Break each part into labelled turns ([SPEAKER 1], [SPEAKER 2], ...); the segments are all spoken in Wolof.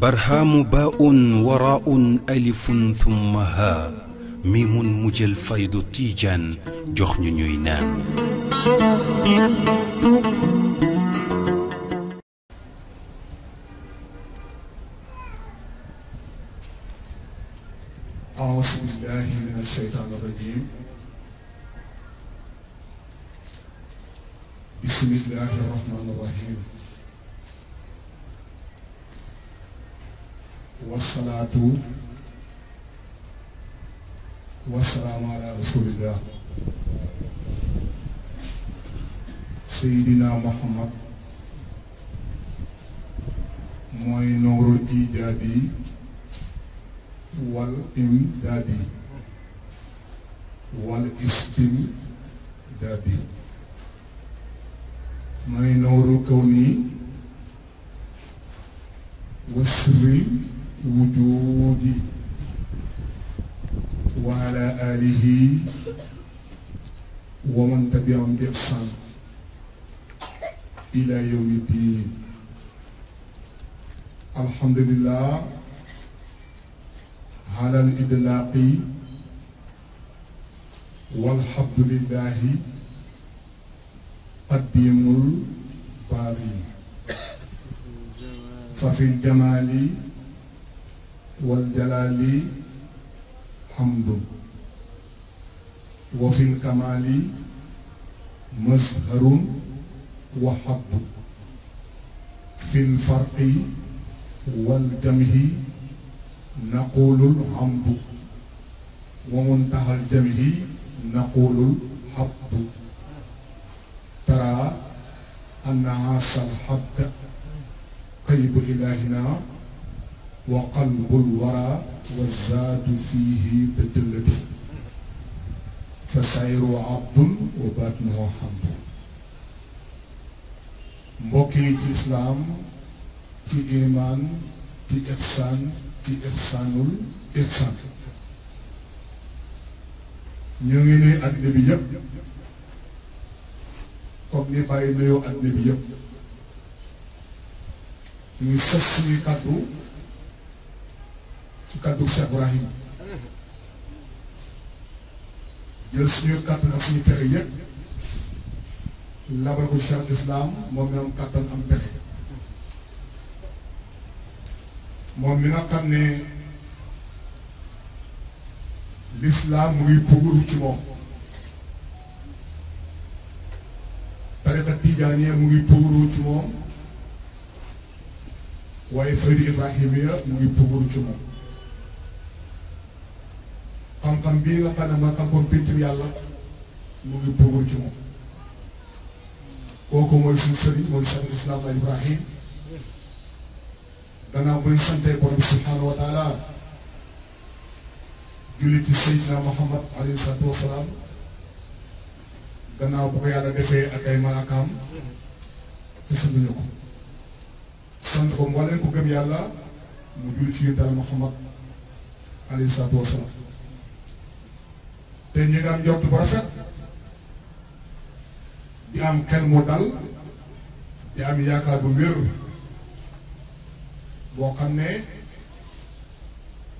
[SPEAKER 1] برهام باء وراء ألف ثم ها ميم مجل فيض تيجان جخن نينان
[SPEAKER 2] أعوذ بالله من الشيطان الرجيم بسم الله الرحمن الرحيم والصلاة والسلام على رسول الله سيدنا محمد موي نور الإيجابي والإمدادي والاستمدادي ماي نورو كوني وسر وجودي وعلى آله ومن تبعهم بإحسان إلى يوم الدين الحمد لله على الإدلاق والحمد لله الديم الباغي ففي الجمال والجلال حمد وفي الكمال مزهر وحب في الفرق والجمه نقول الحمد ومنتهى الجمه نقول الحب ترى أن عاص الحب قيب إلهنا وقلب الورى والزاد فيه بدلته فسير عبد وباتنه حمد موكي الإسلام إسلام في إيمان في إحسان في إحسان الإحسان نيوني أدنبي يب comme ni bàyyi nuyoo àddina bi yëpp ñu suñuy kàddu ci kàddu Cheikh Ibrahim jël suñuy kàddu ak suñu pexe yëpp labal ko Cheikh Islam moom mi nga xam ne l'islam muy puguru ci moom. tariqa tijaaniya mu ngi pugaru ci moom waaye faydu ibrahimiya mu ngi pugaru ci moom xam-xam bii nga xam ne ma tànkoon péntum yàlla mu ngi pugaru ci moom kooku mooy suñu sëriñ mooy sëriñ islaam al ibrahim danaa buñ santee borom subhaanahu wa taala julli ci sayyidina muhammad alayhi salaatu wasalaam gannaaw bu ko yàlla defee ak ay malaakaam te sanduñu ko sant ko mbooleen ko gëm yàlla mu julli ci yonent Muhammad alayhi salaatu wa salaam te ñu ngi am njort bu rafet di am xel mu dal di am yaakaar bu wér boo xam ne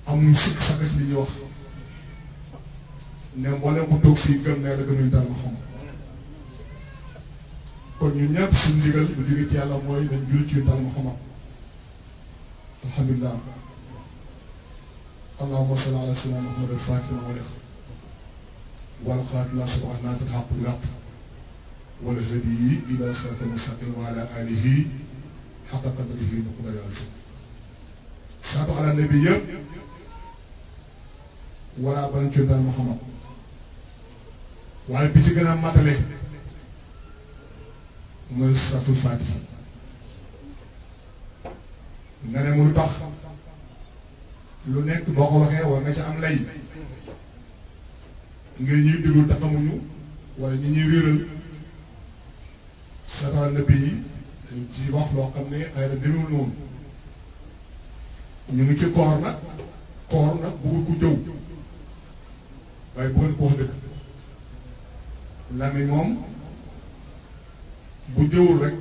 [SPEAKER 2] amuñu sikk sax li ñuy wax ne mbooleen ko toog fii gëm ne la gënuñu daal ma xam kon ñu ñëpp suñu ndigal bu jóge ci yàlla mooy dañ jul ci yontal Muhammad alhamdulilah allahuma salli ala sayyidina Muhammad al-fatih ma walex wala xaat la subax naa fi xàpp làpp wala hadiyi ila sirata mustaqim wa ala alihi xaqa qadrihi wa qadari azim saatu ala nabi yëpp wala ban ci yontal Muhammad waaye bi ci gën a matale mooy suratul fatiha nga ne mu lu lu nekk boo ko waxee war nga ci am lay ngir ñuy déglu te xamuñu wala ñi ñuy réeral sataan nabi yi ci wax loo xam ne xëy na demewul noonu ñu ngi ci koor nag koor nag bëggul ku jëw waaye bëggoon ko wax dëgg lami moom bu jëwul rek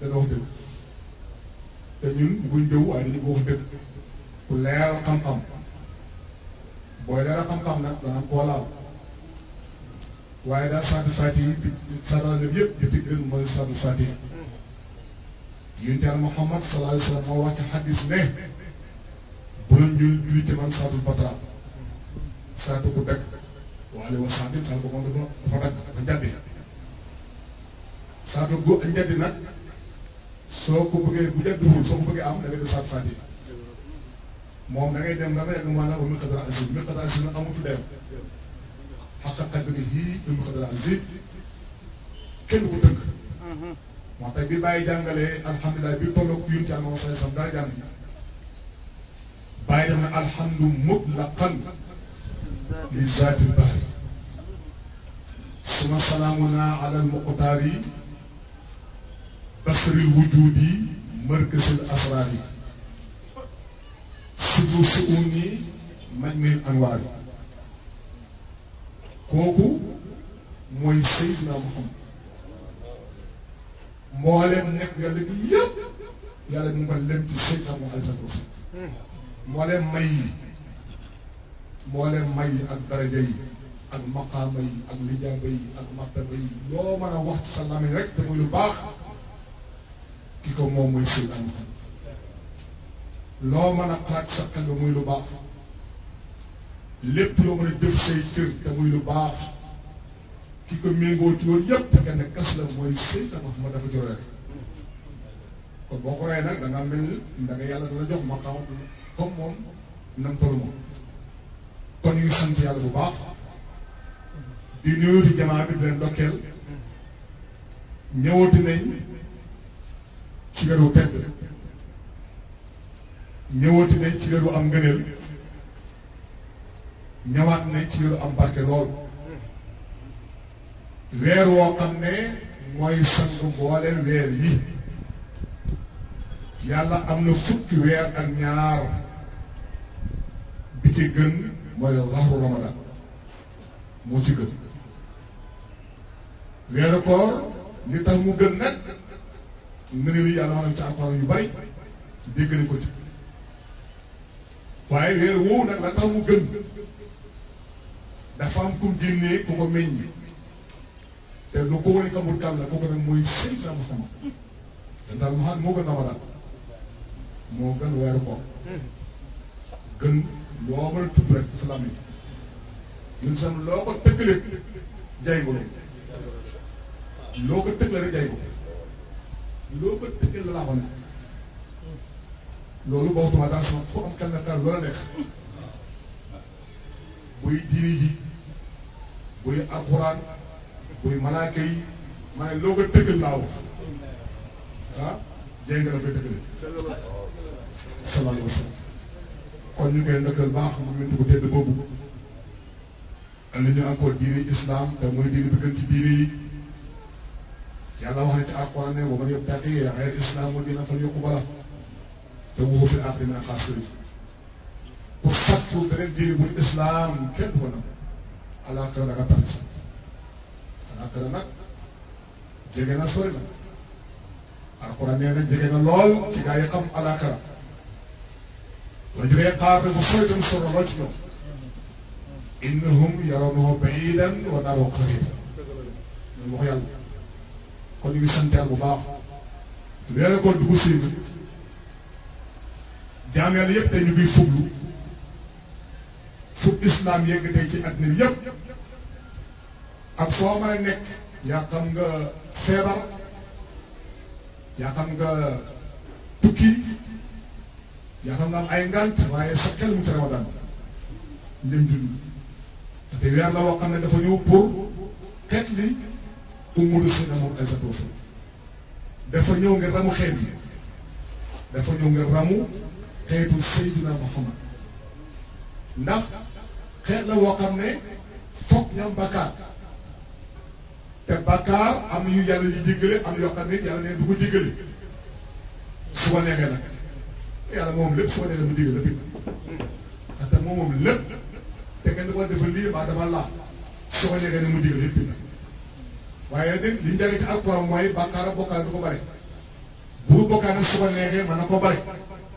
[SPEAKER 2] dana wax dëgg te ñun buñ jëw waaye dañu ko wax dëgg ku leeral xam-xam booy leeral xam-xam nag dana am koo laal waaye daal saatu faati yi bi saatu nabi yëpp bi ci gën mooy saatu faati yi yonent Yàlla Muhammad sallallahu alayhi wa sallam moo wax ci xadis ne bu la ñuul julli ci man saatu batra saatu bu dagg saatu go njënd nag soo ko bëggee bu njënd duful soo ko bëggee am da ngay def saatu fàtte moom dem dama yàgg maanaam nag dem kenn ku tënk. moo tax bi bàyyi jàngalee alhamdulilah bi toll ak yunus yàlla moom sooy sam dara jàng bàyyi dem na alhamdu mutlaqan li zaatil suma salaamuna ala al muqtaari basril wujudi markasil asraar yi sibu suun yi majmil anwaar yi kooku mooy Seydina Muhammad mboolem nekk yàlla bi yàlla ñu ngi ko lem ci Seydina Muhammad alayhi mboolem may yi mboolem may yi ak daraja yi ak maqaama yi ak lijaaba yi ak martaba yi loo mën a wax ci sa lamiñ rek te lu baax ki moom mooy sëñ am loo mën a xalaat sa xel ba muy lu baax lépp loo mën a jëf say cër te muy lu baax ki ko méngoo ci loolu yëpp te kenn kas la mooy sëñ am ma dafa joree kon boo ko royee nag da mel da yàlla dana jox ma xaw comme moom nam tolu moom kon ñu bu baax di nuyu di jamaa bi di leen ndokkeel nañ ci weeru tedd ñëwaati nañ ci weeru am ngëneel ñëwaat nañ ci weeru am barke weer woo xam ne mooy sang mbooleel weer yi yàlla am na fukki weer ak ñaar bi ci gën mooy waxru ramadan moo ci gën weeru koor li tax mu gën nag ngëneelu yàlla wax nañ ci alxuraan yu bari dégg nañ ko ci waaye weer woowu nag la tax mu gën dafa am kum génnee ku ko meññ te lu ko wane xamul kan la kooku nag mooy Seydina Muhammad moo gën Ramadan moo gën weeru koor loo mën a tudd rek salaam yi ñun sam loo ko tëkkalee jaay ko loo ko tëkkalee rek jaay ko loo bëgg tëggal la ko ne loolu am kàllaataar loola nekk buy diini ji buy alxuraan buy malaaka yi maa ngi loo ko tëggal laa wax ah nga la koy tëggale. kon ñu koy ndëkkal baax mu ngi ko tedd boobu. indi ñu encore diini islam te mooy diini bi gën ci diini yi. يلا وهن تأقر أنه ومن يبتغي غير الإسلام والدين فليقبله وهو في الآخر من الخاسرين وفتو بنين دين بالإسلام كن هنا نعم؟ على أكرا لك على أكرا لك جيجنا سورنا القرآن يانا جيجنا لول تيجا يقم على أكرا رجل قابل فسويتم مصر رجل إنهم يرونه بعيدا ونرى قريبا من مغيال kon ñu ngi sant yàlla bu baax weeru koor dugg si na jaam yàlla yëpp tey ñu ci àddina bi yëpp ak foo mën nekk yaa xam nga feebar yaa xam nga tukki yaa xam nga ay ngant waaye sa xel mu ci ramadan njëm te weer la woo xam ne dafa ñëw pour xeet li Oumou Sene moom Aïssatou Ousseynou dafa ñëw ngir ramu xeet yi dafa ñëw ngir ramu xeetu Seydina Muhammad ndax xeet la woo xam ne foog ñam bakkaar te bakkaar am yu yàlla di diggale am yoo xam ne yàlla ne du ko diggale su ko neexee nag yàlla moom lépp su ko neexee mu diggale bi ndaxte moom moom lépp te kenn du ko defal lii mbaa dafa laa su ko neexee ne mu diggale bi nag waaye nag li ñu dalee ci alxuraan mooy bàkkaara bokkaale du ko bare bu bokkaale su ko neexee mën na ko bare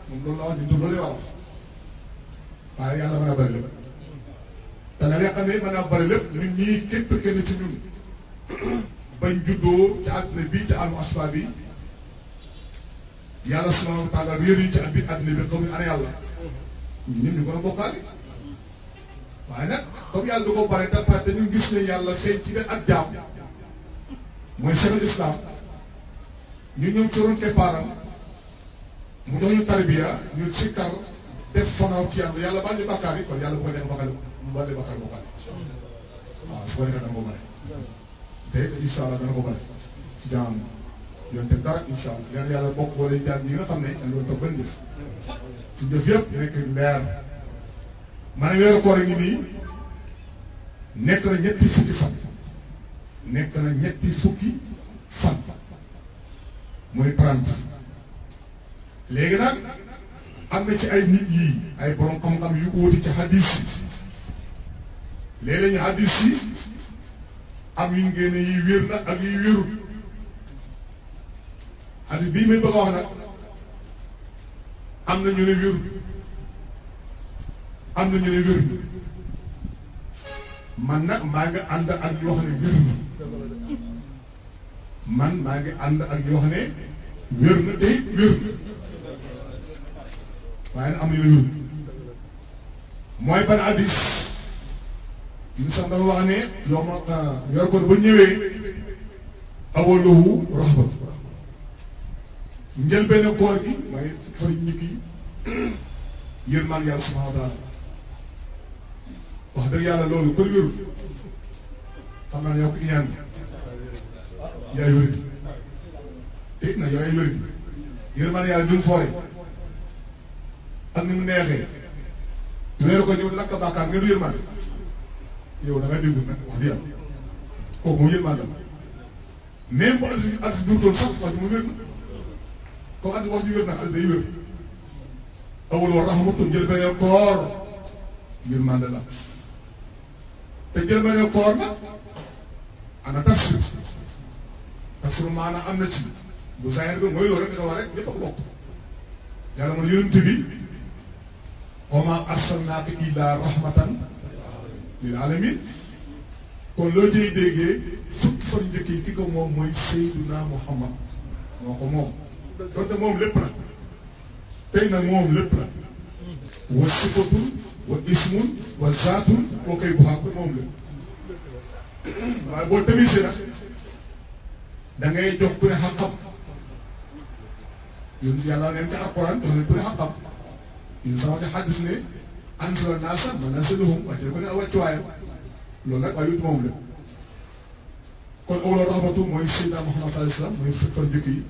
[SPEAKER 2] moom loolu la wax ñun loolu lay wax a bare lépp te nag yàq ne mën naa bare lépp ñun ñii képp yàlla subhanahu wa taala réer yi ci ñu a bokkaale waaye nag yàlla gis ne yàlla xëy ci benn ak jaam. mooy seen islam ñu ñëw ci ron départam mu jox ñu tarbiya ñu sikkar def fanaaw ci yàlla yàlla baal ñu bàkkaar yi kon yàlla bu ko def bàkkaar mu baal ñu bàkkaar bu baax waaw su ko defee dana ko mën te incha allah dana ko mën ci jaam yoon te dara incha allah yàlla yàlla bokk wala jaam ñi nga xam ne dañ doon toog benn jëf ci jëf yëpp nekk leer ma ne weeru koor a ngi nii nekk na ñetti fukki fan nekk na ñetti fukki fan muy trente léegi nag am na ci ay nit yii ay borom xam-xam yu wuute ci hadis yi léeg-léeg ñu yi am yu ñu yi wér na ak yi wérul hadis bii may bëgg a wax nag am na ñu ne wérul am na ñu ne wérul man nag maa ngi ànd ak loo xam ne wérul man maa ngi ànd ak yoo xam ne wér na tey wér waaye mooy ban addis ñun sax dafa wax ne yow ma ah, yor kon ba ñëwee awaluhu raxba njëlbéen koor gi waaye fan ñëpp yi yërmaan yàlla subhaanahu wa taala wax dëgg yàlla loolu kon wérul xam naa ne yow ko iñaan yaay wér dégg na yaay wér yërmande yàlla dul foore ak ni mu neexee weeru ko ñëw lakk bàkkaar nga du yërmande yow da nga déglu nag wax di yàlla kooku mu yërmande la même bu àgg si àgg si sax wax mu wér koo xam wax day awul jël koor la te jël beneen koor ana tafsir nasru maanaam am na ci bu zahir bi mooy loolu rek da nga wax rek ñëpp a ko bokk yàlla mooy yonent bi wa maa arsalnaaka illaa rahmatan lil alamin kon loo cay déggee fukki fan njëkk yi ki ko moom mooy Seyduna Muhammad moo ko moom donte moom lépp la dangay ngay jox ku ne xaqam yéen yàlla neen ci alquran jox leen ku ne xaqam yéen sama ci xaddis ne ko ne wàccuwaayam loolu la kon awla rahmatu mooy Seydina Muhammad sallallahu alayhi wasallam mooy far njëkk yi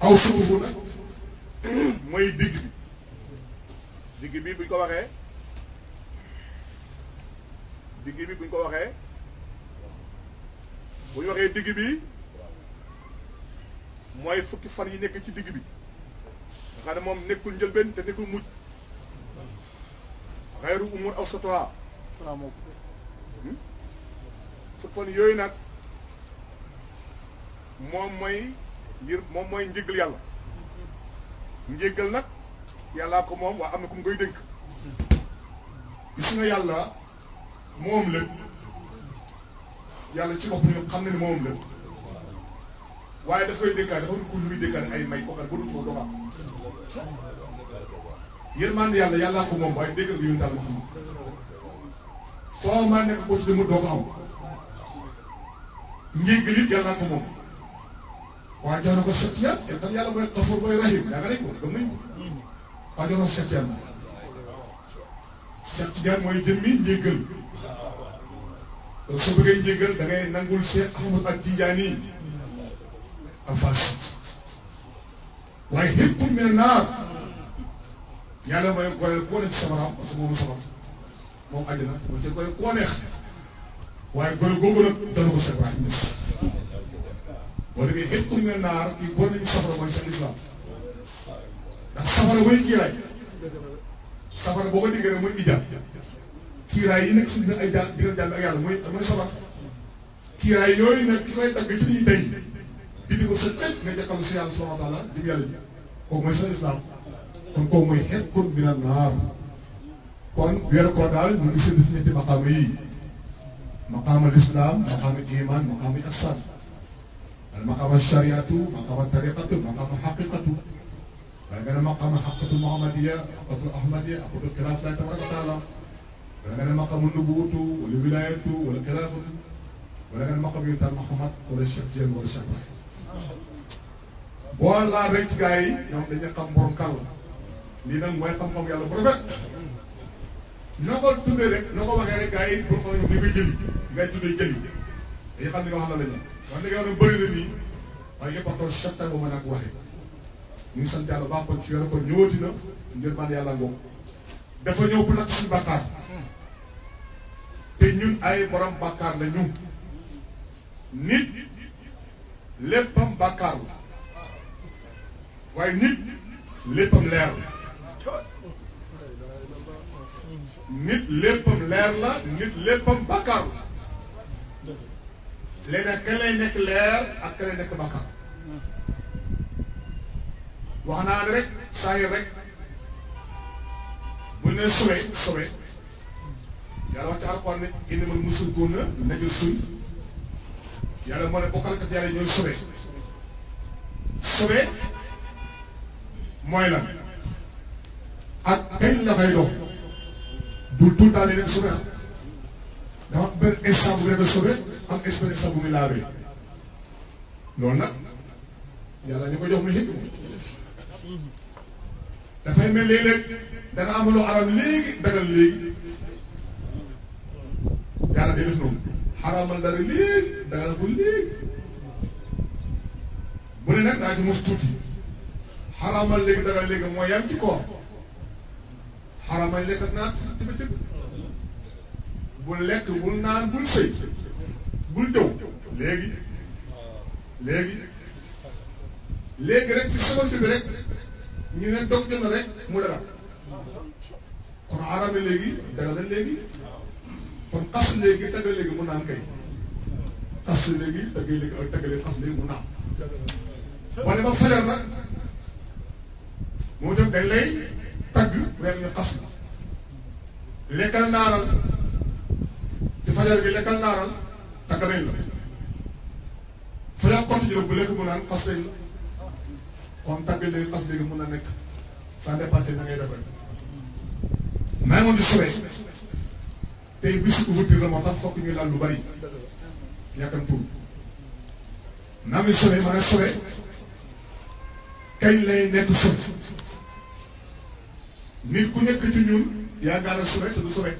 [SPEAKER 2] aw suufu digg bi buñ ko waxee digg bi buñ ko waxee bu ñu waxee digg bi mooy fukki fan yi nekk ci digg bi nga xam ne moom nekkul njëlbeen te nekkul mujj xayru umur aw satoa fukki fan yooyu nag moom mooy moom mooy njëgal yàlla njëgal nag yàllaa ko moom waa am na ku mu koy dënk gis nga yàlla moom la yàlla ci bopp ñoom xam na ne moom la waaye daf koy dénkaane dafa dugg luy dénkaane ay may bokkal ba du ko doxal yéen maa ne yàlla yàllaa ko moom waaye dégg nga yoon daal ma xam foo maa nekk ko ci demul doo ko am njëgg nit yàllaa ko moom waaye jox na ko sotti yàlla te tam yàlla mooy xafoor mooy rahim yaa nga nañ ko gëm nañ ko waaye jox na ko sotti yàlla setti yàlla mooy jëmmi njëggal donc su bëggee jéggal da nangul Cheikh Ahmad ak Tijaani en face waaye xëpp mel naar yàlla may goreel koo neex moom samar moom àjjana moom ca goreel waaye goreel googu nag dana ko Cheikh Ibrahim Niass boo demee xëpp mel naar kii boo safara mooy Cheikh Islam ndax safara mooy kii safara boo ko déggee rek mooy ijaab kiiraay yi nekk suñu biir ay jàll biir jàll ak yàlla mooy mooy sabab kiiraay yooyu nag ki koy dagg ci ñuy day di di sa tëj nga jàppal si yàlla subhanahu wa taala di yàlla ji kooku mooy sa islam kon kon naar kon iman maqaama ihsan al maqaama shariatu maqaama tariqatu maqaama xaqiqatu waaye nga ne maqaama xaqatu muhammadiya xaqatu ahmadiya xaqatu xilaaf laay tabaraka taala ولا كان مقام النبوة والولاية ولا الخلافة ولا كان مقام ينتهى محمد ولا الشيخ جيل ولا الشيخ wala rek gaay ñom dañu xam borom kal li nak moy xam xam yalla bu rafet noko tuddé rek noko waxé rek gaay bu ko ñu koy jël gaay tuddé jël day xam ni wax la lañu wax nga wara bari la ni way yépp ko shatta bu mëna ko waxé ñu sant yalla ba ko ci wéru ko ñëwati na ngir ban yalla ngok dafa ñëw te ñun ay borom bàkkaar la ñu nit léppam bàkkaar la waaye nit léppam leer la nit léppam bàkkaar la léegi nag lay nekk leer ak ka lay nekk bàkkaar wax naa rek saa yi rek bu ne suwe suwe yàlla wax ci alxuraan ne a man musul góor na nañu suñ yàlla moo ne bokkalkat yàlla ñooy sobe sobe mooy lan ak kañ la dox bul tout daal di nekk sobe am ah. dafa am benn instant nekk sobe am instant bu muy laabee loolu nag yàlla ñu ko jox mu xikma dafay mel léeg-léeg dana amaloo alal léegi dagal léegi yàlla day def noonu xaraamal dara léegi daana ko léegi bu ne nag daa ci mos tuuti xaraamal léegi dara léegi mooy yam ci koor xaraamal lekk naat ci bul lekk bul naan bul sëy bul jëw léegi léegi léegi rek ci seconde bi rek ñu ne dog jënd rek mu dara kon xaraamal léegi dara la léegi kon xas léegi taggal léegi mu naan kay xas léegi taggal léegi ak taggal léegi xas léegi mu naan wane ba fajar nag moo dem dañ lay tagg weer ni xas la lekkal naaral ci fajar bi lekkal naaral tagg nañ la fajar kont ji bu lekk mu naan xas kon tagg léegi xas léegi mun na nekk ça dépend na ngay defal maa ngoon di tey bisu ouverture la moo tax fokk ñu laal lu bari yàkkamtuwul naa muy sobe mën a sobe kañ lay nekk sobe nit ku nekk ci ñun yaa ngaa la sobe te du sobe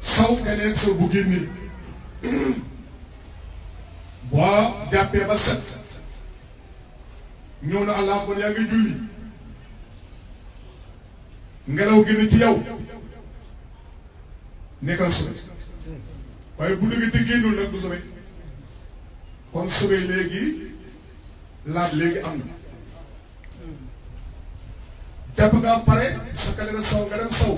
[SPEAKER 2] saw kañ lay nekk sobe bu génnee boo jàppee ba set ñëw na allah bon yaa ngi julli ngelaw génn ci yow nekkal sobe waaye bu léegi déggéenul nag du sobe kon sobe léegi laab léegi am na jàpp ngaa pare sa ka dem saw nga dem saw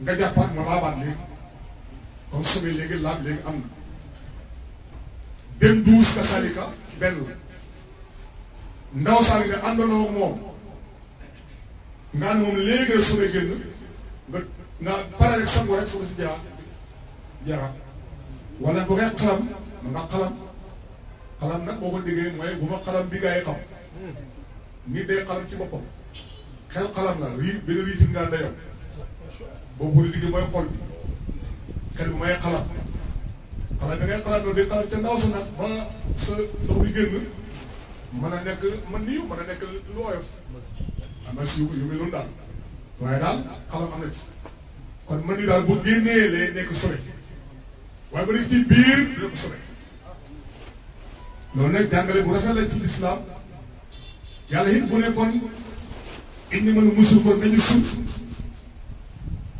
[SPEAKER 2] nga jàppaat nga laabaat léegi kon sobe léegi laab léegi am na dem duus ka salika benn la ndaw salika àndaloo moom nga ne moom léegi rek sobe génn naa pare rek sangu rek foog si jaa jaaraat wala bu ngay xalam na nga xalam xalam nag boo ko mooy bu ma xalam bi gaa yi xam nit day xalam ci boppam xel xalam la rii nga rii ci ngaa dayoo li liggéey mooy xol bi xel bi may xalam xalam bi ngay xalam loolu day xalam ca ndaw sa nag ba sa ndox bi génn mën a nekk mën niiw mën a nekk lu oyof am si yu yu mel noonu daal waaye daal xalam am na kon mën ni daal bu génnee lee nekk sobe waaye ba nekk ci biir dina sobe loolu nag jàngale bu rafet la ci lislaam yàlla it bu nekkoon indi mën musul kon nañu suuf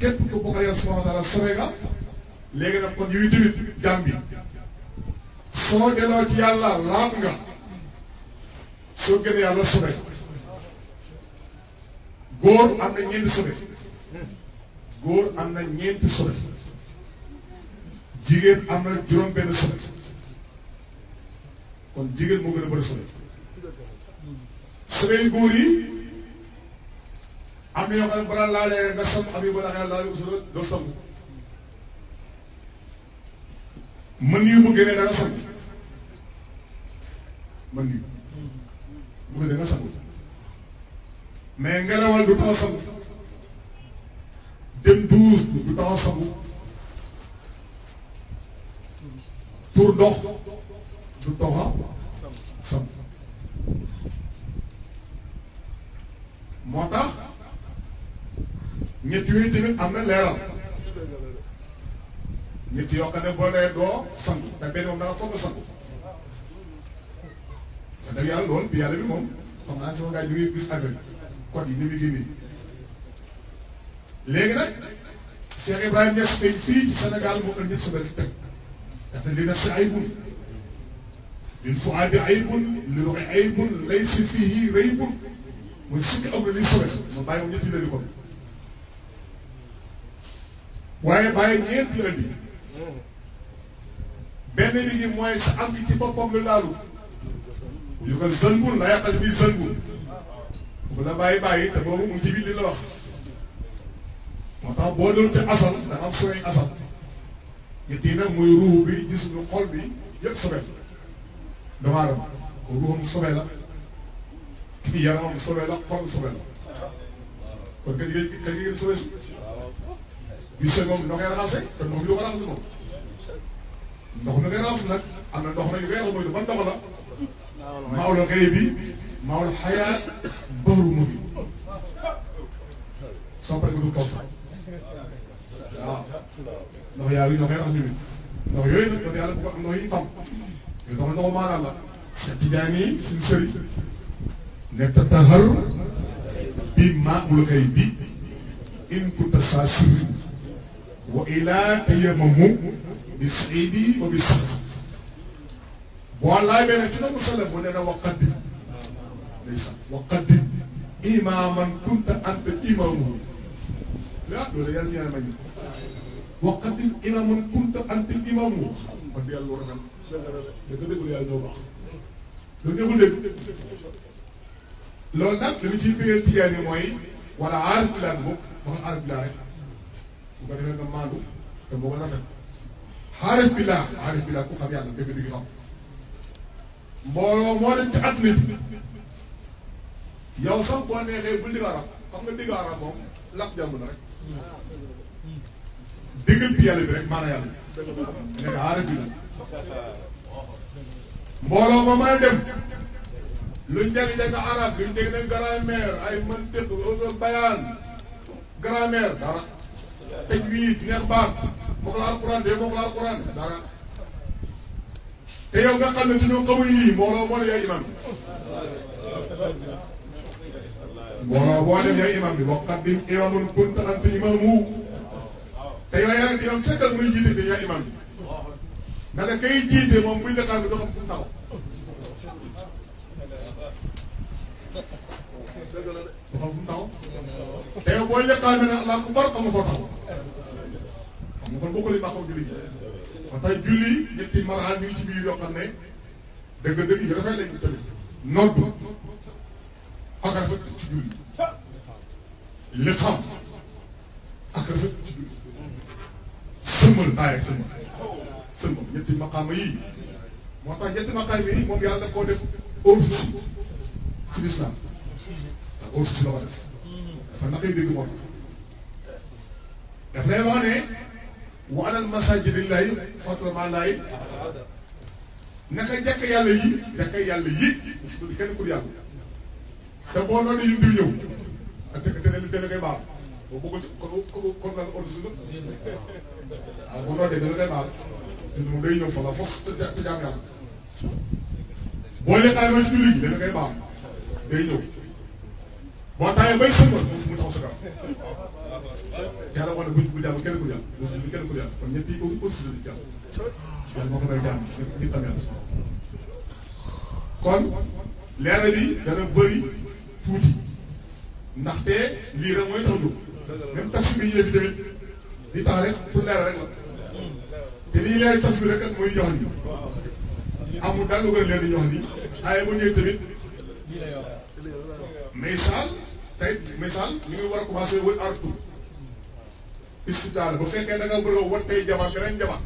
[SPEAKER 2] képp ko bokkal yàlla subhanahu wa taala sobe nga léegi nag kon yooyu tamit jàmm bi soo delloo ci yàlla laab nga soo génnee yàlla sobe góor am na ñeenti sobe góor am na ñeenti sobe jigéen am na juróom benn sobe kon jigéen moo gën a bëri sobe sobey góor yi am na yoo xam ne balaa nga sam am yu balaa nga laalee ko sobe doo sangu mën yu bu génnee danga sangu mën yu bu génnee nga sangu dem douze du temps sangu pour dox du doxa ah. sam moo tax ñett yooyu na leeral ñett yoo xam ne boo dee doo sangu te benn moom da nga foog a bi yàlla moom xam naa sama gars yi ñu ngi gis affaire code ni muy génnee léegi nag Cheikh Ibrahima tey fii ci Sénégal moo ëndi sa benn teg dafa li nafsi aybun lil fuaadi aybun li ruuxi aybun laysa fiihi raybun mooy sikk am na liy sowe ma bàyyi wu ñetti la di ko waaye bàyyi ñeent la andi benn nit mooy sa am gi ci boppam la laalu yu ko zëngul la yàqal bi zëngul bu la bàyyi bàyyi te boobu mu ci biir la wax. moo tax boo doon ca asal da nga asal ñett mooy ruux bi gis lu xol bi yëpp sobe damaa dem ruuxam sobe la yaramam sobe la xol sobe la kon nga liggéey nga liggéey sobe si bi sobe moom ndox yi raxase te ndox bi du ko raxas moom ndox mi ngay raxas nag am na ndox nag yu ngay raxas mooy bi maawla xayaa bëru bi soo paree du waaw ndox yaa ngi ndox yaa ngi ndox yooyu nag yàlla bu ko am ndox yi ñu xam ndox ndoxu maanaam la. Cheikh Tidiane yi suñu sëriñ ne tatahar bi maa ula kay bi in kunta saa sirri wa ilaa tayamamu bi saidi wa bi sax boo laajee nag ci ndox mu sale bu ne na waqat bi day sax waqat bi imaaman kunta anta imaamuhu loolu yàlla ñu yàlla may waqatil imaamun kunta antil imaamu wax dëgg yàlla lu rafet dëgg dëggul yàlla ñoo baax loolu ñëwul dégg loolu nag li ñu ciy bëggee tijaan yi mooy wala aarif bilaa bi boobu waxal aarif bilaa rek bu ko defee nga maandu te moo ko rafet aarif bilaa aarif bilaa ku xam yàlla dëgg dëgg xam mbooloo moo dem ci at mi yow sax boo neexee bul digg arab xam nga digg arab moom làkk jàmm na rek déggal bi yàlla bi rek maanaam yàlla bi nekk aara bi la mbooloo ma mën a arab luñ dégg nag ay man dëkk ausa bayaan grammaire dara tëj wii neex baax moo ko la alquran de moo ko la alquran dara te yow nga xam ne dañoo xamuñ lii mbooloo moo la yaay mbooloo boo dem yaay imam bi waqat bi imaamul kunta anta imaamu te yooyu yaa ngi yow seetal muy jiite bi yaay imam bi naka kay jiite moom buy lëkkaat bi doo xam fu mu taxaw.
[SPEAKER 3] doo xam fu mu taxaw te yow booy lëkkaat bi
[SPEAKER 2] kon bokkul li baaxoo julli ji ba tey julli ñetti maraan ñu ci biir yoo xam ne dëgg-dëgg yi ak rafet ak rafet ci julli sëmmal ñetti maqaama yii moo tax ñetti maqaama yii moom yàlla koo def office ci lislaam
[SPEAKER 3] ndax
[SPEAKER 2] la ko def dafa naqay dégg moom daf lay wax ne wa alal masaajidillahi fatramalaay naka jàkk yàlla yi jàkk yàlla yi kenn ku yàlla te boo noonu yi diw ñëw ak dëgg dëgg dëgg baal kon kon lan ordre la waaw bu nootee dëgg koy baal te moom day ñëw fa la fos te te jaam yàlla boo lekkaay ma ci baal day ñëw boo tawee bay sëñ moom fu mu taxaw sa kaw yàlla ku jàmm kon ñetti ordre la di jàmm kon leera bi dana bëri tuuti ndaxte lii rek mooy tax jóg même taxi bi ñu def tamit di tax rek pour leer rek te lii leer tax bi rek ak mooy jox ni amul daal lu gën leer di jox ni waaye bu ñëwee tamit misaal tey misaal ñu ngi war a commencé wër artu istitaal bu fekkee nag nga bëgg a wattee jabar beneen jabar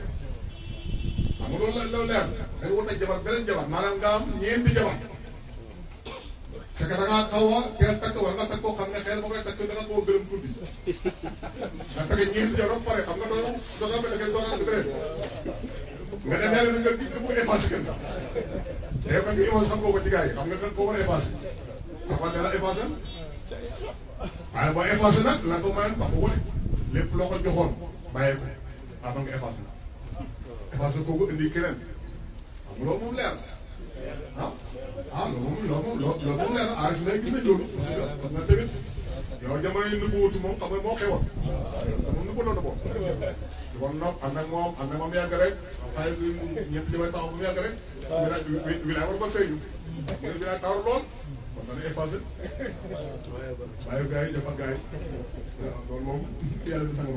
[SPEAKER 2] xam nga loolu la loolu leer da nga wattee jabar beneen jabar maanaam nga am ñeenti jabar da ngaa taw a teel takk war nga takk koo xam ne xel ba koy takk da nga koo gërëm guddi nga takk ñeenti jaroom kita xam nga doyoo da nga mel ne doo naan bëre nga dem yàlla nga gis mu effacé kenn te yow kan nga effacé koo ko ci gars yi xam nga kan koo war a effacé dafa dara ah ah loolu moom loolu moom loolu loolu moom leer na aar gis nañ loolu parce que parce que tamit yow jamono yi nëbbu wuutu moom xam nga moo xewoon moom nëbbu doon na ko. kon nag ànd ak moom ànd ak moom yàgg rek xay ñetti jamono taxaw ba mu yàgg rek. wilaay wilaay war ba feeñu. mu ne wilaay taaru lool. kon dañuy effacé. bàyyi gars yi jëfandikoo gars yi. waaw loolu moom yàlla dina ko.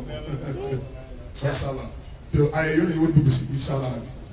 [SPEAKER 2] macha allah te ay yoon yi war dugg si incha allah.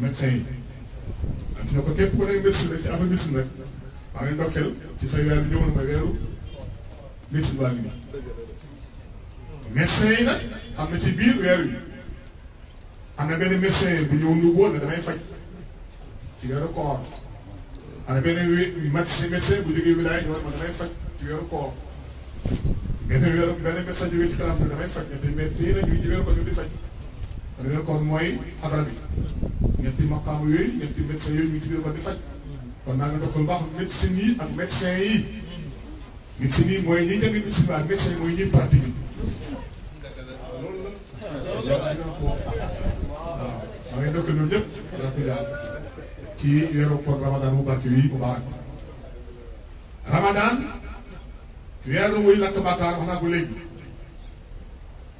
[SPEAKER 2] médecin yi ant na ko képp ku nekk médecine rek ci affaire médecine nag maa ngi ndokkeel ci sa weer bi ñëwoon ma weeru médecine baa ngi nii médecin yi nag am na ci biir weer bi am na benn médecin bu ñëw ñu woon ne damay faj ci weeru koor am na benn médecin médecin bu jógee wilaay ñëwoon ma damay faj ci weeru koor benn weeru benn médecin jógee ci kanam bi damay faj ñetti médecin yi nag ñu ci weeru koor di faj réer koor mooy xadara bi ñetti maqaam yooyu ñetti médecin yooyu ñu ci biir di faj kon naa nga dokkal baax médecin yi ak médecin yi médecin yi mooy ñi jàng médecin ba médecin ñi dokkal ko ci ramadan mu barke baax ramadan weer wuy lakk bàkkaar wax naa ko léegi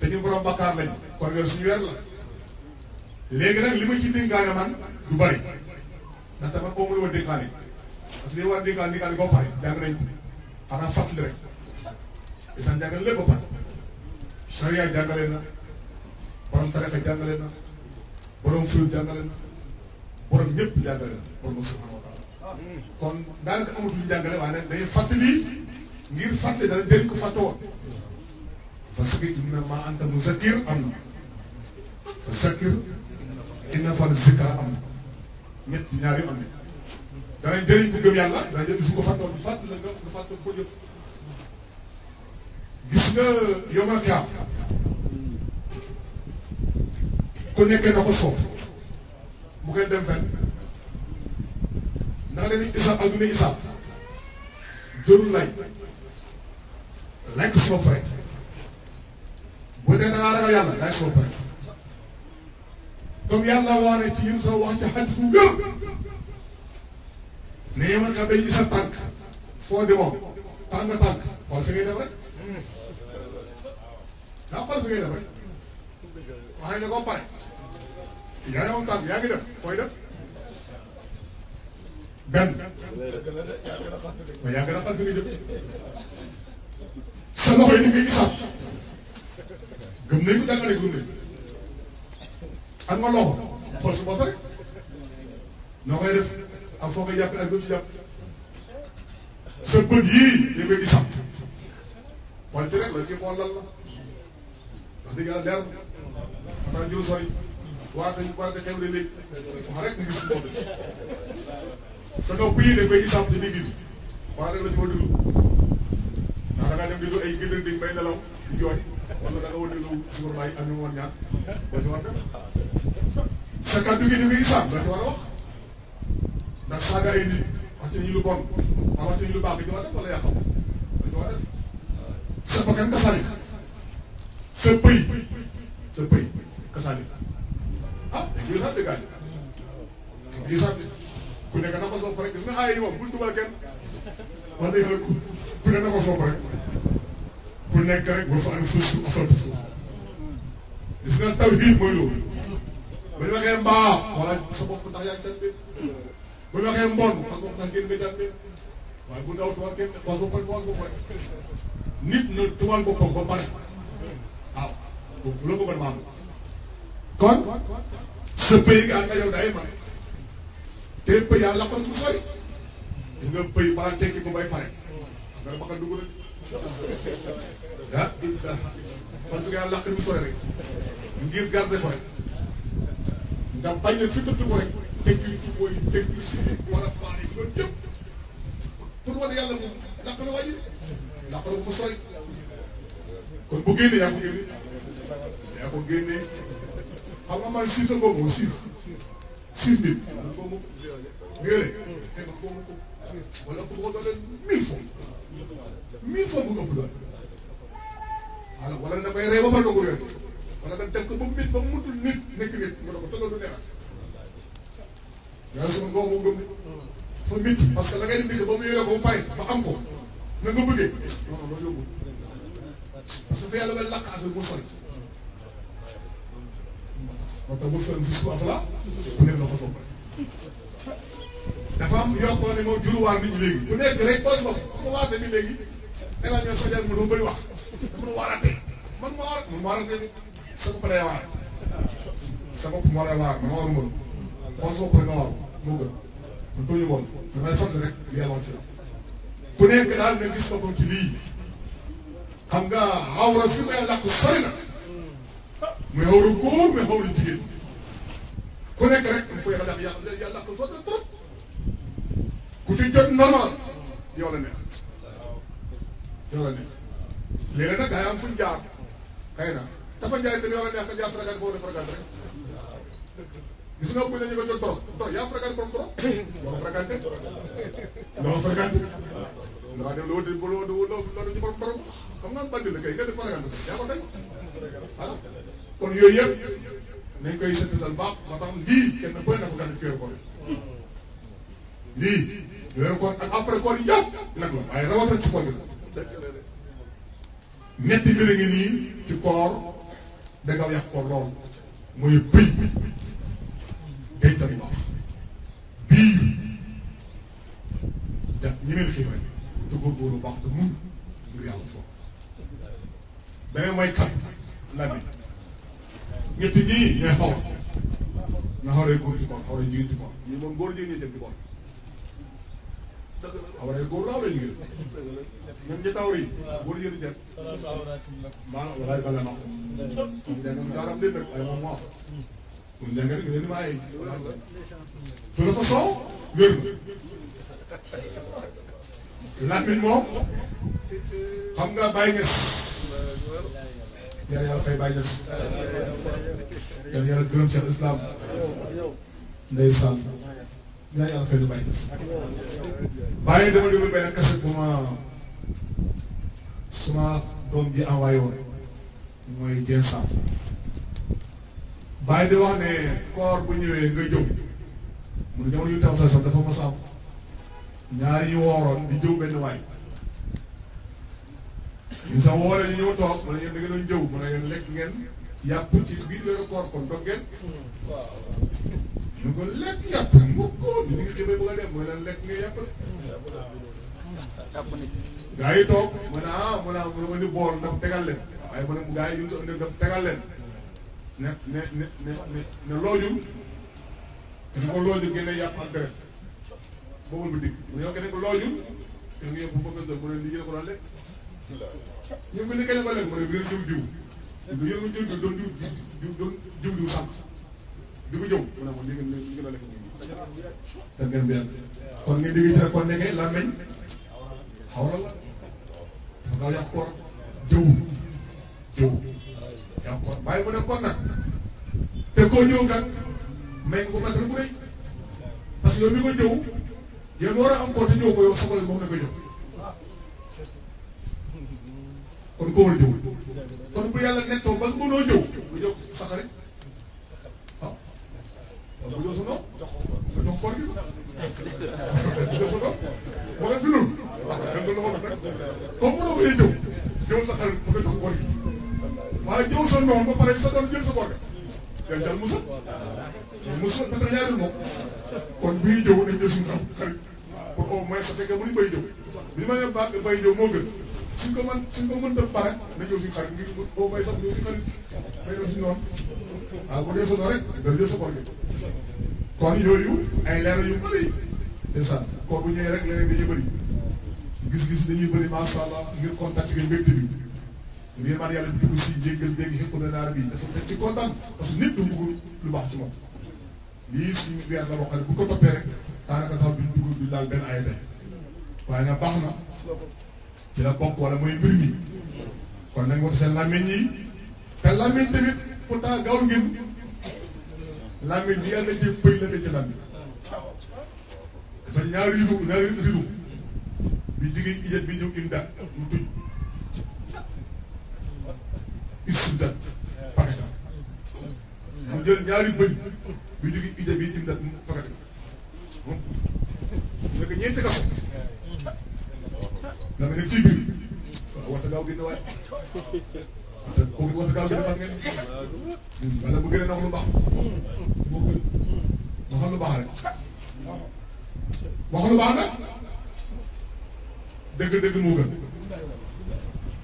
[SPEAKER 2] te ñu borom lañ kon suñu la léegi nag li ma ci dénkaane man du bari ndax tamit lu ma dénkaane parce que li war dénkaane dénkaane boo pare pare jàngale na borom tarixa jàngale na borom fiir jàngale na borom ñëpp jàngale na borom subhanahu wa taala kon jàngale waaye nag dañuy fàttali ngir fàttali dana dénk ko fàtte woon parce que mu ne maa anta muzakkir am na fa zakkir inna fan zikra am na ñett ñaari am na danañ jëriñ ku gëm yàlla danañ jëriñ su ko fàttoon ñu fàtt la nga nga fàttoon ko ko soow dem fenn ndax dañuy isaab ak du ne isaab jërul lay lekk soo pare bu dee dangaa lay soo pare comme yàlla waane ci yéen soo wax ci xaj fu wér ne yow nag day gis sa tànk foo di moom tànk nga tànk xool fi ngay def rek daa xool fi ngay def rek waaye nga ko pare yaa ngi moom tànk yaa ngi def fooy def benn mais yaa ngi daqal sa loxo yi di fi gisaat gëm ak ma loxo xool su bopp noo koy def ak foo koy jàpp ak jàpp sa bët yii yéen koy gisam wante rek la ci xool lan a xew sa nopp yii dañ koy gisam te nit yi waaye rek la ci war a déglu da ngaa dem di ay gëdër di bay nelaw di jooy wala da nga wëndeelu suñu bàyyi am na woon ñaar doo ci war def sa kàddu gi ni muy isaan doo ci war a wax ndax saaga ay nit wax ci ñu lu bon ah wax ci ñu lu baax bi doo def wala yàqam doo ci war def sa bakkan nga sànni sa pëy sa pëy nga sànni ah dañ koy sànni gaañ dañ koy sànni ku nekk na ko sopp rek gis nga aay yi moom bul dugal kenn wax dëgg yàlla ku ne na ko sopp rek. ku nekk rek bul fa am suuf suuf afal suuf gis nga mooy loolu bu ñu waxee mbaa wala sa bopp ndax yaa ngi tànn bu ñu waxee mbon parce que ndax ngeen nga jàpp waaye bu ndaw tubaab kenn wax boppam wax boppam nit na kon sa pays nga ànd yow day man te pays yàlla ko sori ba bay pare xam nga ah il daal man fi nga làq ñu sore rek ngir garde ko rek nga bañ a fittatu ko rek dégg ci mooy si wala faar yi loolu yëpp
[SPEAKER 1] pour wane yàlla moom làq na wàññi làq na ko fa sori
[SPEAKER 2] kon bu génnee yaa ko génne yaa ko génne xam nga man siif sa boobu siif siif wala ko
[SPEAKER 1] ko dolen mille fois mille fois bu gëpp doon wala wala da koy rey ba man ko yoon
[SPEAKER 2] wala da def ko ba mit ba mutul nit nekk nit mu ne ko tëgal du neexat yàlla sama ngoo moo gëm fa mit parce que la ngay mbir ba mu yore ko ba pare ba am ko na nga bëggee non non loolu yóbbul parce que fa yàlla ba lakk affaire bu sori moo tax bu fenn fi suuf la bu nekk la ko soppal dafa am yokkoo ne moom juruwaar nit ñi léegi ku nekk rek poche bopp ku ma waatee bi léegi El Hadj Ndiaye Sow ma bëri wax dafa nu waarate man ma warat man ma warate de sa bopp lay waar sa bopp moo lay waar man ma waru woon xool sa bopp rek ma waru moo gën man tooñu woon damay fàttali rek yàlla ci la ku nekk daal ne gis boppam ci lii xam nga xawra fi may làkk sori na muy xawra góor muy xawra jigéen ku nekk rek fooy yàlla yàlla yàlla ko sori na trop. ku fi jot normal yow la nekk yow la nekk léegi nag gaa yi am fuñ jaar xëy na dafa jaay dem yow la neex nga jaar fragat boo def fragat rek gis nga bu ne ñu ko jot trop trop yaa fragat borom trop doo fragante doo fragante ndaa dem loo di loo loo loo ci borom borom xam nga bandi la kay nga def fragante yaa ko tey voilà kon yooyu yëpp nañ koy seetal baax moo tax lii kenn ku ne dafa gàtt ci weeru koor lii weeru ko ak après koor yëpp nag la waaye rawatina ci koor gi la ñetti mbir a ngi nii ci koor danga yàq koor lool muy bëy day tamit baax bii ja ñi mel xiif rek te góorgóorlu baax te mun ngir yàlla foofu beneen mooy kat lami ñetti ñii ñooy xaw ñoo xaw rek góor ci koor xaw ci koor ñu moom góor jigéen ñi ci koor awray góor la awray jigéen ñun ñi taw yi góor yéen jël ma waxay bala ma ñangam jaram leen nag ay moom wax ñun ñangam leen ma moom xam nga bàyyi ñes yàlla yàlla fay bàyyi ñes yàlla yàlla gërëm Islam yaa yàlla fay lu bàyyi des. bàyyi dama déglu benn kese bu ma suma doom bi envoyé woon mooy Dieng Sarr bàyyi di wax ne koor bu ñëwee nga jëw mu ne jamono yu taw sax dafa ma sàmm ñaari ñu wooroon di jëw benn waay. ñu sax woo leen ñu ñëw toog mu ne yéen da ngeen doon jëw mu ngeen. yàpp ci biir weeru koor kon dog ngeen. Hmm, waaw ñu ko lekk yàpp gi mu ko ñu ngi xamee bu nga dem mooy lan lekk nga yàpp de. yàpp nit. gaa yi toog mu ne ah mu ne ah mu ne ma ni bool ndax tegal leen waaye mu ne gaa yi ñu ngi doon def tegal leen ne ne ne ne ne loojul dafa ko loojul gën a yàpp ak deret boobul bi dikk mu ne yow keneen ko loojul keneen ko yóbbu ko nga doon mu ne lii ngeen ko daan lekk ñu ngi ni keneen ko lekk mu ne biir jiw jiw. bu yéen a jënd doon jiw jiw doon jiw jiw sànq di ko jëw mu ne ma léegi léegi gën a lekk da ngeen bi kon ngeen di witte kon ne ngay làmmeñ xaw na la dafa daal yàq koor jëw jëw yàq koor bàyyi mu ne kon nag te koo ñëw nag may nga ko màggal bu rëy parce que yow mi ko jëw yéen war a am koo te ñëw ko yow soxla moom la ko jëw kon koo war a jëw kon bu yàlla nettoo ba mënoo ñëw nga ñëw sax rek ah waaw nga jox sa doom nga jox koor gi nga jox sa doom wala fi sa xarit mu nga jox koor gi waaye ñëw sa noonu ba pare sa doom gi yàlla jàll musa musa dafa ñaari kon bii jëw nañ ma ne bàgg bay jëw moo gën suñ ko mën suñ ko mënta pare na ñëw suñu xarit ngir boo may sax ñëw ah, sa noon rek dana jël sa bor gi kon yooyu ay leeral si jéggal béegi waaye nga baax na ci la bokk wala mooy mbir kon nañ war seen làmmiñ yi te làmmiñ tamit pourtant ngeen làmmiñ bi yàlla ci pëy la ne ci làmmiñ dafa ñaari ridu ñaari ridu bi jógee ijat bi ñëw inda mu tuj
[SPEAKER 1] isdat pakata mu jël ñaari
[SPEAKER 2] bëñ bi jógee ijat bi inda mu pakata mu nekk ñeenti kaso da nga nekk ci biir waaw waxta gaaw génn waaye waxta kooku waxta gaaw génn xam ngeen ne wala bu gën a na wax lu baax moo gën waxal lu baax rek waxal lu baax nag dëgg-dëgg moo gën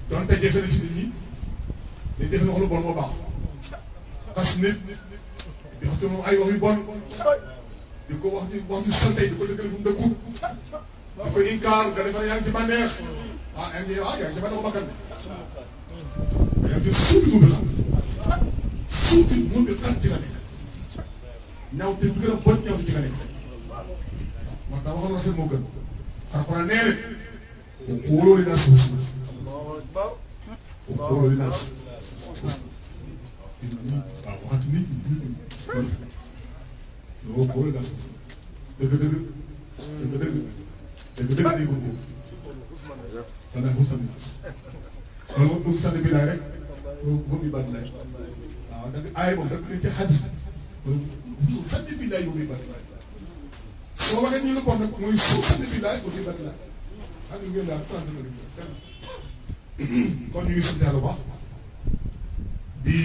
[SPEAKER 2] donte jafe na ci nit ñi dañ def wax lu bon moo baax parce que nit di wax ci moom ay wax yu bon di ko wax ci wax ci sante di ko dëggal fu mu dëkku wax ko inkaar nga defar yaa ngi ci bànneex ah indi ah yaa ngi ci bànneexu bakkan bi yaa ngi ci suuf bi xam suuf bi mun bi xar ci la nekk ñaw te bu gën a bon ñaw ci la nekk wax ah, daa waxoon na seen moo gën alxuraan nee na wóoloo li naa suuf si wóoloo li naa suuf si waaw waxati nit ñi nit ñi loolu wóoloo li naa suuf si dëgg dëgg dëgg dëgg te bu dëgg day bëgg wala xusan na loolu moom xusan bi laay rek moom yu bari laay waaw da aay moom da ci xadis xusan bi laay moom yu bari laay soo waxee ñu la ko nag mooy xusan bi laay moom yu bari laay xam nga ngeen daal trente minutes kon ñu ngi sant yàlla bu baax di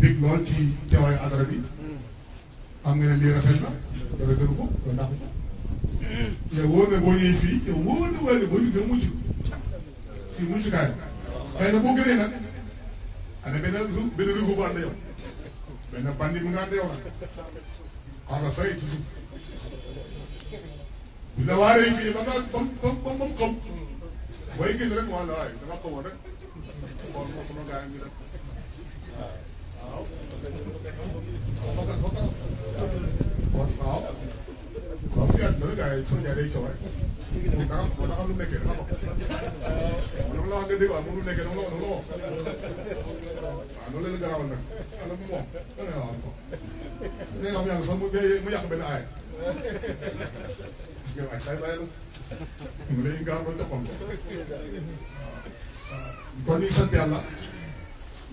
[SPEAKER 2] bég lool ci teewaayu adara bi xam nga ne lii rafet na dara gënu ko dara dàqu ko wóor na boo ñëwee fii yow wóor na wóor na boo ñëwee mucc fii muccukaay xëy na boo gënee nag lu benn rëggu bu ànd yow nga ànd yow nag xaaral fay toujours
[SPEAKER 1] bu la waaree
[SPEAKER 2] fii ba nga ba ba ba ba mu xam ma sama gars yi rek waaw waaw fii at dana gars yi sama ñaar day coow rek moom daa xam daa xam lu nekkee dama ko man la wax nga dégg waaw moom lu nekkee dama la wax dama la wax waaw loolu la garawal nag ala mu moom dana waaw ko ne nga xam yàlla sax mu mu yàq benn aaya gis nga waay say bàyyi la mu lay gaaw ba joxoon ko kon ñu sant yàlla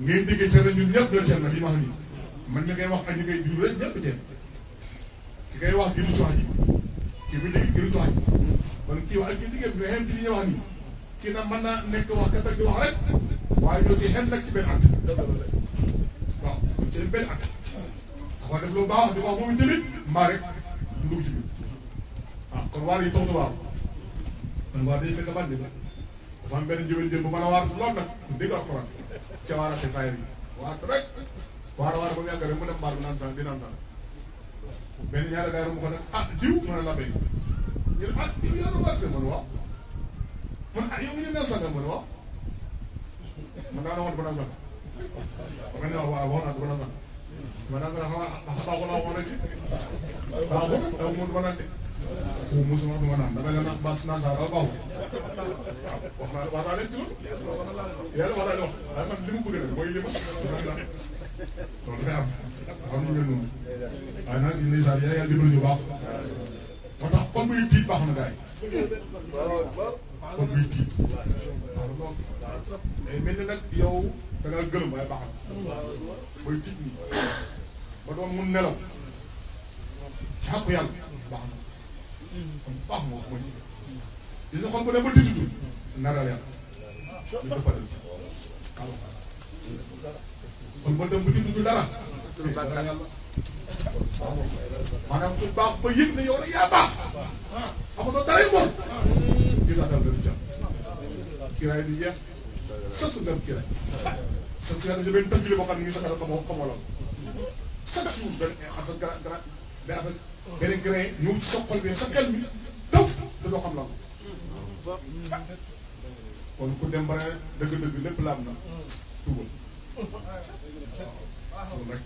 [SPEAKER 2] ngeen déggee cër ñun ñëpp ñoo cër na li ma xam ni man mi ngay wax ak ñu ngay jur rek ñëpp cër ngay wax gënu ci wax ji kii bi dégg gënu ci wax ji kon kii wax kii diggante bi xel ci li ñuy wax nii kii nag mën naa nekk wax kat ci baax di wax moom tamit rek ah, waar yi tontu waaw kon waar day fekk bandi ba a mu yàgg rek mu dem mbaar bi naan sax di naan sax benn ñaari gaaru mu ko def ah diw mën a la béy ñu ne ah diw yaa doon wàcce mën waaw man ah yow mi ñu ne sanga mën waaw man daanaka woon dama sanga man ñu wax waaw wax naa dama sanga man daanaka xanaa xaw laa woon rek waaw boo ko daw mën banaan de ku musuma duma naan damay la nax ah, baas naan saa daal baaxul waaw wax naa wax naa leen ci loolu yàlla wax naa leen wax waaye man li mu bëgg nag mooy li ma loolu dafay am xam ñu mel noonu waaye nag ñu ngi sant yàlla yàlla dimbali ñu baax moo tax comme muy tiit baax na gars yi comme muy tiit baax na lool mais mel na nag yow da nga gërëm waaye baax na booy tiit nii ba doon mun nelaw ci xàq yàlla baax na kon baax moo xam nga ci sa xol bu dem ba tiitutu naral yàlla ñu ko faral ci kon ba dem ba tiitutu maanaam ku baax ba yëg ne yow rek yaa baax amatoo dara yu bon ñu nga dal du jàpp kiraay du jeex sant nga kiraay sant nga benn tëjli boo xam ne ngi saxal xamoo xamoo la chaque jour benn affaire gra gra benn affaire benn grain ñëw ci sa xol bi sa xel mi daw te doo xam la kon ku dem ba ne dëgg-dëgg lépp laam na tuubal kon nag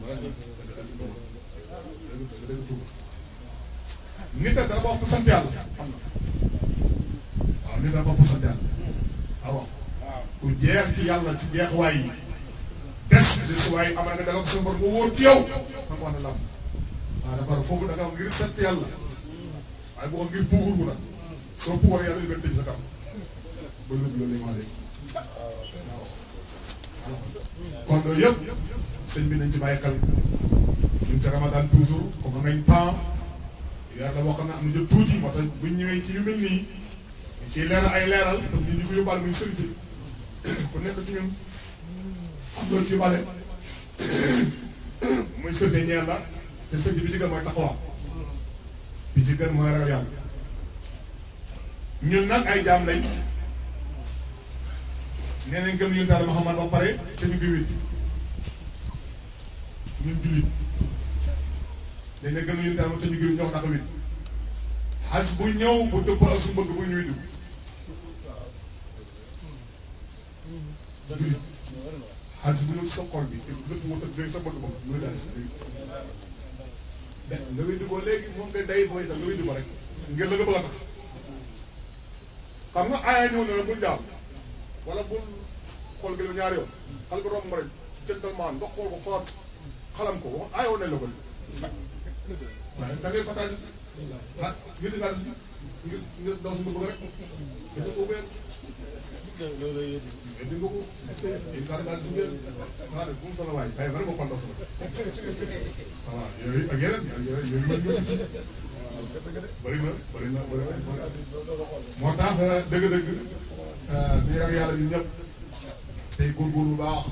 [SPEAKER 2] maanaam nit dana bokk sant yàlla a na waaw nit dana bokk sant yàlla ah, jeex ci yàlla ci jeexuwaay yi des des waaye am na nga danga ko sa mbor nga wóor ci yow xam wax ne la am waaw dafa foofu da nga ngir sant yàlla waaye bu ko ngir puugur mu nag soo puugar yàlla ñu gën tëj sa kam ba léegi loolu lay wax léegi ah, waaw kon loolu yëpp sëñ bi nañ ci bàyyi xel ñun ca Ramadan toujours comme am nañ temps yàlla wax na am na jot tuuti moo tax bu ñëwee ci yu mel nii ñu ciy leeral ay leeral comme ñun ñu ko yóbbaale muy sëriñ ci ku la te sëriñ bi ci gën mooy taxawaam bi ci mooy ragal yàlla ñun nag ay jaam lañ nee nañ gëm yu daal Muhammad ba pare te ñu ngi wéet ñun jullit dañ ne gëm ñu tam te ñu gëm ñox naka wit xaalis bu ñëw bu dëpp ak su mbëgg bu ñuy dugg xaalis bu ñëw sa xol bi te lépp mu tëgg day sa mbëgg bopp mu daal si day nga windi ko léegi moom day day fooy itam xalam ko wax ayoo ne la ko waaye da ngay fataa ah ngir di daal ngir ngir daw suñu bëgg rek dañu ko wér. loolu la yëg di nga ko di daal daal suñu yëg waaw bu mu soxla waay waaye man ma kon daw sama voilà yooyu ak yeneen yooyu yooyu mën nga ci bëri na bëri na bëri na moo tax euh, dëgg-dëgg euh, di yàlla ñun ñëpp tey góorgóorlu baax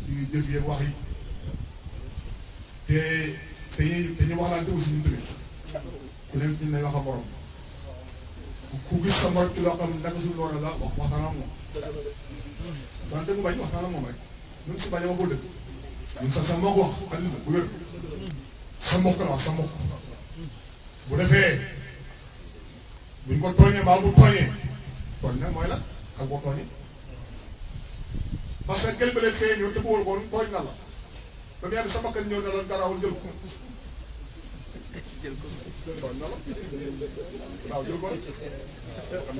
[SPEAKER 2] ci jëf yeeg wax yi. te te ñuy te ñuy waxlaante aussi ñun tamit ku nekk ñu lay wax borom ku gis sa morom ci loo xam naka loolu la wax waxtaan ak moom. waaw dëgg bañ waxtaan moom rek même si bañ a waxul dëgg ñun sax sa mbokk wax xalis na bu wér sa mbokk la wax sa mbokk bu defee buñ ko tooñee mbaa bu tooñee tooñ nag mooy la ak boo tooñee parce que gel ba leen fee ñëw te bu wóor woon tooñ na la. ba mu yàgg sama kër ñëw na la garaawul jël ko. jël ko jël na la waaw jël ko na waaw jël ko rek garaaw.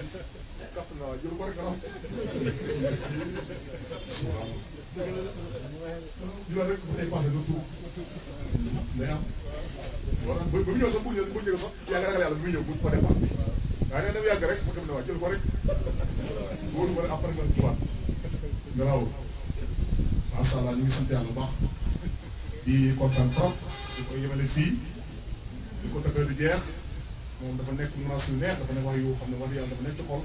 [SPEAKER 2] ñu rek bu tey passé dootul day am. Ah, voilà ba bu ñëw sax bu ñëw bu ñëw sax yàgg ragal yàlla bu ñëw bu ko def waaye nee na yàgg rek mu dem na waa jël ko rek wóolu ko rek après nga tubaab garaawul. macha allah ñu ngi sant yàlla bu di kontaan trop di koy yemale fii di ko tëggee du jeex moom dafa nekk menace yu neex dafa nekk wax yu xam ne wax yàlla dafa nekk ci xol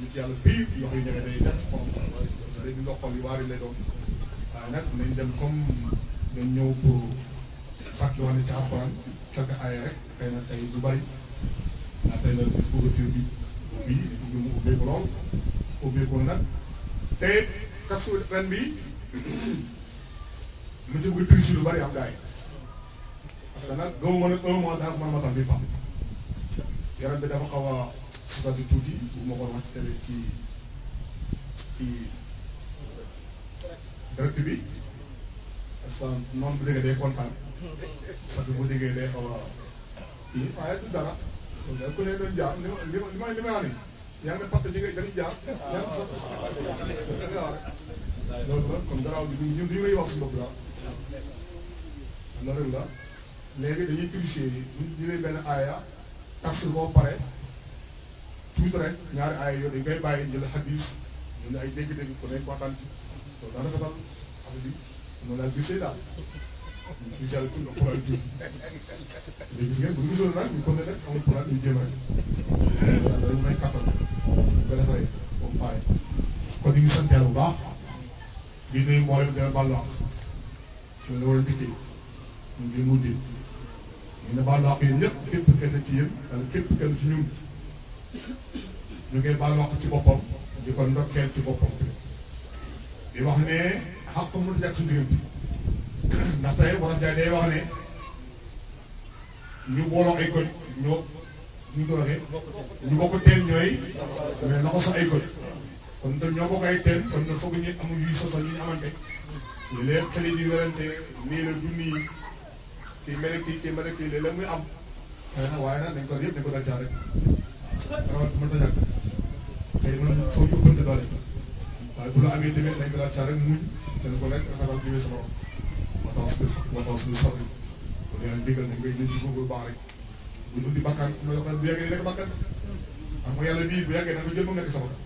[SPEAKER 2] nit yàlla biir yoo xam ne ñëwee day nekk xol léegi ndox xol yu waari lay waaye nag nañ dem comme dañ ñëw pour fàttaliwaat ne ci alxuraan quelque aaya rek xëy na tey du bari ndax tey nag couverture bi ubbi ubbi mu ubbee ko lool ubbee nag te kasu ren bi. lu ci bëgg triche lu bari am gars yi parce que nag doo mën a un mois daal man ma tam bi pam yaram bi dafa xaw a sutati tuuti bu ma ko wax ci télé ci ci direct bi parce que noonu bu déggee day kontaan parce que bu déggee day a kii dara ku ne doon jaar li ma li ma li may li may wax yaa ngi parte ji nga da nga jaar yaa ngi sax loolu nag kon garaaw bi ñu loolu la léegi dañuy tricher yi bu ñu jëlee benn aaya tafsir boo pare tuuti rek ñaari aaya yooyu dañ ngay bàyyi jël xadis ñu ay dégg-dégg ku nekk waxtaan ci loolu daa rafetal affaire bi noonu laa gisee daal ñu gis yàlla tuuti xuraan bu ñu gisoon nag ñu ko ne kattan nga defaree comme paay kon ñu ngi sant yàlla bu baax di nuyu su loolu dikkee mu ngi mujjee ñu ne baalu àq yéen ñëpp képp kenn ci yéen wala képp kenn ci ñun ñu ngi baalu àq ci boppam di ko ndokkeel ci boppam di wax ne xaq ko mënut a jàkk suñu diggante ndax tey war a jaay wax ne ñu booloo ay koñ ñoo ñu ko waxee ñu bokk teen ñooy mais na sax ay koñ kon ñoo bokk ay teen kon foog ñu amul yuy sosal ñu amante ñu leen xale di werante nii la du nii kii mel kii kii mel kii léeg-léeg muy am xëy ah, na waaye nag dañ ko yëpp dañ ko dal caa rek waaw rawat mën ta ñàkk xëy na foog ñu ëppante doole waaye bu la amee tamit dañ ko dal caa rek muñ te ko rek xamal bi sa borom moo tax moo tax suñu soxla kon yàlla digal nañ ngay jënd góorgóorlu baax rek bu ñu indi bakkan am na yoo xam ne bu yàggee nekk bakkan xam nga yàlla bii bu yàggee nag nga jël mu nekk sa bakkan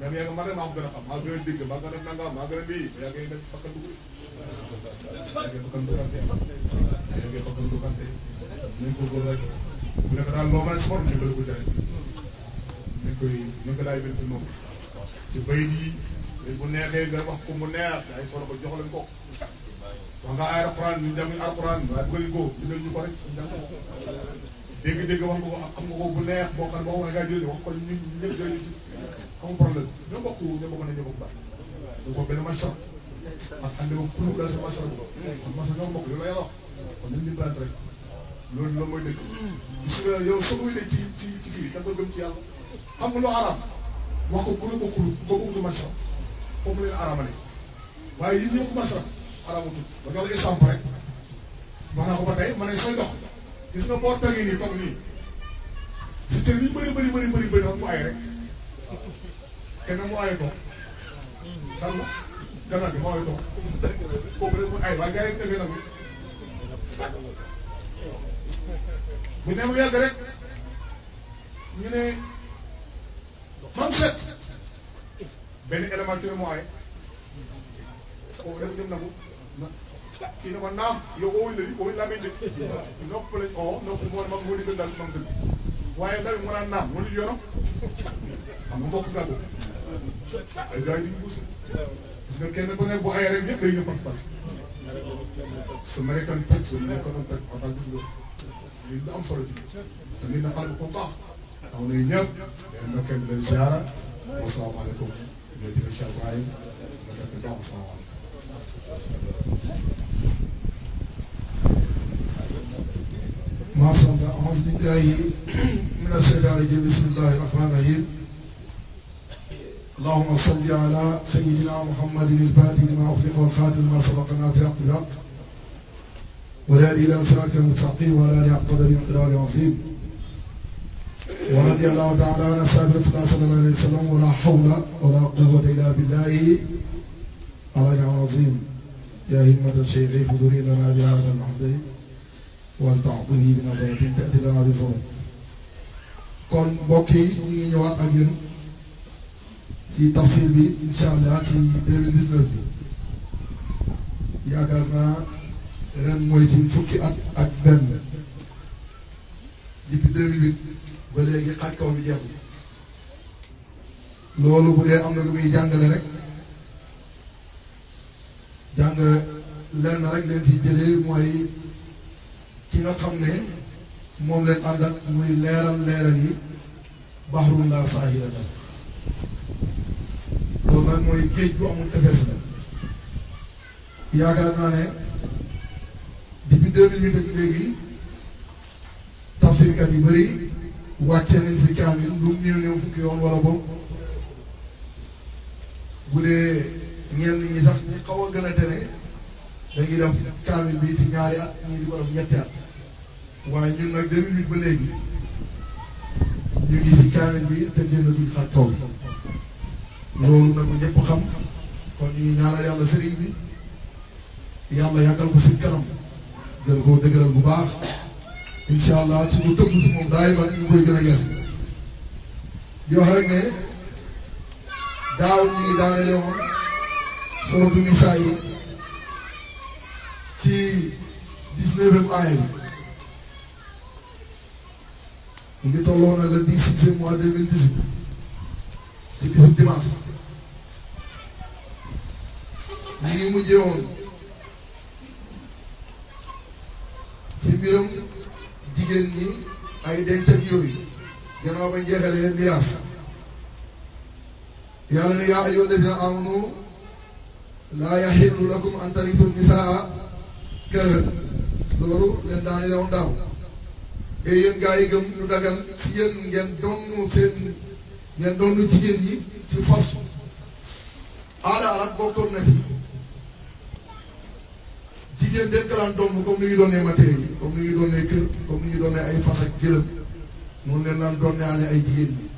[SPEAKER 2] même yaa ngi man de maa ko gën a xam maa gën a dégg maa gën a nangam maa gën a lii yaa ngi nekk bakkan dugub yaa ngi bakkan dugante yaa ngi bakkan dugante nañ ko góor rek bu nekk daal loo mën a sport ñu bëri ko jaay ñu koy ñu ko daay mel ci moom ci bayit yi bu neexee nga wax ko mu neex ay solo ko jox leen ko wax nga ay alquran ñu jàng alquran waaye bëgg ko bindal ñu ko rek jàng ko dégg-dégg wax nga ko xam nga ko bu neex boo xam ne boo xam ne ngaa jël wax ko ñun ñëpp jël ci amul problème ñoo bokk ñoo bokk nañ ñoo bokk baax ñoo bokk benn macha allah ak ànd ak ku nekk daal sa macha allah kon macha ñoo bokk loolu la yàlla wax kon nañ leen rek loolu loolu mooy dëgg. gis nga yow soo koy dee ci ci ci kii da nga ko gëm ci yàlla xam nga lu araam wax ko bu la bokkul boo bokkul macha foofu leen araamalee waaye yéen ñoo ko macha araamatul ba jox la exemple rek wax naa ko ba tey ma ne sooy dox gis nga boo toogee nii toog nii si cër yi bëri bëri bëri bëri bëri xam mu ay rek. te na mu aayee toog xam nga gannaaw bi mu aayee toog waaye gars yi mu demee bu ne mu yàgg rek ñu ne man set benn élément ci la mu aayee kooku rek ñoom na kii na ma naam yow owuñ la di owuñ laa may dégg nopp oo oh, nopp moo ma moo di gën daal man set waaye ndaw bi mu naam moo di yoonam xam nga mbokk ay gars yi duñ buuse gis nga kenn ku nekk bu ayaree ñëpp day ñëw pas-pas su ma nekkoon tëj su ma nekkoon tëj wax dëgg la lii lu am solo ci te nit na xar bu ko baax taw nañ ñëpp day ndokkeel di leen ziara wa salaamaaleykum ñoo jëfe Cheikh Ibrahim nga def di baax salaamaaleykum
[SPEAKER 1] ما صنع أعوذ بالله من الشيطان الرجيم بسم الله الرحمن الرحيم اللهم صل على سيدنا محمد البادي لما أخلق والخادم لما سبق نافع بالحق ولا إلى صراط المستقيم ولا إلى قدر مقدار عظيم ورضي الله تعالى عن أصحاب رسول صلى الله عليه وسلم ولا حول ولا قوة إلا بالله علي عظيم يا همة الشيخ حضوري لنا بهذا المحضر ولتعطني بنظرة تأتي لنا بظلم كن بوكي yi ñu ci tafsir bi incha allah ci 2019 bi yaakaar naa ren mooy ci fukki at ak benn depuis 2008 ba léegi xaj kaw bi jeex loolu bu dee am na lu muy jàngale rek jàng lenn rek leen ci jëlee mooy ci nga xam ne moom leen àndal muy leeral leeral yi baxrul laa saahila loolu nag mooy géej bu amul tefes la yaakaar naa ne depuis deux mille ak léegi tafsirkat yu bëri wàcce nañ fi kaamil lu mu néew néew fukki yoon wala boobu bu dee ñenn ñi sax ñu xaw a gën a tere dañuy def kaamil bi ci ñaari at ñii di ko def ñetti at waaye ñun nag deux mille ba léegi ñu ngi ci kaamil bi te génn duñ xat tool loolu na ko ñëpp xam kon ñuy ñaanal yàlla sëriñ bi yàlla yàggal ko si kanam gën koo dëgëral bu baax incha allah suñu tëbb si moom daay man ne daaw ñu ngi daanele woon ci dix-neuvième aaya bi mu ngi tolloo na le dix-sixième mois deux mille dix-huit ci bisu mi ngi mujjee woon ci mbiram jigéen ñi ay dencat yooyu gannaaw ba njeexalee miraas yàlla ne yaa ayyuha alladina amanu laa yaxillu lakum an tarisu nisaa kërhën loolu leen daani daw ndaw eh, te yéen gaa yi gëm ñu ci yéen ngeen donnu seen ngeen donnu jigéen ñi ci force aada arab bokkoon na ci jigéen den ka daan donn comme ni ñu doonee matériel yi comme ni ñu doonee kër ay fas ak jëlëm noonu leen daan doon ne ay jigéen ñi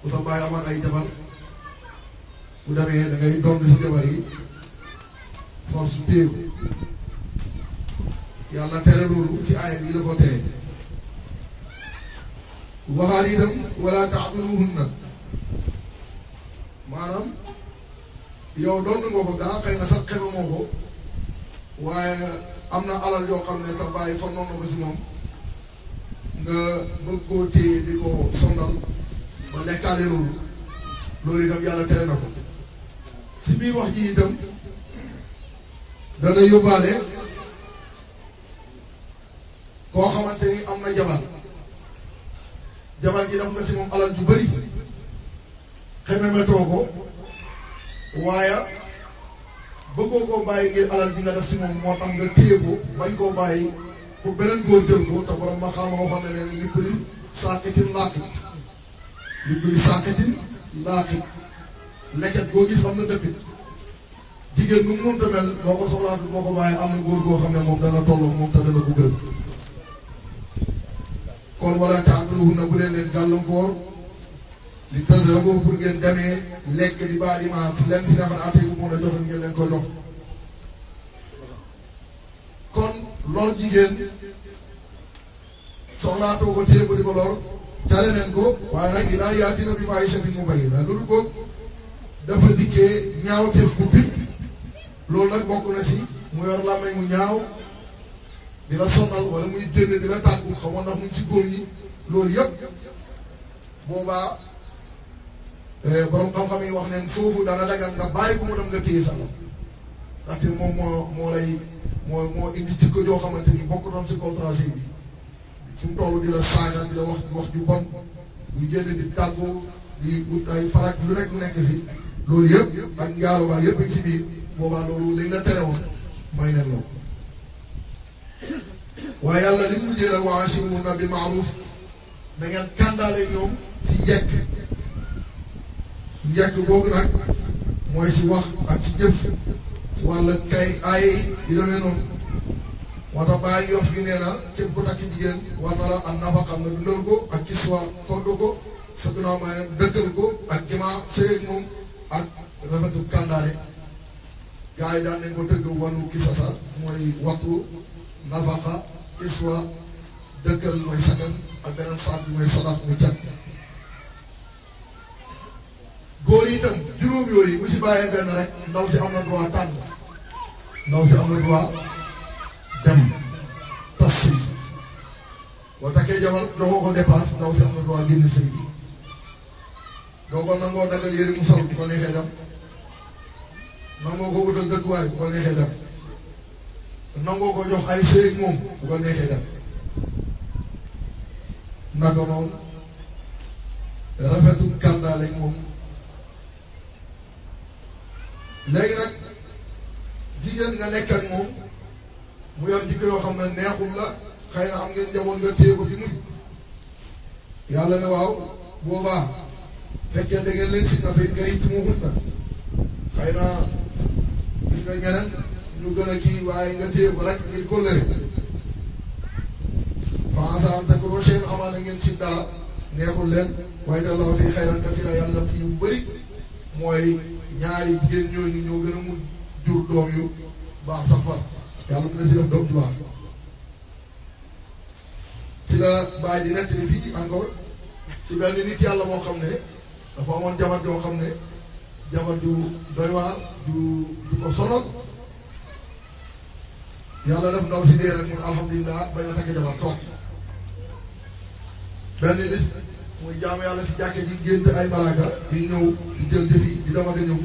[SPEAKER 1] bu sa bàyyi amoon ay jabar bu demee da ngay doon si jabar yi force téegu yàlla tere loolu ci aaya bi la ko tere waxaat itam wala taxduluhunna maanaam yow doon nga ko gaa na sax xema moo ko waaye am na alal yoo xam ne te bàyyi fa ko si moom nga bëgg koo téye di ko sondal yàlla tere ko si biir wax ji koo xamante ni am na jabar jabar ji def nga si moom alal ju bëri xememetoo ko waaye bëggoo koo bàyyi ngir alal ji nga def si moom moo tax nga téye ko bañ koo bàyyi pour beneen góor jël ko te borom ma xam waxoon na leen li bëri saakitin laakit li bëri saakitin laakit lekket boo gis am na dëppit jigéen nu mu mënta mel boo ko soxlaatu boo ko bàyyi am na góor goo xam ne moom dana tolloo moom te dana ko gërëm kon wala taatuluhunna bu leen leen gàllankoor li tazhabu pour ngeen demee lekk li baali ma leen fi nga xam ne bu mun a jox ngeen leen ko jox kon lor jigéen soxlaatoo ko téye ba di ko lor tere leen ko waaye nag yi daal yaati na bi bàyyi sa mu bay loolu ko dafa dikkee ñaaw teef bu biir loolu nag bokk na si mu yor làmmiñ mu ñaaw di la sonal wala muy jënd di la tàggu xamoon na mu ci góor ñi loolu yëpp boobaa. Eh, borom xam-xam yi wax neen foofu dana dagal nga bàyyi ko mu dem nga téye sa bopp ndaxte moom moo moo lay moo moo indi jikko joo xamante ni bokk doon si contrat bi fu mu toll di la saagaan di wax ju bon ñu génn di tàggu di ay farak lu nekk nekk si loolu yëpp ak njaaru baa yëpp ci biir boobaa loolu lañ la tere woon may nen la waaye yàlla li mu mujjee rek waa ashiruhunna bil ma'ruf na ngeen kàndaale ñoom si njëkk. njëkk boobu nag mooy ci wax ak ci jëf ci wàllu kay ay yu demee noonu moo tax bàyyi yof gi nee na képp ku takk jigéen war na la ak nafaqa nga dundal ko ak ci suwa fodd ko sa ginnaaw may dëkkal ko ak jimaa sëyeeg moom ak rafetu kàndaale gars yi daan nañ ko dëgg wanu kisasa mooy waxtu nafaqa kiswa dëkkal mooy sakkan ak beneen saat mooy sadaf muy cat góor yi itam juróom yooyu bu si bàyyee benn rek ndaw si am na droit tànn ndaw si am na droit dem tas si boo takkee jabar joxoo ko dépense ndaw si am na droit génn sëy doo ko nangoo dagal yëri mu bu ko neexee dem nangoo ko wutal ay sëy moom bu ko neexee dem naka moom rafetu gàndaale moom léegi nag jigéen nga nekk ak moom mu yor jikko yoo xam ne neexul la xëy na am ngeen njaboot nga téye ko di muñ yàlla ne waaw boobaa fekkee da ngeen leen si na fi nga it mu na xëy na gis nga ñeneen ñu gën a kii waaye nga téye ko rek ngir kóllëre fansaan te ko seen na ngeen si dara neexul leen waaye delloo fii xayran kafira yàlla ci yu bëri mooy ñaari jigéen ñooñu ñoo gën a mun jur doom yu baax sax far yàlla mën na si def doom ju ci la bàyyi di nettali fii encore ci benn nit yàlla moo xam ne dafa amoon jabar joo xam ne jabar ju doy waar ju ju ko sonal yàlla def ndaw si dee rek mun alhamdulilah bañ a takk jabar toog benn nit muy jaam yàlla si jàkke ji gént ay malaaka yu ñëw jël jëf dama nga ñëw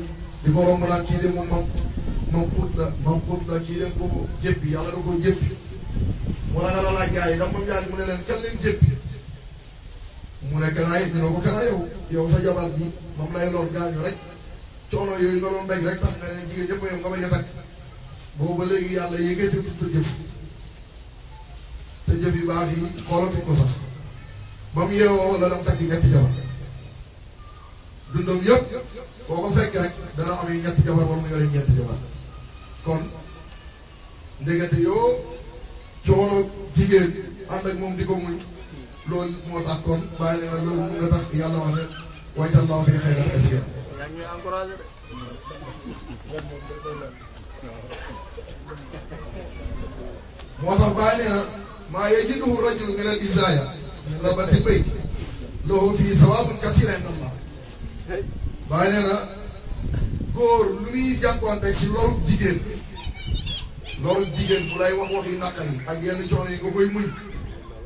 [SPEAKER 1] di ko romb naan kii de moom moom moom xut la moom xut la kii de ko jéppi yàlla da ko jéppi mu ne leen kan yëpp ñu ne ko kanaa yow yow sa jabar bi moom lay lor gaañu rek coono yooyu nga doon daj rek tax nga jigéen ñëpp yow nga bañ a takk boobu ba léegi yàlla yëgee ci sa jëf sa jëf yu baax yi xoolatuñ ko sax ba mu yeewoo la dam takki ñetti jabar dundam yëpp foo ko fekk rek dana am yi ñetti jabar wala mu yore ñeenti jabar kon ndegete yoo coono jigéen ànd ak moom di ko muñ lool moo tax kon bàyyi na loolu mun na tax yàlla wax ne waytal laa fi xëy na askan. moo tax bàyyi na maa yajiduhu rajulu min al isaaya rabati waaye nee na góor lu muy jànkuwante si loru jigéen loru jigéen bu lay wax wax naqari ak yenn coono yi nga koy muñ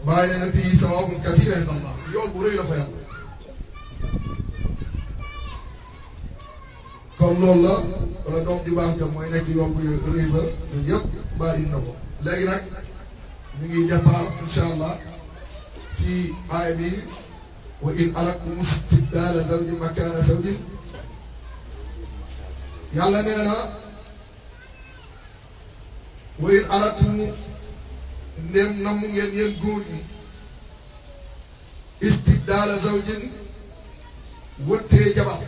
[SPEAKER 1] waaye nee na fii sawaabun kasiira ndax yool bu rëy la fa kon loolu la wala doom ju baax jam mooy nekk yokk rëy ba ñun yëpp bàyyi na ko léegi nag ñu ngi départ incha ci aay bi وإن أردتم استبدال زوج مكان زوج yàlla nee na wa in aratum ndéem namm ngeen yéen góor ñi istibdaala zawjin wëttee jabar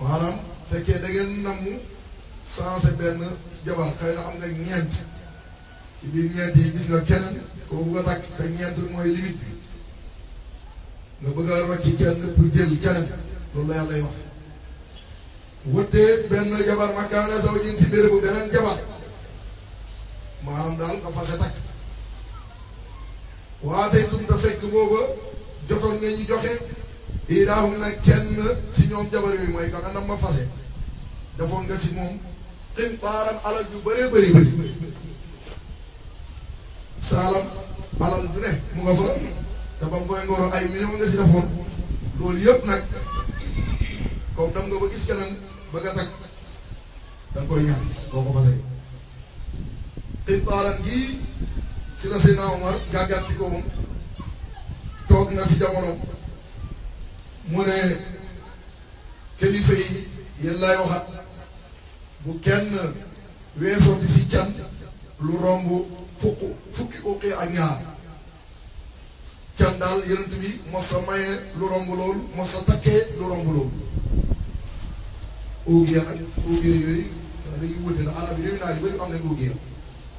[SPEAKER 1] maanaam fekkee da ngeen namm sensé benn jabar xëy na am nga ñeent ci biir ñeent yi gis nga kenn kooku nga takk te ñeent mooy limite bi nga bëgg a rocc kenn pour jël keneen loolu la yàlla wax wutee benn jabar makaana zawjin ci bérébu beneen jabar maanaam daal nga fase takk waa tey tum fekk booba jotoon nga ñu joxe idaahum na kenn ci ñoom jabar bi mooy ka nga nam ma fase defoon nga si moom xintaaram alal yu bëree bëri bëri saalam alal du ne mu nga fa te ba koy ngoro ay millions nga si defoon loolu yëpp nag comme dem nga ba gis keneen bëgg a tag da nga koy ñaan boo ko fasee te taalan gii si la Seydina Omar gàggat ci kawam toog na si jamono mu ne kilifa yi yéen laay waxat bu kenn weesooti si can lu romb fukk fukki uqi ak ñaar can daal yonent bi mos a maye lu romb loolu mos a takkee lu romb loolu óogiya nag óogiya yooyu dañuy wute na arab yi réew naa nag óogiya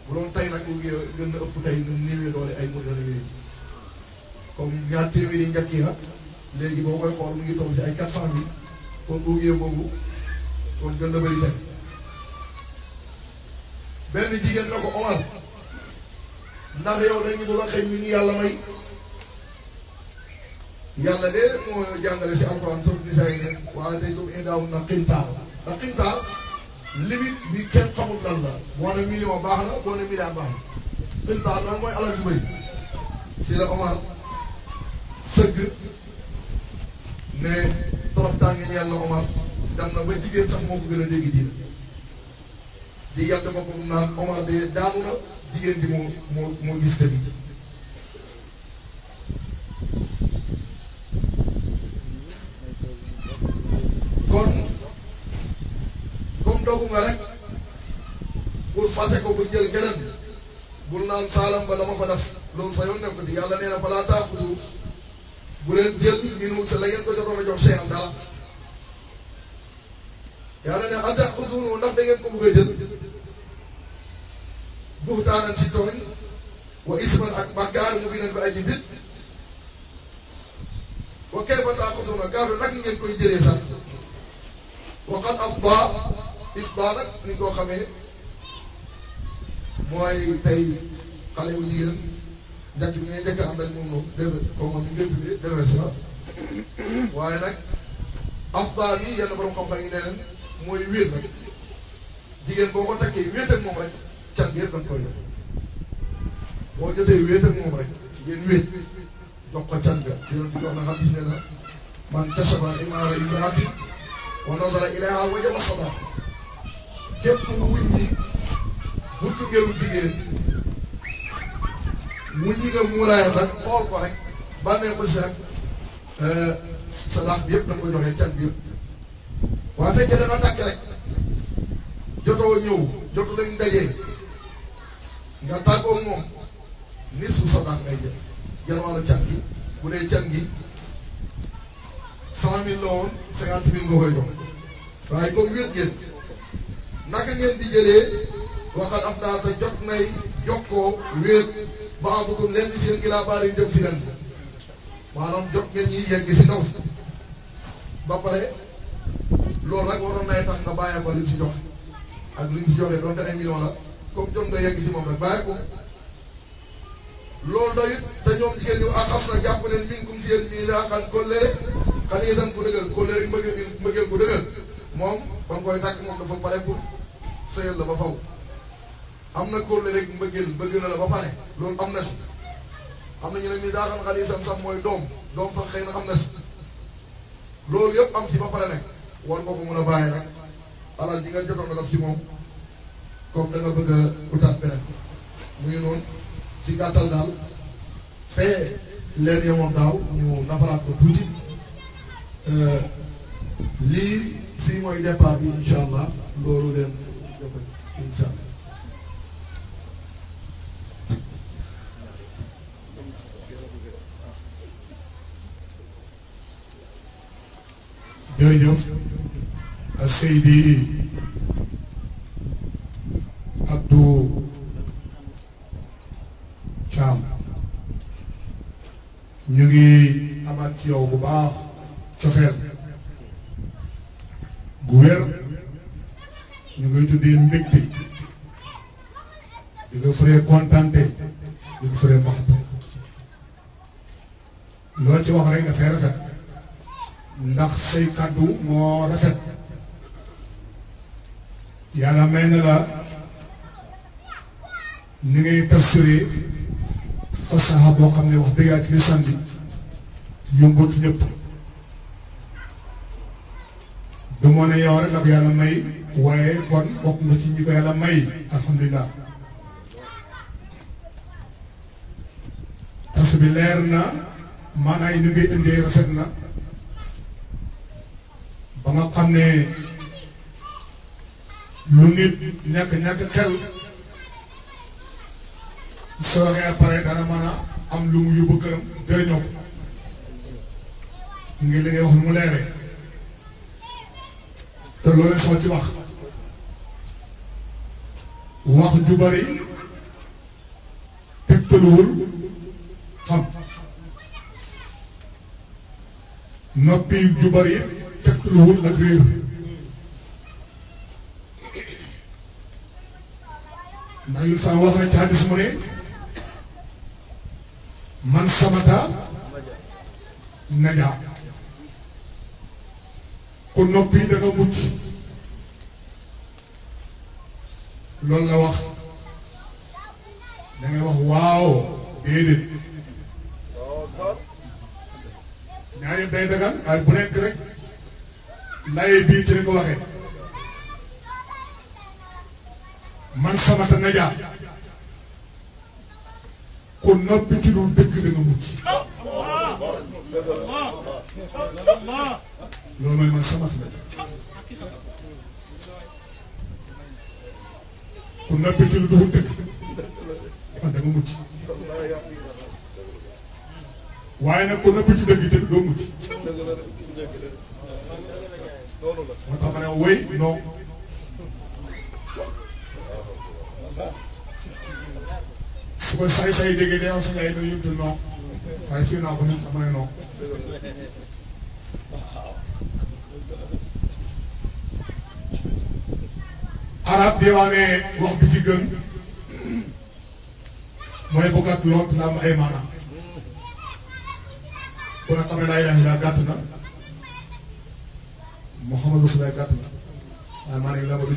[SPEAKER 1] gën na ëpp yooyu comme ñaar téeméeri yi léegi boo koy xool mu ngi toll ci ay quatre cent kon óogiya boobu kon gën na bëri tey benn jigéen na ko Omar ndax yow dañu bu la xëy mi ngi yàlla may yàlla de moo jàngale si alxuraan soo nisaa yi ne waaye tey itam na xintaar ndax xintaar bi kenn xamul lan la boo ne baax na boo ne baax na xintaar nag mooy alal ju bëri si la Omar sëgg ne trop tàngi ñeel na na ba moo ko gën dégg diina di yàgg boppam naan Omar de daanu na jigéen bi moo moo moo gis kër yi dooguma rek bul fase ko bul jël gëlëm bul naan saalam ba dama ko def loolu sa yoon nekk di yàlla nee balaa taaxutu bu leen jël minute sa la ngeen ko jotoon a jox see am dara yàlla ne ataaxutu ndax da ngeen ko bëgg a jël buxtaanan si tooñ wa isman ak bàkkaar mu binan bi aji bit wa kayfa taaxutuuna kaafir nag ngeen koy jëlee sax waqad afdaa ISDA nag ni ko xamee mooy tey xale wu jigéen njëkk bi ngay njëkk a ànd ak moom moom déwén xaw ma nu ngeen tuddee déwén si waaye nag afda bi yenn borom xam-xam yi nee nañ mooy wéet nag jigéen boo ko takkee wéet ak moom rek can bi yëpp dañ koy def boo jotee wéet ak moom rek ngeen wéet jox ko can ga yonent bi wax na xam gis ne man tasaba imaara imraati wa nazara ilayha wajaba sabaha képp ku wuññi bu tugewu jigéen wuññi nga muuraay nag xool ko rek bànnee ko rek euh, sa laax bi yëpp da nga ko joxee can bi yëpp waaye fekkee dafa tàkk rek jotoo ñëw jotu lañ dajee nga tàggoo moom ni su sa laax ngay jël jël can gi bu dee can gi cent mille la woon cinquante mille nga koy jox waaye comme wéet ngeen naka ngeen di jëlee waxal af daal te jot nay jokkoo wéet ba amukum lenn seen kilaa baar yu jëm si leen maanaam jot ngeen ñiy yegg si ndaw ba pare loolu rek waroon nay tax nga bàyyi ko li ci ak li ñu ci joxee donte ay million la comme jot nga yegg si moom rek bàyyi ko loolu doyut te ñoom jigéen ñi ak xam na jàpp leen min kum si yéen mii laa xam kóllëre xale yi dañ dëgër kóllëre mbëggeel mbëggeel ko dëgër. moom ba mu koy takk moom dafa pare pour sëyal la ba faw am na kóol rek mbëggeel bëgg na la ba pare loolu am na si am na ñu ne misaaran xalisam sax mooy doom doom sax xëy na am na si loolu yëpp am ci ba pare nag war nga ko mun a bàyyi nag alal ji nga jotoon na def ci moom comme da nga bëgg a utaat beneen mu noonu ci gàttal daal fee leen yemoon daaw ñu nafaraat ko tuuti. Euh, lii fii mooy départ bi incha allah loolu leen joxe incha allah.
[SPEAKER 2] jërëjëf Seydi Abdou Thiam ñu ngi amaat yow bu baax. moo rafet yàlla may na la ni ngay tafsiree fasaxa boo xam ne wax dëgg a ci lisaan bi yombut ñëpp du moo ne yow rek la ko yàlla may waaye kon bokk nga ci ñi ko yàlla may alhamdulilah tas bi leer na maanaam ni ngay indee rafet na ba xam ne lu nit ñàkk ñàkk xel soo waxee pare dana mën a am lu mu yóbbu këram jëriñoo ko ngir wax mu leeree te loolee soo ci wax wax ju bari tegtaluwul xam noppi ju jàppaluwul nag réer Mayul Fall wax na ci hadis mu ne man samata najaa ku noppi da nga mucc loolu wax da wax waaw déedéet ñaar yëpp day dagal waaye bu nekk rek. laye biir ci lañ waxee man samata najaa ku noppi ci lu dëgg da nga mucc loolu mooy man samata najaa ku noppi ci lu dul dëgg da nga mucc waaye nag ku noppi ci dëgg te doo mucc moo tax ma ne wéy non su ko say say déggee day am sa yaay day yëngu non waaye fii naa ko nit am na non arab ne wax bi ci gën mooy bokk ak lool dina am ay maanaam kon nag xam ne laa na moo xamal lu subaay gàtt na waaye maa ne la ma du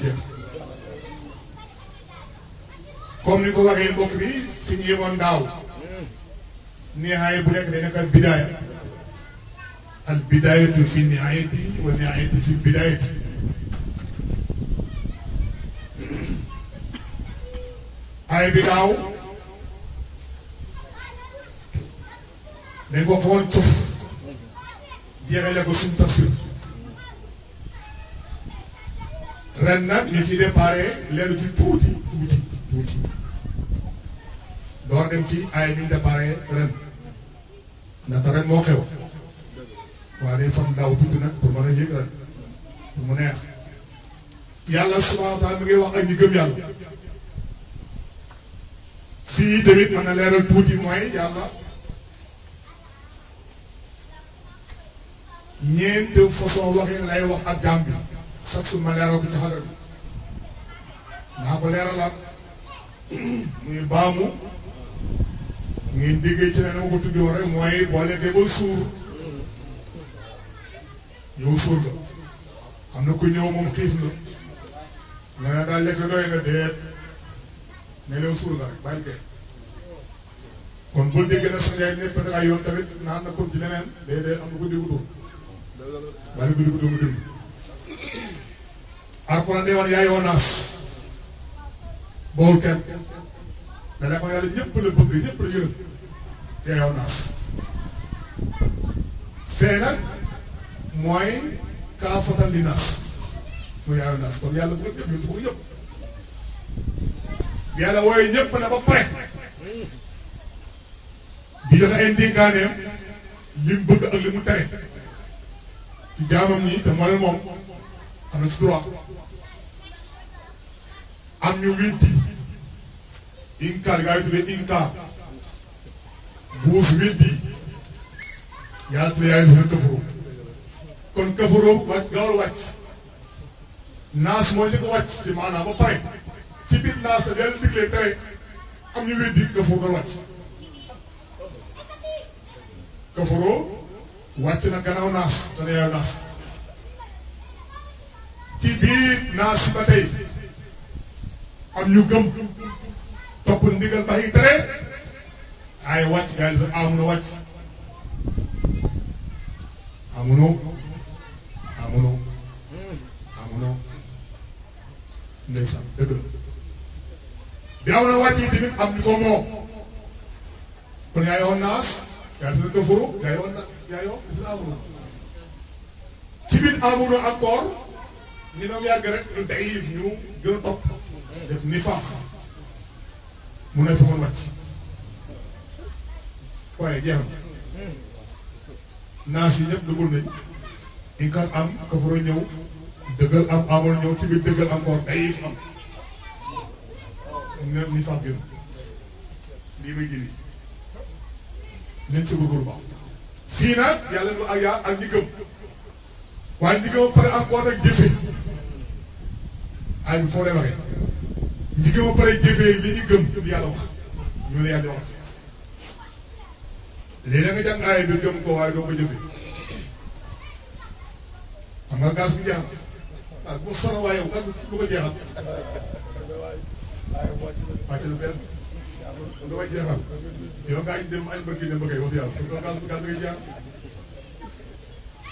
[SPEAKER 2] comme ni ko waxee mbokk bi fi ñu yemoon daaw neexaay bu nekk day nekk ak bidaaya al bidaayatu fi nihaayati wa nihaayatu fi bidaayati ay bi daaw dañ ko xool suuf jeexale ko suñu tafsir ren nag ñu ci déparé lenn ci tuuti tuuti door dem ci ay ñu déparé ren ndax ren moo xew waaye day fan daaw tuuti nag pour mën a yëg ren pour mu neex yàlla subhanahu wa taala ngi wax ak ñi gëm yàlla fii tamit mën na leeral tuuti mooy yàlla ñeent façon waxin lay wax ak jaam chaque jour ma leeral ko ci xaral bi naa ko leeralaat muy baamu muy déggee ci ne na ko tuddee woon rek mooy boo lekkee ba suur yow suur nga am na ku ñëw moom xiif na nee daal lekk doy na déet ne suur nga rek bàyyi dee kon bul dégg na sa njaay nekk na yoon tamit naan na kon ci leneen déedéet am na ko déggu doon bàyyi ko déggu doon dégg alxuraan day wan yaayoo naas boobu kenn da yaayoo naas fee nag mooy kaafatan li naas mu yaayoo naas kon yàlla bëgg ñëpp ñun bëgg ñëpp yàlla wooye ñëpp na ba pare di joxe ay ndénkaaneem li bëgg ak li tere jaamam ñi te moo leen moom am na ci am ñu weddi inca li ngay tuddee buus weddi yàlla tuddee yaay tuddee këfuroo kon këfuroo wàcc gaaw naas mooy li ko wàcc ci maanaam ba pare ci naas la yàlla diglee tere am ñu weddi këfuroo la wàcc këfuroo na gannaaw naas dana yaay naas ci naas ba tey ak ñu gëm topp ndigal bàyyi tere ay wàcc gars yi sax amuñu wàcc amuñu amuñu amuñu ndeysaan dëgg la bi amuñu wàcc yi tamit am ñu ko moo na yaa yoon gis nga amuñu ci biir amuñu ni faam mu ne fi mun wàcc waaye jeexam naas yi ñëpp dëggul nañ inkar am kafaro ñëw dëggal am amoon ñëw ci dëggal am koor ay am ne ni faam gën lii may jëli nañ ci bëggul baax fii nag yàlla lu ak yaa ak ñi waaye ñi gëm pare am koor nag jëfe ay bi foo waxee di gëm a pare jëfee li ñu gëm yàlla wax ñu ne yàlla wax lii la nga jàng aaya bi gëm nga bu jeexal ah bu sonn waaye jeexal wàcc na jeexal yow nga gas bu gas da ngay jeexal léegi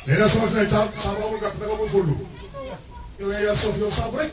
[SPEAKER 3] nag soo ne caa
[SPEAKER 2] caa boobu gàtt da nga mën fóolu yaa yor soof saabu rek.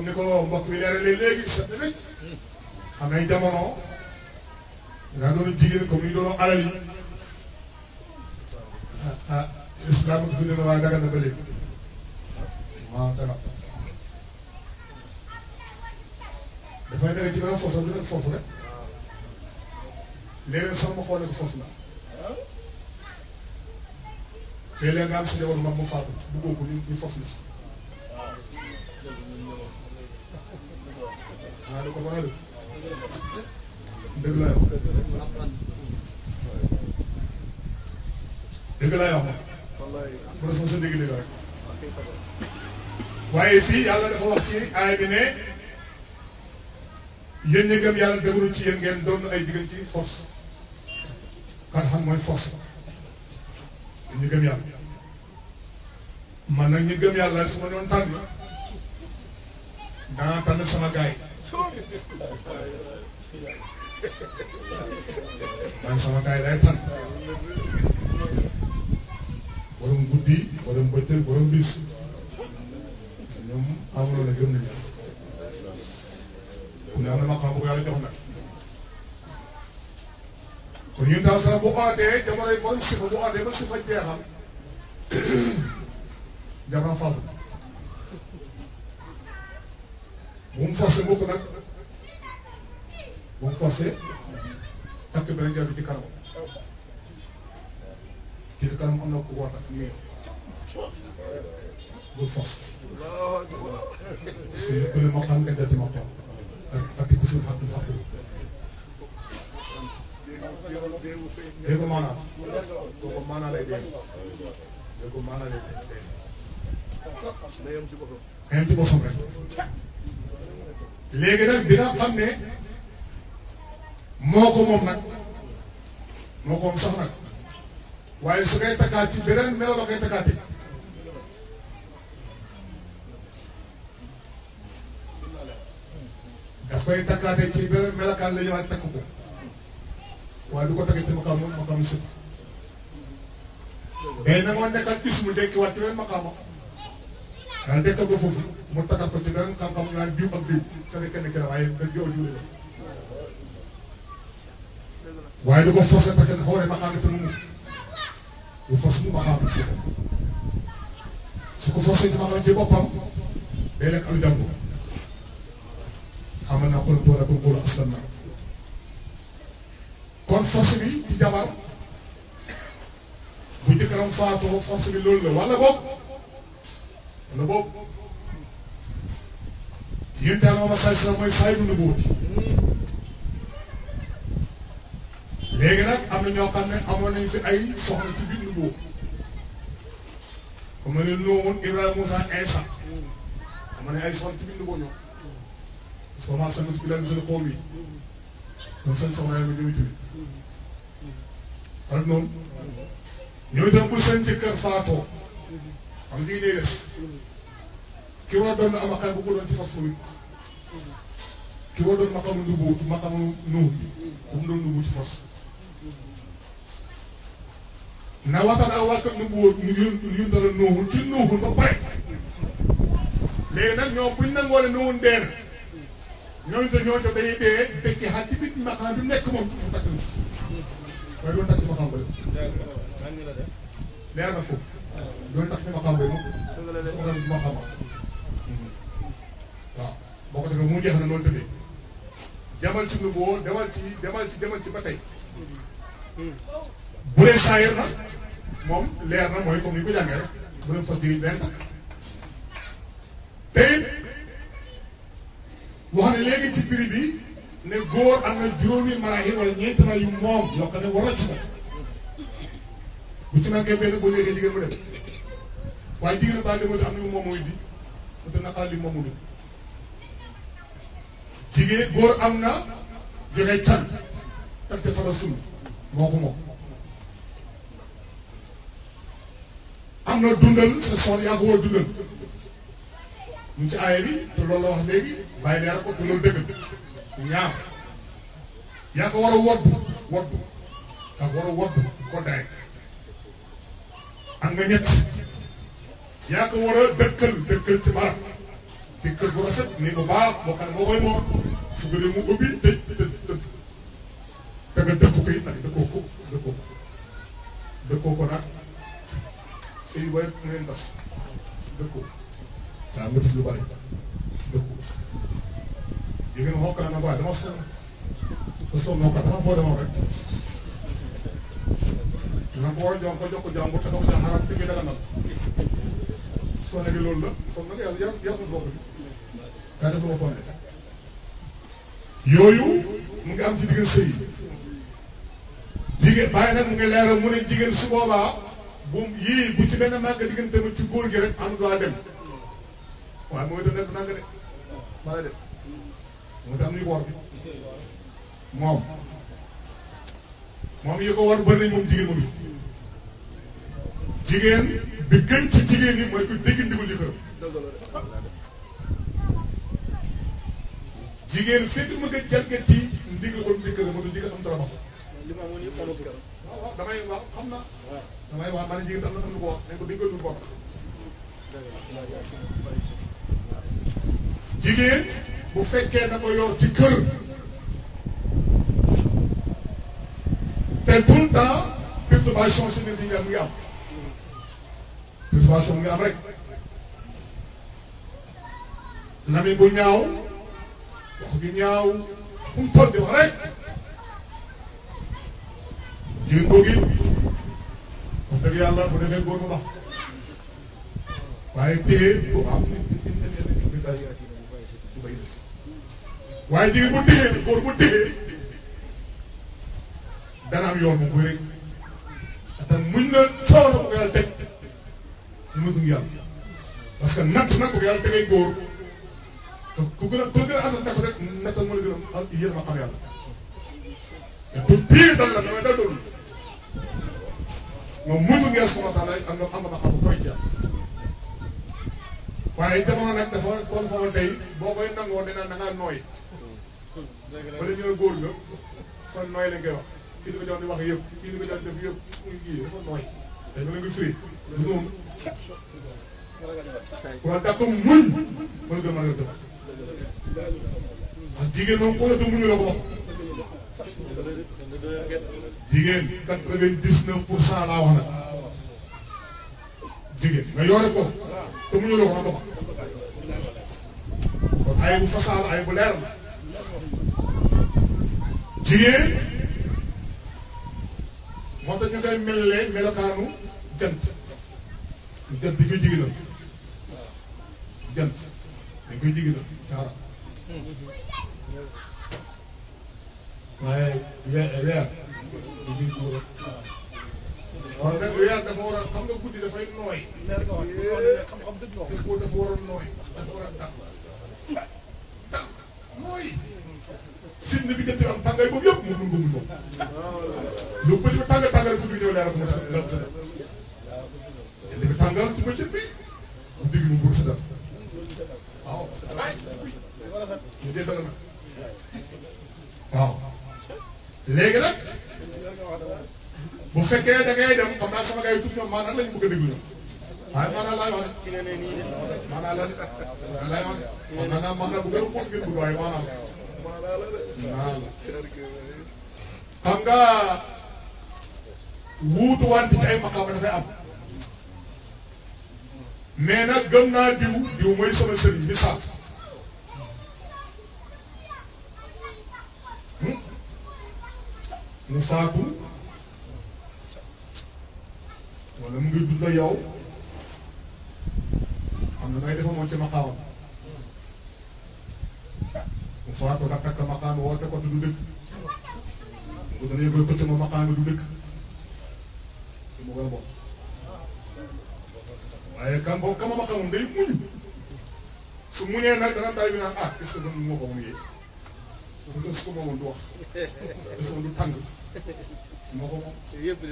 [SPEAKER 2] comme ni ko mbokk bi leeralee léegi set na wécc am nay jamono nga doon jigéen comme ni doonoo alal yi ah ah islam ne waaye daga na ba léegi rek léeg-léeg sax ma xoolee ko foofu la léeg-léeg si waaw ko bëgg a def dëgg lay wax dëgg lay wax nag sa dégg-dégg rek waaye fii yàlla dafa wax ci aay bi ne yéen yàlla dëgëru ci yéen ngeen doon ay digal ci force kan xam mooy force la ñu gëm yàlla man nag ñu yàlla su ma doon tànn danaa tànn sama gars
[SPEAKER 3] man
[SPEAKER 2] sama kaay lay tànn borom guddi borom bëccëg borom bis
[SPEAKER 1] ñoom amuloon na gëm nañu ku ne am na maqaam bu yàlla jox nag kon ñun daal sax bu ootee
[SPEAKER 2] jamonoy borom sifa bu ootee ba sifa jeexam jamono faatu bu mu forcé mukk nag bu mu forcé takk beneen jaru ci kanam ci sa kanam am na ku war takk nii bul forcé ku ak ak di ko suul xàttu xàttu dégg maanaam kooku maanaa lay dégg léegi nag bi nga xam ne moo ko moom nag moo ko moom sax nag waaye su koy takkaat ci beneen melo la koy takkaati daf koy takkaate takk ko waaye du ko takkee ci maqaam maqaam suuf na moo nekkal ismu dekkiwaat ci beneen daal dekkal ko foofu mu takkal ko ci beneen xam-xam naan diw ak diw sa ne kenn waaye benn yow diw waaye da ko forcé parce que dafa war a maqaam te mu lu force mu maqaam su boppam day nekk am jàmm xamal naa kon tool ak nguur aslan na kon force bi ci jabar bu jëkkëram faatoo force bi loolu la wala boog Nubu. Yin ta ma sa sa mooy saayu nubu. léegi nag am na ñoo xam ne amoon nañ fi ay soxna ci biir nubu. comme ne Nuuhun Ibrahima Moussa Insa. am na ay soxna ci biir nubu ñoom. soo maa sonn ci leen seen xoom yi. donc seen soxna yi ñëw ci biir. ak noonu. ñooñu tam bu seen jëkkër faatoo. xam lii lay def ki war a doon na amakaay bu ko doon ci fas foofu ki war a doon maqamu nubuut maqamu nuur bu mu doon nubuut ci fas na waxtaan ak waa kër nubuut ñu yë ñu dara nuuxul ci nuuxul ba pare léegi nag ñoom buñ nangoo ne nuuxul dee na ñooñu te ñoo jox dañuy dee dëkk xaaj ci biir maqaam bi nekk moom mu takk na waaye doon takk maqaam ba leer na foofu loolu tax ñu ma xam boobu soxla na ma xam hmm. waaw boo ko defee mu jeex na noonu tëddee demal ci boo demal ci demal ci demal ba tey bu dee saayir na moom leer na mooy comme ni ko jàngee rek bu dee fas yéene benn te it wax ne léegi ci prix bi ne góor am na juróomi maraaxil wala na yu moom yoo ne war na ci bu ci nekkee benn bu neexee jigéen mu dem waaye jigéen baa demoon am na moom moo indi te góor am na joxe can takk te fara sunu moo am na dundal sa soxla yaa ko war dundal ñu ci aaya bi te loolu la wax léegi bàyyi leer ko te loolu dëgg ñaar yaa ko war a wodd wodd yaa war a wodd ko daay am nga ñett yaa ko war a dëkkal dëkkal ci barab ci kër bu rafet ni bu baax boo xam ne moo koy moom su ko mu ubbi tëj tëj tëj te nga dëkku ko it nag dëkkoo ko dëkkoo ko dëkkoo ko nag suy booy mu leen tas dëkkoo waaw nga gis lu bari dëkkoo yi ngeen xokk na nag waaye dama sonn te sonnoo ko dama foo demoon rek na ko war a jox nga jox ko jàmbur te doo ko jox xaram te dana nal soo nekkee loolu la soo nekkee yàlla yàlla yàlla suuf boobu daa def lu ma ko wane. yooyu mu ngi am ci diggante sëy jigéen bàyyi nag mu ngi leeral mu ne jigéen su boobaa bu yii bu ci benn nàkk diggante ba ci góor gi rek am doit dem waaye mooy itam nekk nàkk de ma la dem mooy itam ñu war bi moom moom yi ko war bëri nañ moom jigéen moom it. jigéen bi gën ci jigéen yi mooy ku dégg ndigul jëkkëram jigéen fekk ma nga jigéen am dara ma ko waaw waaw damay ko wax nañ ko déggal jigéen bu fekkee na ko yor ci kër te tout le temps perturbation si nit ñi mu bi façon nga am rek lami bu ñaaw wax ju ñaaw fu mu toll di wax rek jigéen boobu it wax dëgg yàlla bu defee góor mu baax waaye téye bu am bu téye bu téye dana am yoon bu bëri atam muñ na coono ko yàlla teg ñu ma dund yàlla parce que natt nag bu yàlla da ngay góor te ku gën a ku la gën a àndal natt rek nattal mën a gën a yéen ma xam yàlla te pour pire dal la damay dalul moom mëntu ngeen sama taala am na am na xam koy jaar waaye jamono nag dafa kon foofu day boo koy nangoo nee naa na ngaa nooy wala ñu ne góor nga fan nooy lañ koy wax kii li ko jox di wax yëpp kii li ko jox di def yëpp muy kii dafa nooy dañu la nga firi moom waaw da ko muñ mën nga mën a def ah jigéen moom ku nekk muñu la ko wax jigéen quatre-vingt-dix-neuf pour cent laa wax nag jigéen nga yore ko te muñu la ko na ko kon ay bu fasaal ay bu leer la jigéen moo tax ñu koy melalee melokaanu jant jant dañ koy jigéenal jant dañ koy jigéenal caara waaye weer weer dañ koy jigéenal waaw nag weer dafa war a xam nga guddi dafay nooy. xam-xam dëgg la wax dafa war a nooy dafa war a dàq dàq nooy. sin bi jënd am tàngaay boobu yëpp moom la mu bëgg moom. lu bëri ba tànga tàngaay guddi ñëw leeral ko mos a dafa tàngal ci bëccëg bi bu digg mu sa def waaw ñu dégg na waaw léegi nag bu fekkee da ngay dem xam naa sama gars yi tuuti ñoom maanaam lañu bëgg a déglu ñoom waaye maanaam laay wax de maanaam la a nga wuutu nee na naa diw diw mooy sama sëriñ misaal hmm? mu faatu wala mu ngi dund yow am na ngay defa moom ci maqaamam mu faatu nag takk maqaam woote ko du dëkk bu dana yëgoy pëcc ma maqaam du dëkk waaye kan boobu kama ma xamoon day muñ su muñee nag dana taay bi naan ah est-ce que man du tàng
[SPEAKER 1] ma ko moom.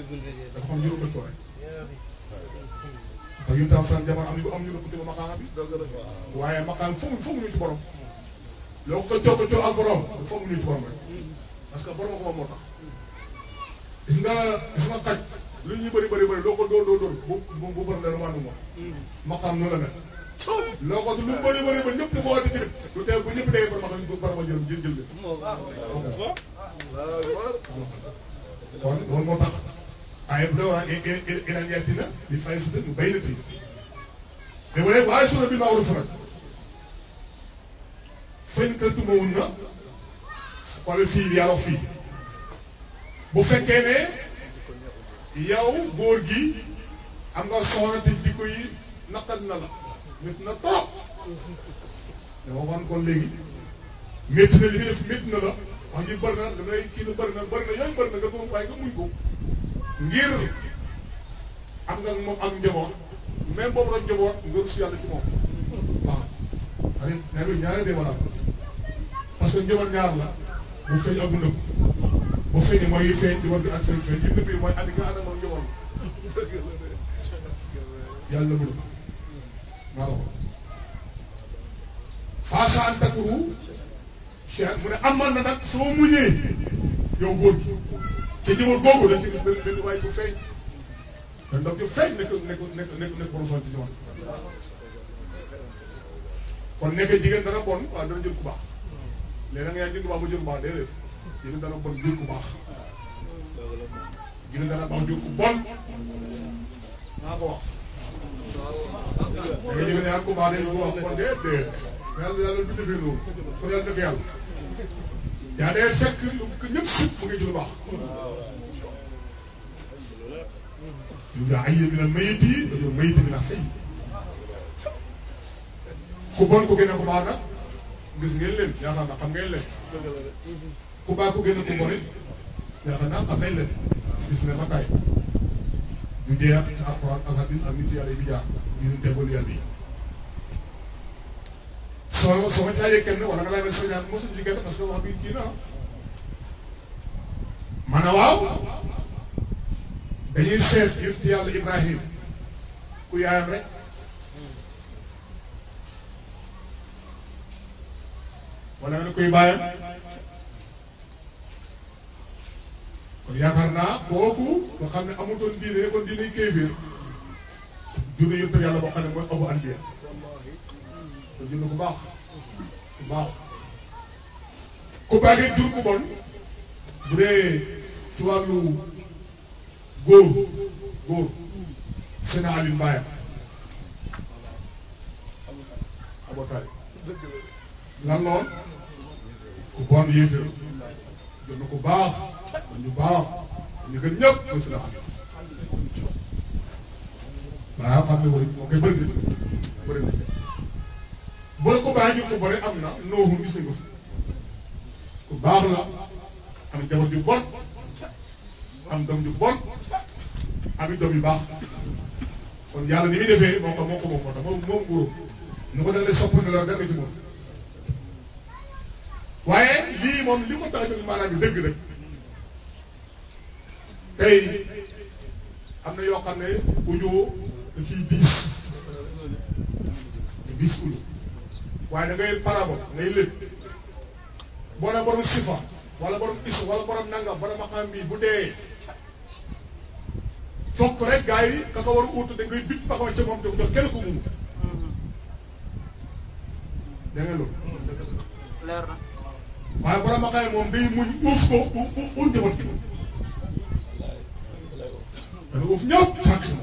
[SPEAKER 1] dafa xam ñu rëkkatoo rek. te
[SPEAKER 2] ñun tam seen am nañu am ñu rëkkatoo maqaam bi. waaye maqaam foog ñu ci borom. loo ko jokkoo ak borom foog ñu ci borom mm. parce que borom ko moo tax. gis nga gis nga lu ñuy bëri bëri bëri doo ko dóor dóor dóor bu bu bëri leen wàllu moom. Mm. maqaam nu la mel. loo ko lu mu bëri bëri ba ñëpp dafa war di jël lu tee ba maqaam ñu su dëgg bi maa war a faral fañ kër ma woon na wala fii yàlla fii bu fekkee ne. yow góor gi am nga soxna te jikko na la métti na trop la wax ji bëri na damay kii na bëri na yooyu bëri nga ko waaye nga muñ ko ngir am nga moom ak njaboot même boobu rek njaboot nga rus yàlla ci moom waaw parce que njaboot ñaar la bu feeñ ak bu nëbb bu feeñee mooy yu feeñ di war bi ak seen feeñ yu nëbbee mooy andi nga ànd ak moom ñëwoon yàlla mu ne waaw faasa an takuru cheikh mu ne amal na nag soo muñee yow góor gi te jëmoon googu dañ ci gis benn benn waay bu feeñ te ndox yu feeñ nekk nekk nekk nekk borom sol ci jamono kon nekk jigéen dana bon waaw dana jël ku baax léegi da nga yaa jël ku baax mu jël ku baax déedéet gën dana bon jur ku baax gën dana baax jur ku bon naa ko wax da nga jóg ne ku ah baax day ku wax bon déedéet yàlla yàlla du defee loolu kon yàlla dëgg yàlla dee fekk lu ko ñëpp mu ngi ci lu baax yaa ay yëg na mayit yi dañoo mayit bi ku bon ku gën a ku baax nag gis ngeen leen yaakaar na xam ngeen leen ku baax ku gën a ku bon it yaakaar naa xam nañ leen gis ne ma kaay du jeex ci alquran ak hadis ak nit di jaar ñu tegul yàlla yi. soo soo ma caayee kenn wala nga laaj ma sa ñaan mosuñ ci kenn parce que wax bi kii na ma ne waaw dañuy seet yëf ci yàlla Ibrahim ku yaayam rek. wala nga ne kuy kon yaakaar naa kooku nga xam ne amutoon diine kon diine kéefir junne yëpp yàlla boo xam ne mooy abu anbiya te junne bu baax bu baax ku baaxee jur ku bon bu dee ci wàllu góor góor Seydina Aliou Mbaye abotaay lan lool ku bon yéefir junne ku baax man ñu baax ñu gën ñëpp ñu si la xam waaw xam ne wala moo koy bëri bëri na bëri ko bàyyi ñu ko bëri am na noohu gis nañ ko fi ku baax la am jabar ju bon am doom ju bon am doom yu baax kon yàlla ni muy defee moo ko moo ko moom moo tax moom moom nguuram ñu ko dalee sopp ne la dara ci moom waaye lii moom li ko tax a jóg maanaam dëgg rek. tey am na yoo xam ne audio dafiy diis di diis audio waaye da ngay parabole ngay lépp boo na borom sifa wala borom is wala borom nangam borom maqaam bi bu dee fokk rek gars yi ka ko war a ut da ngay bit ba xaw ca moom def jox kenn ku mu da nga loolu. leer na. waaye borom maqaam moom day muñ uuf ko u ut njaboot gi. dana uuf ñëpp fàkk na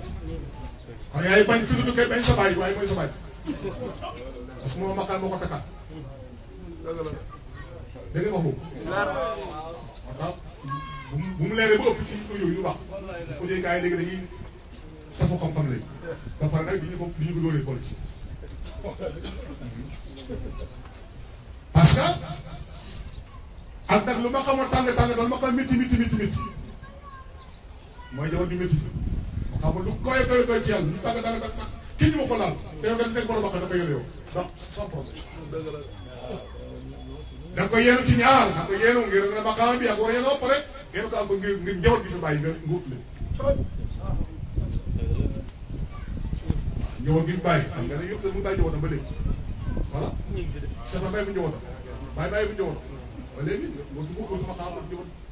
[SPEAKER 2] xam yaay bañ fi du koy bañ sa baay waaye mooy sa baay parce que moom maqaam moo ko takkaat da nga wax boobu bu mu leeree ba ëpp ci ñu ko yooyu lu baax bu ko dee gars yi léegi dañuy safu xam-xam lañu ba pare nag duñu ko duñu ko dóoree boole si parce que ak nag lu ma xamoon tàng tàng doon ma xam métti métti métti métti mooy jamono ju métti mu xam lu koy doy doy ci yàlla ñu tàgg daanaka man kii ñu ma ko laal te yow dañu ko war a baax da nga yore yow ndax sans problème. da nga koy yéene ci ñaar da nga koy yéene ngir ne maqaam bi ak war a yéene ba pare yéen ko am ngir ngir njaboot bi fi bàyyi nga nga ut leen. waaw njaboot bi ñu bàyyi xam nga ne yëpp mu bàyyi njabootam ba léegi voilà c'est vrai bàyyi bu njabootam bàyyi bàyyi bu njabootam ba léegi nga dugg ko sama xaaral njabootam.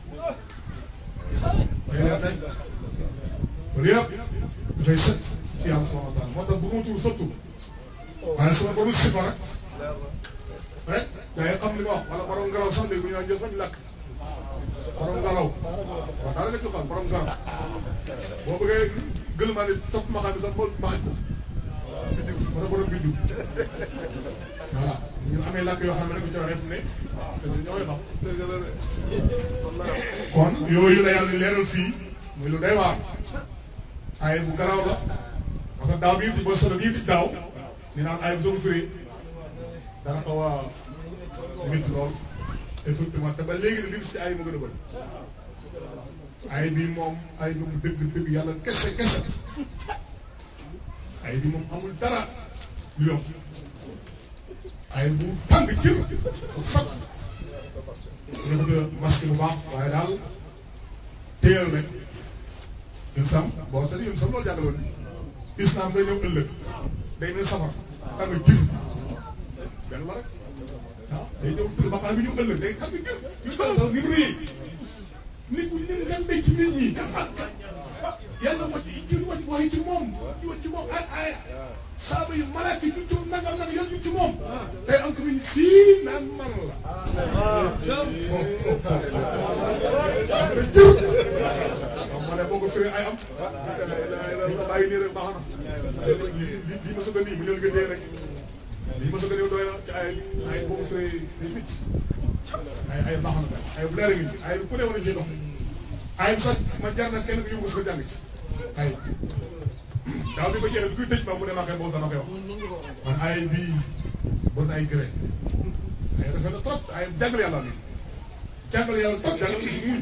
[SPEAKER 2] loolu yëpp dafay sët ci yàlla subhanahu wa taala moo tax bëgguma tur sëttu waaye eh, li ma wax wala borom ngelaw sax léegi ñu naan jëf rek lakk borom ngelaw waaw daal la ci xam borom ngelaw boo bëggee gëlmaa ne topp ma xam ne sax ma xaj ko wala bi diw voilà ñu amee làkk yoo xam ne rek ñu xam kon yooyu la yàlla leeral fii muy lu day waar aay bu garaaw la parce que daaw bi ñu tij ba solo bi ñu tij daaw ñu naan aay bu solo firi dana xaw a métti lool effectivement te ba léegi nag li si aay mu gën a bëri aay bi moom aay bi mu dëgg dëgg yàlla kese kese aay bi moom amul dara lu yomb bu tàng jër bu sat ñu ko masque bu baax waaye daal téyal rek insam boo xam ne insam loolu jàngaloon islam day ñëw ëllëg day ne safar xam nga jir benn la rek waaw ah, day ñëw tur ba pare bi ñëw ëllëg day xam nga jir ñu ko sax ngir rëy nit ñi ñu ngeen day ci nit ñi kan ak yàlla wàcc ci wàcc booy ci moom ñu wàcc ci moom ay ay saaba yu malaaka ñu ci nangam nag yàlla ñu ci moom day am ko fii naan man la waaw ah. ma ne boo ko firee ay am bàyyi nii rek baax na lii ma sa gën nii mu ñëw liggéey rek lii ma sa gën yow doy na ci ay ay boo ko firee day picc ay ay baax na ay bu leer ngi ci ay ku ne war a cee dox ay sax ma jar na kenn ku yóbbu sa jàng ci ay daaw bi ma jeexal kuy tëj ma mu ne maa koy boos dama koy wax man ay bii bon ay gré ay rafet na trop ay jàngal yàlla nii jàngal yàlla trop jàngal si muñ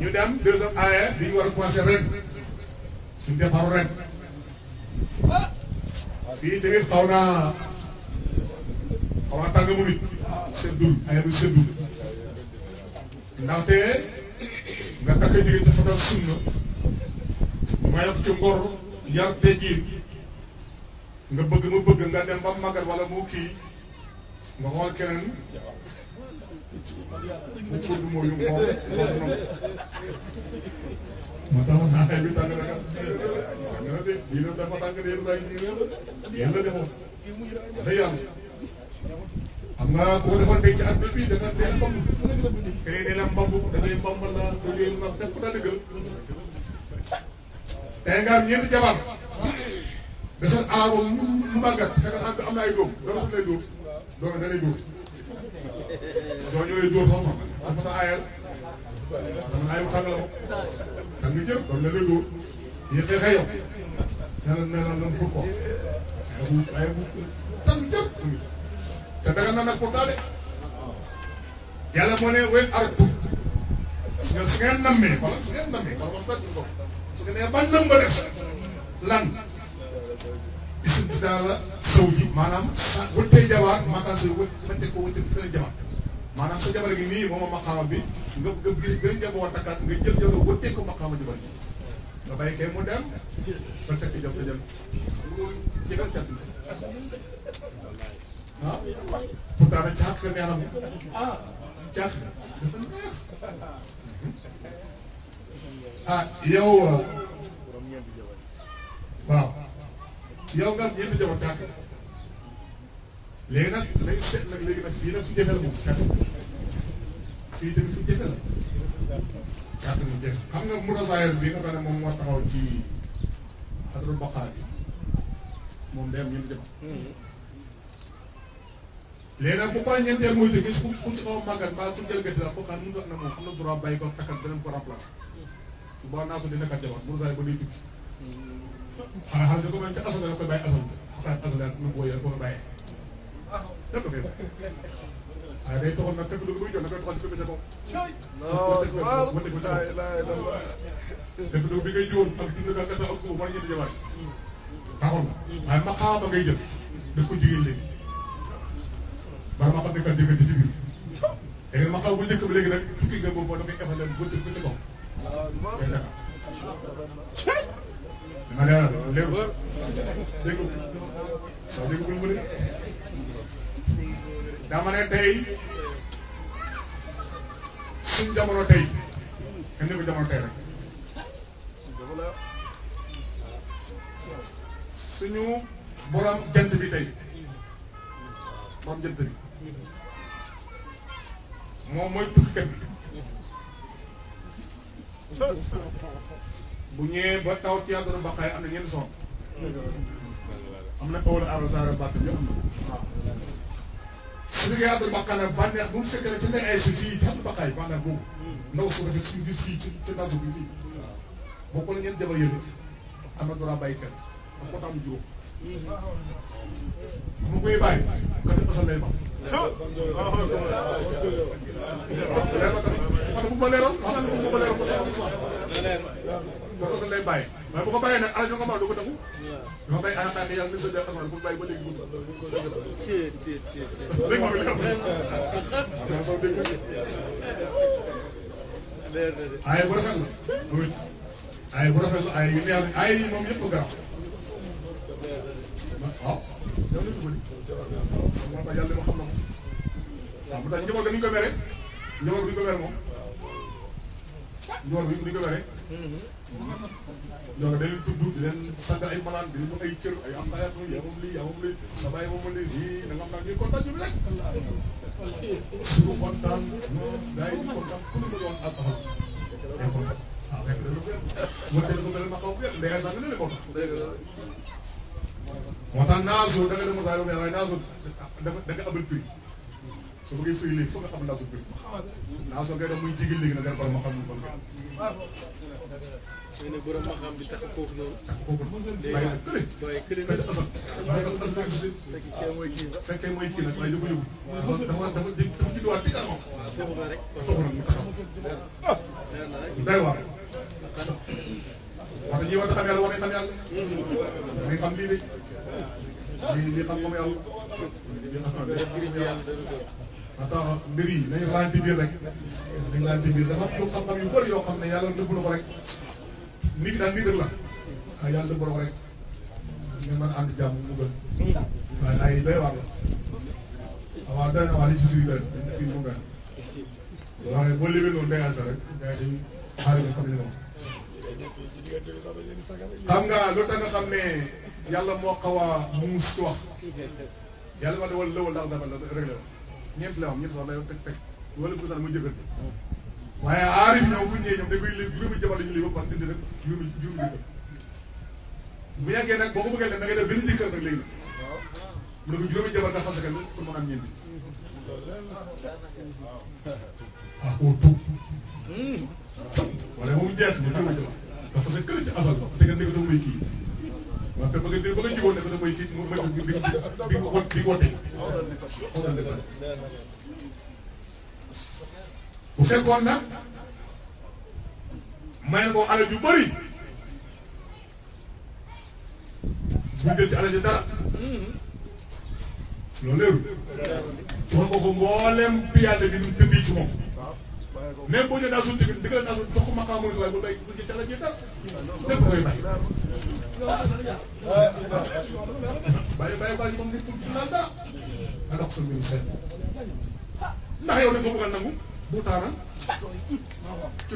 [SPEAKER 2] ñu dem deuxième aaya e bi ñu war a commencé ren suñu defaru ren fii tamit xaw naa xaw naa tàng seddul aaya e bi seddul ndaxte nga takk jigéen ci fata sunna nga yokk ci ngor yar te nga bëgg ma bëgg nga dem ba magal wala mu kii nga xool keneen bu
[SPEAKER 1] ko du mooy moom moo tax ma taxaay bi tàng na kat tàng na de diina dafa tàng de yenn saa yi diina yéen da
[SPEAKER 2] bi dafa teel mbamb tey de la mbamb da ngay mbambal la te léegi nag def ko nga am ñeenti jabar aaro mu màggat fekk am na doom doon sax lay soo ñëwee dóor foofu xam ayal dama ayu tàng la la ko ay jël te dagal na nag yàlla moo ne wéy artu parce su ngeen su ngeen nammee wala wax dëgg ko parce que nee ban nam def lan isim daal la zawji maanaam sa wëttee jabar maanaam sa wë fante ko wëtte beneen jabar maanaam sa jabar gi nii moom a maqaama bi nga nga gis benn jabar war takkaat nga jël jabar wëttee ko maqaama jabar gi nga bàyyi kay mu dem ba takk jam ko jël jëgal cat bi ah pourtant ah. waaw yow nga ñeenti jabar tàkk léegi nag lay seet nag léegi nag nag fu jafe moom kat fii tamit fu jafe la kat xam nga mutasaayir bi nga xam ne moom moo taxaw ci xadrul baqaar bi moom day am ñeenti jabar
[SPEAKER 1] léegi nag bu ko ñeenteel mooy gis ku
[SPEAKER 2] ku ci xaw a màggat mbaa ku jël gëdd la a am na moom am na droit bàyyi ko takkat beneen ko remplacer su naa ko dina kat jabar mutasaayir ba day tukki waaw xam ne ko man ca asal daf koy bàyyi asal xataa asal daal lu mu wóyal ko bàyyee dëgg nga waaye day toxal nag fekk lu muy jot da koy toxal ci pété ko fekk bi ngay jiwoon ak dund nga gasa ak ko mën a ñetti jabar taxoon na waaye maqaama ba ngay jël daf ko jigéen léegi bari ma xam ne kan jëkkër di ci biir léegi maqaama bu njëkk bi léegi nag tukki nga boobu da koy efal leen vëdd ko ci kaw ma ne la loolu dégg nga dégg mu ne dama tey suñ jamono tey suñu borom jant bi tey borom jant bi moom mooy tukkikat bi. bu ñëwee ba taw ci yàgg na mbaqaay am na ñeenti soxna. am na Pawla Arosara Mbacke ñu am na. su ñu koy yàgg mbaqaay nag bànneex bu mu fekkee ne ci ndey ay si fii ci yàgg mbaqaay bànneex boobu. ndaw su rafet suñu gis fii ci ci ndaw bi fii. boo ko ñeent jabar yële am na droit bàyyi kenn ndax ko taamu juróom. bu ma koy bàyyi kati basal lay baax. waaw. bu ma leeral wax nañu ko bu ma leeral ba ko sa ndey bàyyi waaye bu ko bàyyee nag alal jo nga ma du ko nangu dafa bàyyi en tant que yàlla ni sa dee asamaan bu bàyyi ba léegi dégg ma so dégg ay bu rafet la amit ay bu rafet la ay yu neex ay yi moom yëpp gaaw waaw yow ni ko ma yàlla li ma xam na waaw bu tax njaboot dañu ko mere njaboot duñu ko mere moom njaboot duñu ko mere donc dañuy tudd di leen sàgg ay malaan di leen ay cër ay am ay at yaa moom lii yaa moom lii sa bàyyi moom lii fii da nga xam ne kontaan ñu rek. su kontaan gars yi di ah, mu ne da nga dem saa yoo xam ne naasul dafa da nga abal prix. su bëggee fay léegi foog nga xam naasul prix. naasul
[SPEAKER 1] xëy na borom ma xam bi tax foofu noonu léegi waaye kële nag fekkee mooy kii nag fekkee mooy kii nag waaye yóbbu yóbbu dafa dafa dégg dafa judduwaat ci kanam soxla rek soxla mu taxaw ah, day
[SPEAKER 2] waar wax ñi wax tam yàlla waxee tam yàlla mi xam lii de mi mi xam comme yàlla attends mbir yi nañu laajte biir rek dañu laajte biir dafa am xam-xam yu bëri yoo xam ne yàlla nëbb na ko rek nii daal nii dëgg la ah yàlla dëgg la rek ngeen mën a ànd mu gën waaye ay doy waar la ah waaw doy na li ci suñu benn dañu fi mu benn loo xam ne boo léegi noonu dégage la rek mais dañu ne moom. xam nga loolu da nga xam ne yàlla moo xaw a muus ci wax yàlla ma ne wala lëwal daal dama la réglé wax ñeent la wax ñeent wax day teg teg wala bu sax mu waaye aarif ñoom bu ñu ñëwee ñoom dañ koy lim juróomi jamono ñu lim ba pare tëdd nag juróomi juróomi dikkal bu yàggee nag boo ko bëggee def da ngay def benn dikkal nag léegi mu ne ko juróomi jamono dafa sakal pour mën am ñeenti ah oo tuub wala moom jeex na juróomi jamono dafa sa kër ci asal ba te nga nekk da muy kii waaw te ba nga ba nga jiwoon ne da muy kii bi bi bi wote xaw na bu fekkoon nag may ko alal ju bëri bu jël ci alal ji dara loolu léeru jox nga ko mboolem bi yàlla bi ñu ci moom même boo ñëwee daa suñu diggante diggante daa suñu doxu maqaam mu waaye bu lay bu jël ci alal ji dara lépp koy bàyyi bàyyi bàyyi bàyyi moom nit pour naan dara nga dox suñu ministère ndax yow da nga bëgg a bu taara ci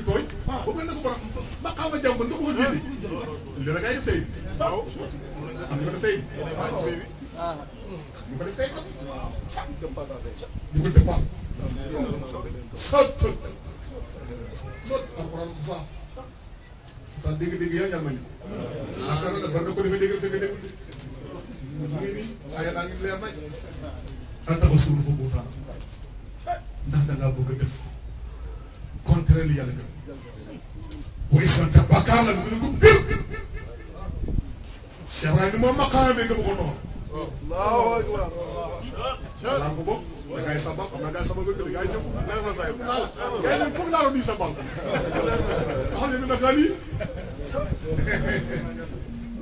[SPEAKER 2] tooy bu mel ne ko borom ba xaw ma jàmm ba ko fa génne li rek ay def tey waaw am nga def tey ñu ko
[SPEAKER 1] def tey ñu ko départ sot sot alquran bu faa ndax dégg-dégg yaa ñàmm ni
[SPEAKER 2] affaire la bar na ko defee dégg fekk dégg mu ngi nii waaye daa ngi leer nañ an tabasul fa bu taara ndax da ngaa bëgg a def contraire li yàlla gëm.
[SPEAKER 1] booy santa bàkkaar la nga ne ko biir.
[SPEAKER 2] Cheikh Ibrahima ni moom maqaama bi nga ko
[SPEAKER 1] noor. waaw
[SPEAKER 2] waaw ko bopp da ngay sabal xam naa daa sabal ba gën a jëm. leer na saa yëpp yaa ngi foog naa la nuyu sabal. xam nga ni nag daal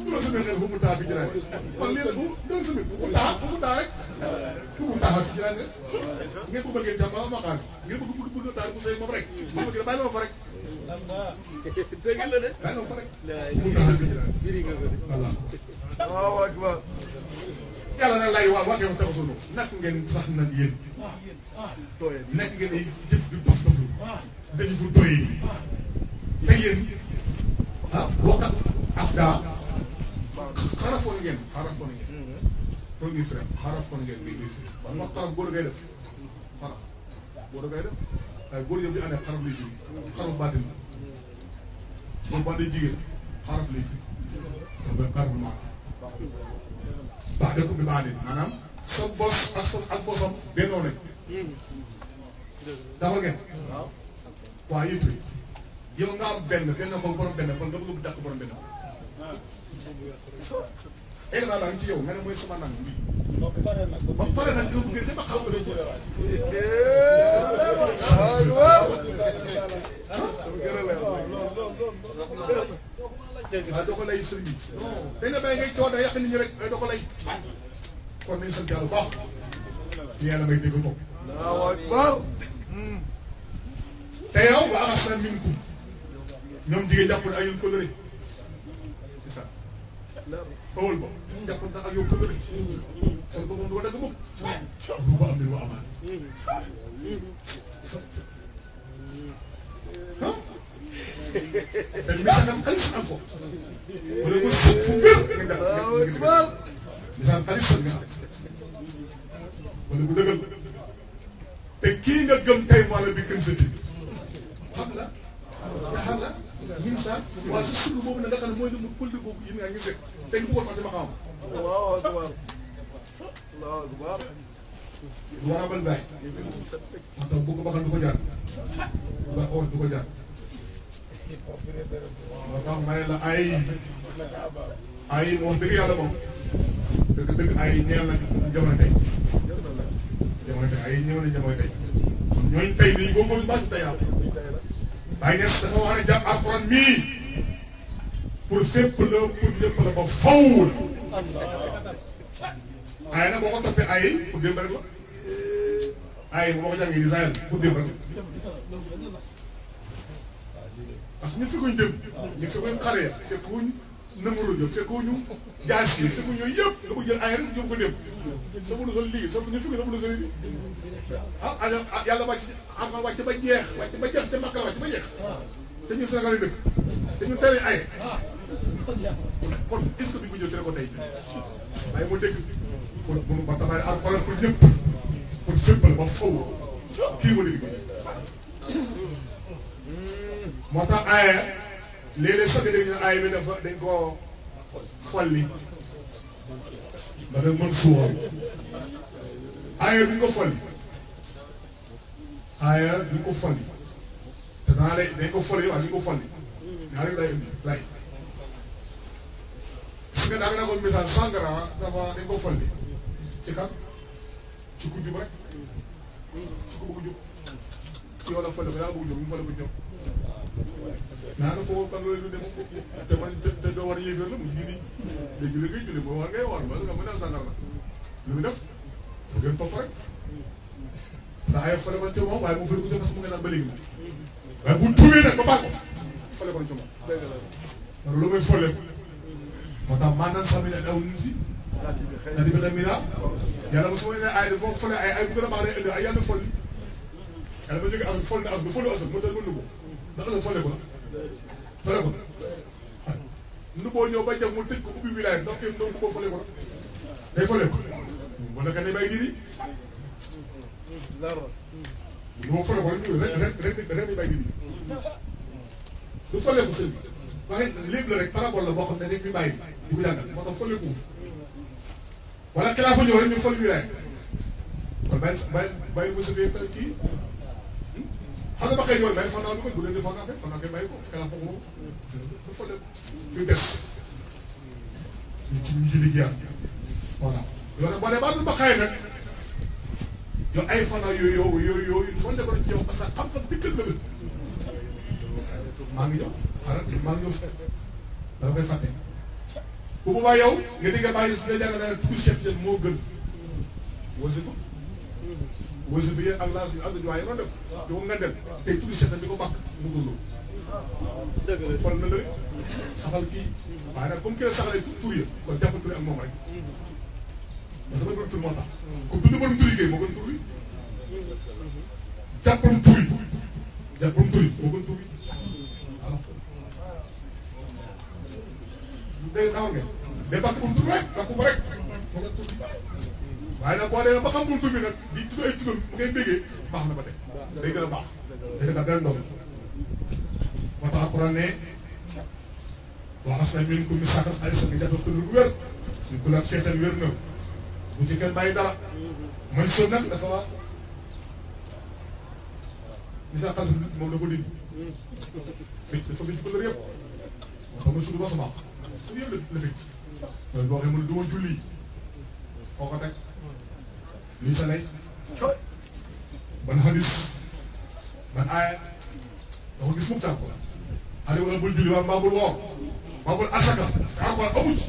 [SPEAKER 2] loolu si mel ne bu mu taa fi jëlaat kon lii la bu loolu si mel bu mu taa bu mu taa rek bu mu taa fi jëlaat ngeen ko bëggee jàmm ma xaar ngeen bëgg bëgg bëgg taal bu sëy moom rek bu bëgg bàyyi ma fa rek dëgg la de bàyyi ma fa rek bu mu taa fi jëlaat voilà waaw waaw waaw yàlla na lay waaw waxee ma taxasulu nak ngeen sax nag yéen nekk ngeen ay jëf du dof dof dañu bu doyee te yéen ah waxat afda xaaral foog ngeen xaaral foog ngeen. premier frère xaaral foog ngeen bii bii fii man waxtaan góor def xaaral góor ngay def waaye góor yëpp di xarab lay firi xarab baatin la góor jigéen xarab lay firi kon xarab maa baax de ko bi baax de maanaam sa bos ak sa ak bosam bennoo nañ dafa ngeen waaw yëpp yow nga am benn benn ko borom benn kon nga bëgg dàq borom ay eh, la daan ci yow nga ne mooy sama nang bi ba pare pare nag nga bëgg dama
[SPEAKER 1] xam la jël waaj
[SPEAKER 2] ah doo ko lay sëñ bi dañ la bàyyi ngay coow da yàq nit ñi rek mais eh, doo ko lay kon nañ sant yàlla baax ci yàlla ngay dégg toog waaw te yow ba axas na bawol ba jàppal na ak yow bëgg rek sa ko moom du ko dagg mukk bu ba am ne wa
[SPEAKER 1] amaan dañ mi sanam xalis am ko wala ko fu ngër mi sanam xalis nga am
[SPEAKER 2] wala ko dëggal te kii nga gëm tey moo la bi gëm sa xam la xam la min sa waaw si suñu
[SPEAKER 1] boobu nag nga mooy lu pël
[SPEAKER 2] boobu yéen ngaa ngi fekk te ñu bëggoon wax ma. waaw waaw waaw waaw waaw. yaa bal baay. moo tax bu ko baxal du ko jaar. ba ay ay moom dëgg yàlla moom dëgg dëgg ay ñeel na jamono tey jamono tey ay ñëw na jamono tey ñooñu tey dañu góorgóorlu baax ci tey yàlla. Baye Niass dafa wax ne jàpp alquran mii pour fépp la pour la ba faww la ay na boo ko toppee ay pour démb rek la ay boo ko jàngee design pour démb rek parce que ñu fi koñ dem ñu fi koñ xale ya wuñ numéro ñoom fekkoo ñu jaas yi fekku ñooyu yëpp nga ko ay rek yóbbu ko sa mënu sol lii sa ñu fukki sa mënu sol lii ah, ah, ah yàlla wàcc alxuraan wàcc ba jeex wàcc ba jeex te Makka wàcc ba jeex te ñun Sénégal yi dëkk te ñun tere ay kon est-ce que duñ ko jël seen ko tey waaye mu dégg kon mënu ba tabaare alxuraan pour ba faw kii ma dégg moo tax aaya léeg-léeg sax nga dégg ñu aay bi dafa dañ koo folli ba nga mën suuxal aaya bi ko folli aaya bi ñu ko folli te naa lay dañ ko folli waaye ñu ko folli ñaari lay lay gis nga ko misaal cent ci kan ci ku ci ku bëgg jub ci yow la folli ko yaa bëgg jub ñu folli ko jub naanu ko woon kan looy dundee moom te man te doo war a yéefar la mu jigéen ñi day julli ngay julli boo war ngay war ma mu naan sàngar la lu mu def mu gën topp rek ndax ay fale ko ci moom waaye mu fële ko ci moom nga naan ba léegi moom waaye bu tuubee nag ba baax ko fale ko ci moom parce que lu muy fële moo tax maanaam sami ne daw ñu si na di bata mina yàlla ba su ma nee ay dafa fële ay ay bu gën a baax day indi ay yàlla fol yàlla ba jóge as fol ne as bu folu as mu tal mën ko ndax nag fale ko la fale ko la nu boo ñëw ba jag mu tëj ko ubbi wilaay ndax kenn doon ko fale ko la day fale ko wala ka day bàyyi nit yi lu moom fale ko la ñu rek rek rek rek bàyyi nit yi du fale ko sëñ bi la rek parabole la boo xam ne dañ fi bàyyi di ko jàngal moo tax fale ko wala kilaa fa ñëw rek ñu fal wilaay kon bàyyi bàyyi bàyyi mos a kii xam nga ba xëy ñooy may fan naa ko bu leen di fan naa koy fan naa koy may ko xalaat ko moom du fa dem du des ci ñu ci liggéeyam voilà yow nag boo dee ba dul ba xëy nag yow ay fan naa yooyu yow yooyu yooyu il faut nekk ci yow parce que xam-xam dëgg la maa ngi ñëw xaaral maa ngi ñëw dama koy fàtte bu boobaa yow nga dégg bàyyi su dee jàng naa ne tugu chef moo gën wasi fa wërsëg bi yéen allah suñu ànd waaye noonu def. waaw te moom nga dem tey tudd seetal di ko bàq mu dund. dëgg la na la saxal kii. waaye nag comme que saxalee tur ya kon jàppatule ak moom rek. Mm-hmm. parce que loolu tur moo tax. comme tudd ba turi kay moo gën tur wi. jàppam tur yi jàppam tur yi moo
[SPEAKER 1] gën tur wi voilà. dégg nga awoon nga mais bàq
[SPEAKER 2] waaye nag boo demee ba xam buntu bi nag di tudd ay tuddam bu ngay bégee baax na ba tey a baax day gën a a ndox moo tax Alxuraan ne waxas na min ku mi ay sa nga jàppal ko lu wér suñ ko laaj seetal wér na bu ci kenn bàyyi dara mooy soo nag dafa wax moom da ko dindi fecc dafa fecc ko lër yëpp moo xam ne suñu wasamax suñu yëpp la fecc loolu ma julli foo teg lii sa lay ban xadis ban aaya doo ko gis mukk tàkk xale wala bul julli waa mbaa bul woor mbaa bul asaka encore amut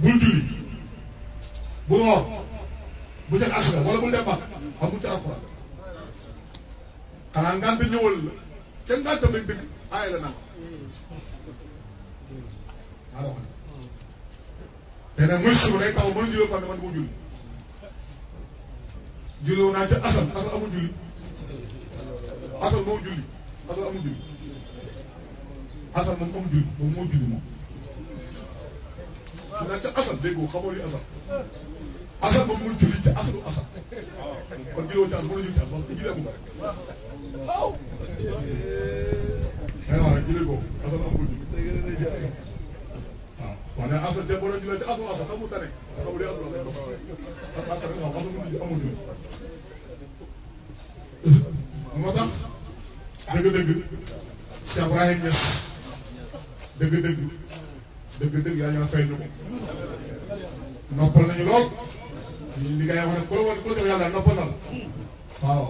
[SPEAKER 2] bul julli bul woor bu jël asaka wala bul dem ba amut ci alquran xanaa ngànt ñëwal la kenn ngànt bañ dëgg aaya la naan te nag muy suba day taw ba julli ko dama dugg julli asal asal amul julli asal boobu julli asal amul julli asal moom amul julli moom moo julli moom. su naa ca asal déggoo xamoo asal asal moom muy julli ca asal kon julliwoo ca asal bu la julli ca asal parce que julli amul rek. xëy na waaw rek asal amul julli. wax naa Assa Diop boo doon jëlee ci Assa Assa xamul tane xamul Assa la doon moo tax dëgg-dëgg Cheikh Ibrahim Niass dëgg-dëgg dëgg-dëgg yaa ñoo fay ñu ko noppal nañu lool ñun li ngay wax nag jox yàlla noppal na la waaw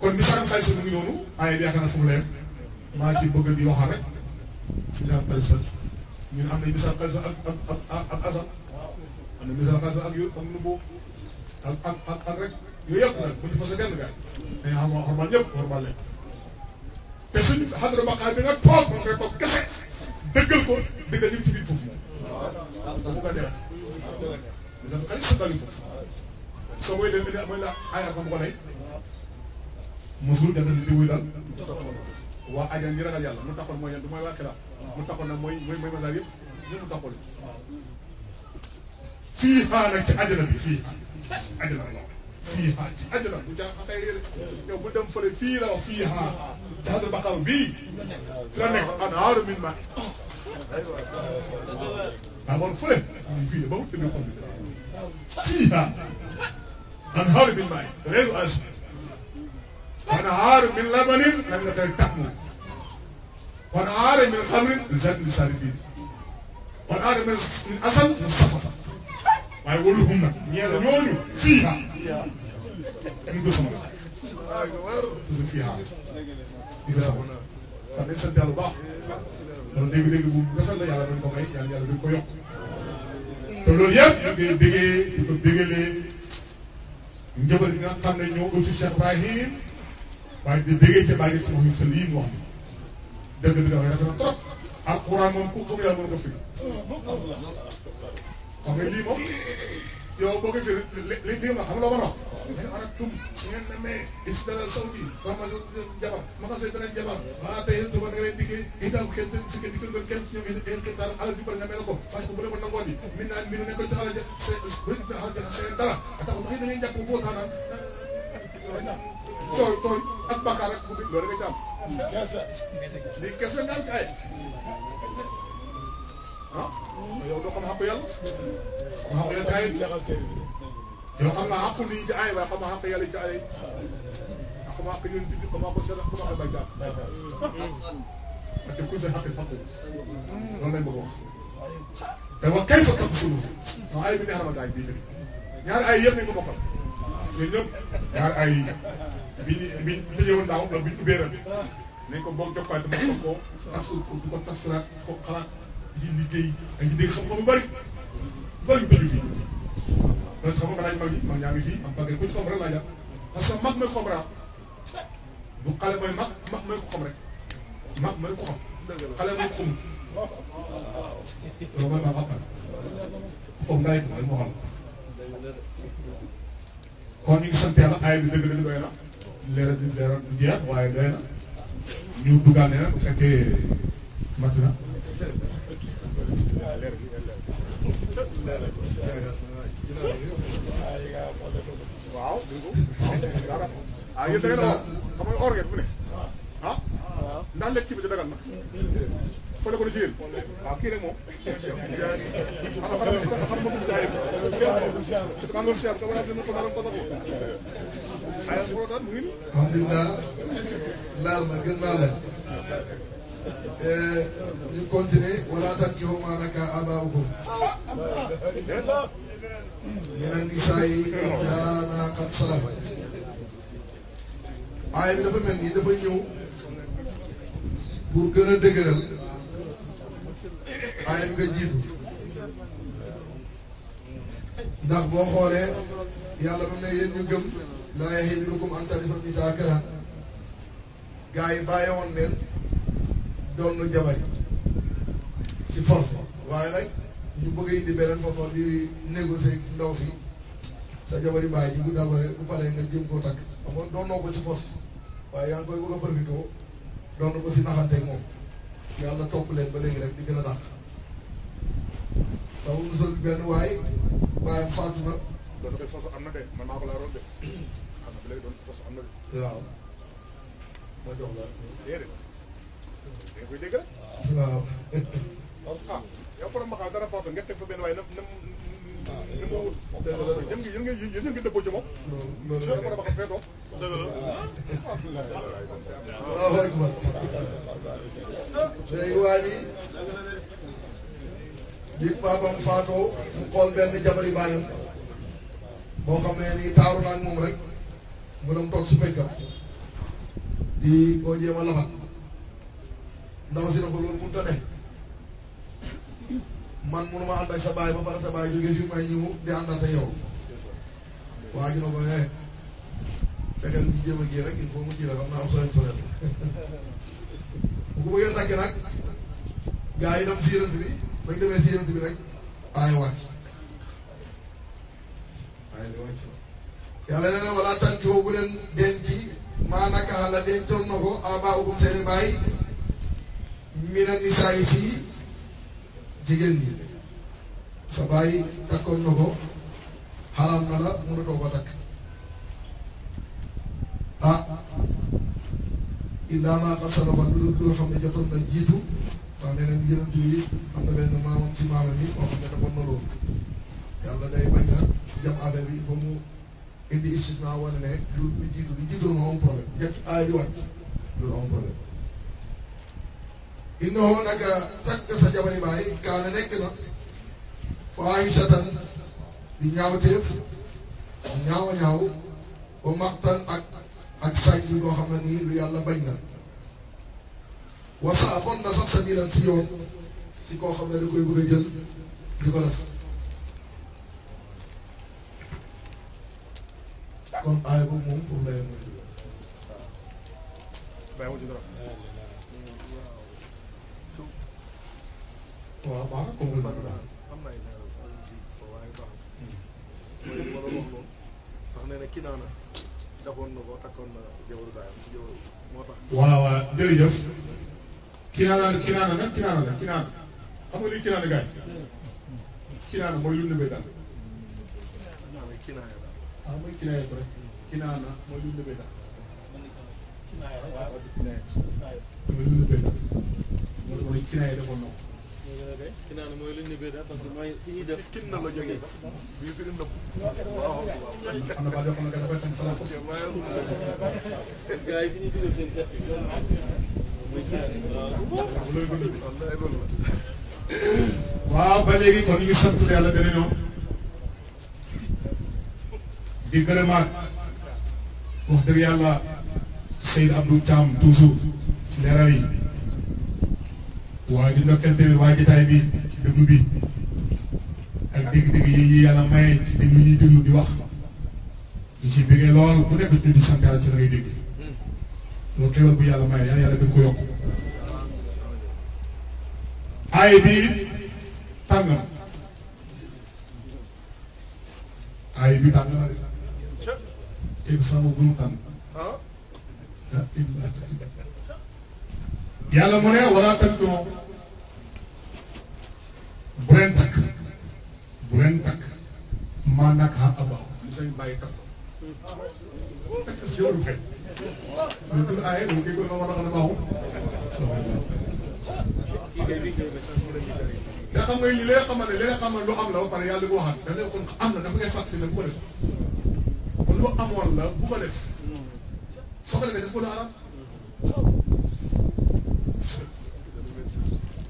[SPEAKER 2] kon ni Sane Saïssou mu ngi noonu ay yaakaar naa fu leen maa ci bëgg di waxal rek. si genre Kalisa ñun am na misaal Kalisa ak ak ak ak Assane am na misaal Kalisa ak yu ak Ndoumbou ak ak ak ak rek yooyu yëpp nag bu ñu fas a genn gaay dañoo xam xormal ñëpp xormal leen te suñu xadra baqaay bi nga toog ba fay toog kese dëggal ko dëggal ñu ci biir foofu moom bu ko deewaat misaal Kalisa bari foofu soo koy demee ne mooy la ay ak am ko lay mosul jant di wuy dal. waa ajal ñi ragal yàlla mu taxoon mooy yan du mooy waa kilaab mu taxoon nag mooy mooy mooy masaar yëpp ñu mu taxoon fii xaa nag ci ajala bi fii ajala la fii xaa ci ajala bu jaa xatay yow bu dem fële fii la wax fii xaa jaadu baqaw bii ci la nekk anaaru min maa amoon fële fii la ba wut tëddee xol bi fii xaa anaaru min maa reeru as anaaru min labanin lan nga koy tàmm والعالم من الخمر لزاد المسالفين والعالم من من للسفر ويقول لهم يرمون فيها انقسم فيها انقسم طب انسى دي البحر لو ديجي ديجي بوم مثلا يلا بن كوي يلا يلا بن كوي تقول يا بيجي بيجي بيجي لي نجبر نعم كان نيو أوسي شبراهيم بعد بيجي تبعي إيه؟ سمعه سليم واحد dëgg bi dafay rafet trop ak Alxuraan moom ku xam yàlla mën ko firi. xam nga lii moom yow boo ko firi li li ma xam loo ma wax. mais araktum su ngeen demee istala sawti rama jabar ma xasee beneen jabar ah tey yéen tuba da ngay dikkee itam kenn si kenn dikkee kenn si ñoom yéen kenn daal alal jubal nga mel ko parce que bu demoon nangoon yi min naan mi nekkoon ci alal ja seen dara tax da ngay jàpp boo taanaan tooy tooy ak bàkkaar ak bu loolu nga ci am. lii kese nga am ci ay. ah yow doo xam xàqu yàlla. xam xàqu yàlla ci ay. yow xam naa xàqu nit ñi ci ay waaye xam nga xàqu yàlla ci ay. xam nga xàqu yéen dindi xam nga ko seen xam nga xàqu bay jaar. parce que ku seen xàqi fàqu. loolu lañ bëgg wax. te wax kay fa topp suñu. non ay bi neex na ma daay bii tamit. ñaari ay yëpp nañ ko bokkal. ñun ñëpp ñaari ay yi. bi ñu bi ñu tëjewoon daaw loolu bi ñu ubbee ren nañ ko boog jokkaante ma soog koo tasul pour di ko tasaraat di ko xalaat di liggéey ak di dégg xam-xam bu bëri bëri tëju fii. loolu xam nga mën naa ñu mag ñi mag ñaa ngi fii am bëgg ku ci xam rek laa jàpp parce que mag mooy xam raa bu xale mooy mag mag mooy ko xam rek mag mooy ko xam. xale mooy ko xamul. loolu mooy maa xam foofu ndaay ko mooy moo xam kon ñu ngi sant yàlla aay bi dëgg-dëgg doy na. leeral bi leeral bu jeex waaye doy na ñu duggaat ne nag bu fekkee mat na. waaw. ah yéen da ngeen a wax xam nga or ngeen fu ne. ah ndax lekk ci bi dagan na. fële ko lu jigéen. waaw ah, kii rek moom. xam
[SPEAKER 1] nga xam nga alhamdulilah laal na gën naa leen eh, ñu continuer wala tankihu maa nakaa aabaa'ukum mina nisaa'i illaa maa qad salaf aay bi dafa mel ni dafa ñëw pour gën a dëgëral aay nga jiitu ndax boo xoolee yàlla moom ne yéen ñu gëm laa yahillu lakum an tarifa nisaa karahan gaa yi bàyyi woon leen doon jabar ci force waaye nag ñu bëgg a indi beneen façon di négocier ndaw si sa jabari bàyyi ji bu dagore bu paree nga jéem koo takk xam nga doonoo ko ci force a profitoo moom yàlla topp leen ba léegi rek di gën a dàq dawul sol benn waay bàyyam faatu na. loolu de foofu am na de man maa ko laa roon bi lay doon
[SPEAKER 2] sos am na. waaw. ma jox la. déedéet. danga koy dégg rek. waaw. ah yow borom ma xam dara foofu nga teg fa benn waaye na na na ma wut. dëgg la yéen nga yéen nga yéen nga dëggoo ci moom. loolu la borom ma xam fee toog. dëgg la. waaw waaw waaw.
[SPEAKER 1] léegi waa ji. bi paapam faatoo mu xool benn jabari baayam boo xam ne nii taaru naa ak moom rek. mu tok toog su peggam di ko jéem la labat ndaw si na ko loolu mënut a de man mënuma ànd ak sa baay ba para sa baay jógee fi may ñu di àndante yow waa ji na ko eh fekkal ñu jéem a rek il faut mu ji la xamna naa am sooy sooy bu ko bëggee tàgg nak gaay yi dem bi bañ démé si bi rek ay wàcc ay wàcc yàlla nee na wala tànkoo bu leen denc maa naka xala dencoon na ko abaawukum seeni baay mina nisaay si jigéen ñi sa baay takkoon na ko xaraam na la mënatoo ko takk ah illaa maa qad salafa lu loo xam ne jotoon na jiitu waaw nee na yonent bi am na benn maamam si maama bi boo xam ne dafa noloon yàlla day bañ a jam affaire bi fa indi istisna wane ne lu jiitu jiitu moo am problème njëkk aay di wàcc loolu am problème. innahu naka takk sa jabari baay kaana nekk na faahishatan di ñaawteef ñaaw a ñaaw ba maqtan ak ak sànq yi boo xam nii lu yàlla bañ na. wasaa fon na sax sabilan si yoon koo xam ne koy bëgg jël di ko def. kon aay boobu moom pour ndeyam mooy dugg
[SPEAKER 2] waaw baax na comme que daal mooy ma doon wax
[SPEAKER 1] noonu ndax nee na kii naa na defoon na ko takkoon na jabaru daayam jabaru moo tax. waaw waaw
[SPEAKER 2] jërëjëf. kii naa naan kii naa na nag kii naa na nag kii naa na xam nga lii kii naa na gars yi kii naa na mooy lu ñu béy daal. a muy kinayet rek kinaana mooy lu nëbbee daal kinayet mooy lu nëbbee daal mooy mooy kinayet defoon na ko kinaana mooy lu nëbbee daal parce que mooy fi ñuy def kin na la jógee bii fi nëbb am na baa yoo xam ne ka dafay xam xalaat gars yi fi ñuy dugal seen seet waaw ba léegi kon ñu ngi sant yàlla beneen yoon di gërëmaat wax dëgg yàlla Seyd Abdou Thiam toujours ci leeral yi waaye di ndokkeel tamit waa jataay bi ci déglu bi ak dégg-dégg yi yi yàlla maye ci déglu ñuy déglu di wax ñu ci bëggee lool ku nekk ci di sant ci ngay dégg loolu xewal bu yàlla maye yàlla yàlla gën ko yokk ay bi tàng ay bi tàng irsamu bulqan yàlla mu ne wala taddoo bu leen takk bu leen takk maa nag xa abaaw mu sañ bàyyi takk takk si yow du fay loolu dul aaye loolu dégg nga war a xam ne baaxul nga xam nga li lay xamal ne li lay xamal lu am la ba pare yàlla du ko waxaat da lay kon am na dafa ngay fàttali ne bu ko def lu amoon la bu ko def soo ko defee def ko lu arab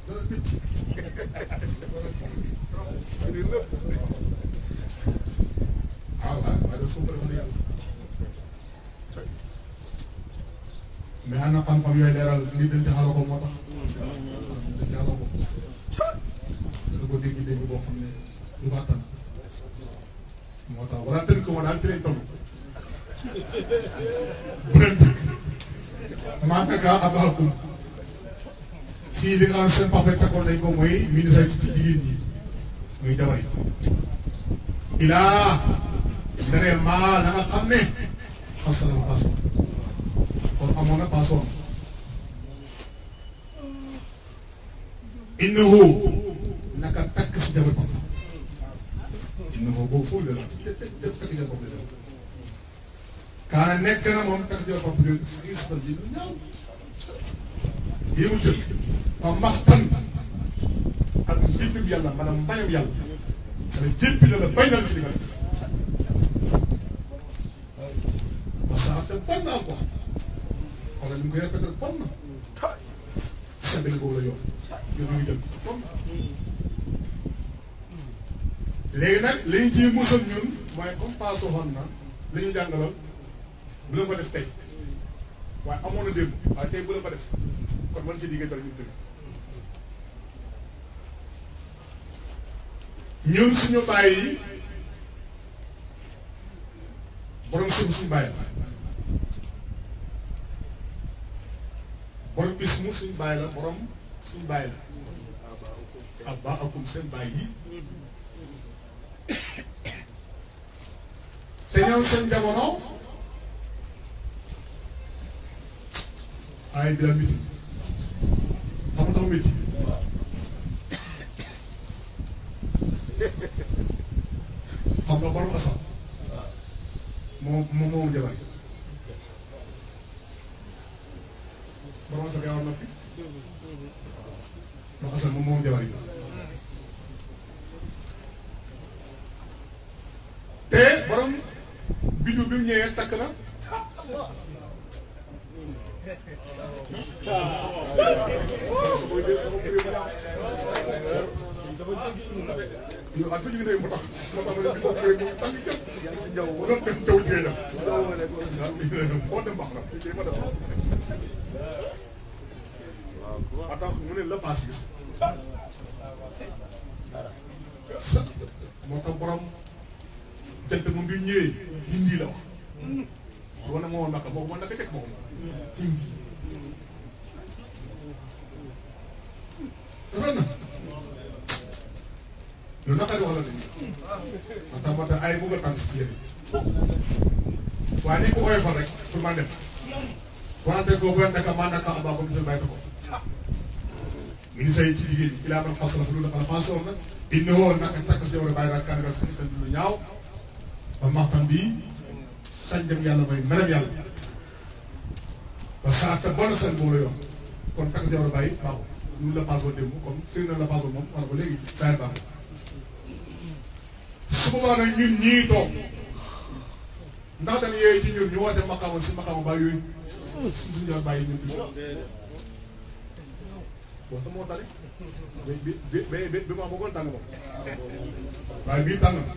[SPEAKER 2] dana métti ah waaw waaye da soo ko defal yàlla mais ana xam-xam yooyu leeral ngi dem jaxala ko moo tax dem jaxala ko dana ko dégg dégg boo xam ne du bàttan moo tax wala tënk ko daal ci lañ toll. bu leen tënk. maa ngi nekk li nga xam seen papa takkoon nañ ko mooy ministre ci jigéen ñi muy jabar ilaa nga ne maa na nga xam ne asalaam pasoon kon amoon na pasoon. innahu naka si jabar innahu boobu fóol la laata te te te jël bopp la jël. kaana nekk na moom tax jël bopp jël fa isqal ji lu ñaaw. yéemu jël fa maxtan ak jébbim yàlla maanaam mbayam yàlla dana jébbi la la bay na ci li nga def. parce que affaire bon naa ko wala ni mu koy répété bon na. seen benn boobu la yor yow mi ngi jël bon na. léegi nag li ñu ciy musal ñun mooy comme paasu xoon na li ñu jàngaloon bu leen ko def tey waaye amoon na démb waaye tey bu leen ko def kon mën ci diggante ñun tamit ñun suñu bàyyi yi borom suuf suñu bàyyi la borom bis mu suñu bàyyi la borom suñu bàyyi la abba akum seen bàyyi te ñoom seen jamono ay bi la miti xam nga miti xam nga borom asam moom moom moom jabar borom asam yaa war noppi borom asam moom moom jabar yi te borom biddu ñëwee takk na. ñu ak suñu réew tax ma tax ma ne ko réew mu tàng jëm. bu doon dem jaww jee la. boo dem baax mu ne la paas gis. moo tax borom. jant moom bi ñëwee hindi la wax.
[SPEAKER 1] waaw nag moo naka moo ko naka jëkk moo ko
[SPEAKER 2] hindi. rafet na lu naka di wax la nit ñi en tant que ay bëgg a tànn ci yéen waaye ko oyofal rek pour ma dem. wante boobu la naka maa naka abaa ko gisal bàyyi ko. ministère yi ci jigéen ñi ci laa mën a fas la fu lu naka la maa soor nag. indi woon naka takk si yow rek bàyyi naa kàddu gi ak ñaaw. ba maxtaan bii sañ dem yàlla may melem yàlla ba saa te bon seen boobu la yoon kon takk jabar bàyyi baaxul ñun la baaxul démb comme moom su boobaa nag ñun ñii toog ndax dañu yee ci ñun ñu woote maqaama si maqaama tàng moom waaye bii tàng na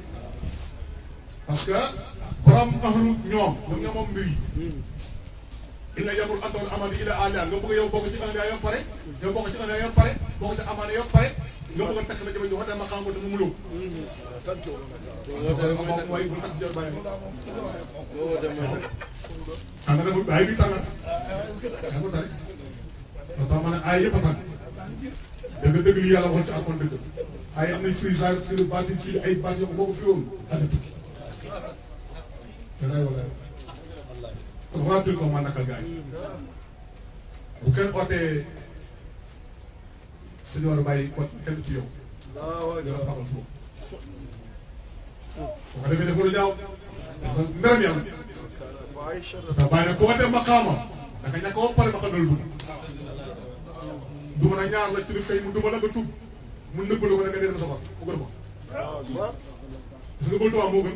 [SPEAKER 2] parce que borom ahlu ñoom ñoom ñoo moom mbir yabul ila nga bëgg yow bokk ci yow bokk ci bokk ci nga bëgg ko bu jor ko li ci am ay tukki danaay walaay comprendre ko man naka gaañ bu kenn ootee suñu war a bàyyi ko kenn ci yow. dina baaxal foofu. bu ko defee defoo lu ñaaw. dafa meram yàlla. dafa bàyyi nag ku ootee maqaama da nga ñàkk a pare ma xam ne lu na ñaar la ci lu fay mu duma la ba ko da nga dem sa bopp ko. Ah, gis nga bëgg tubaab moo gën.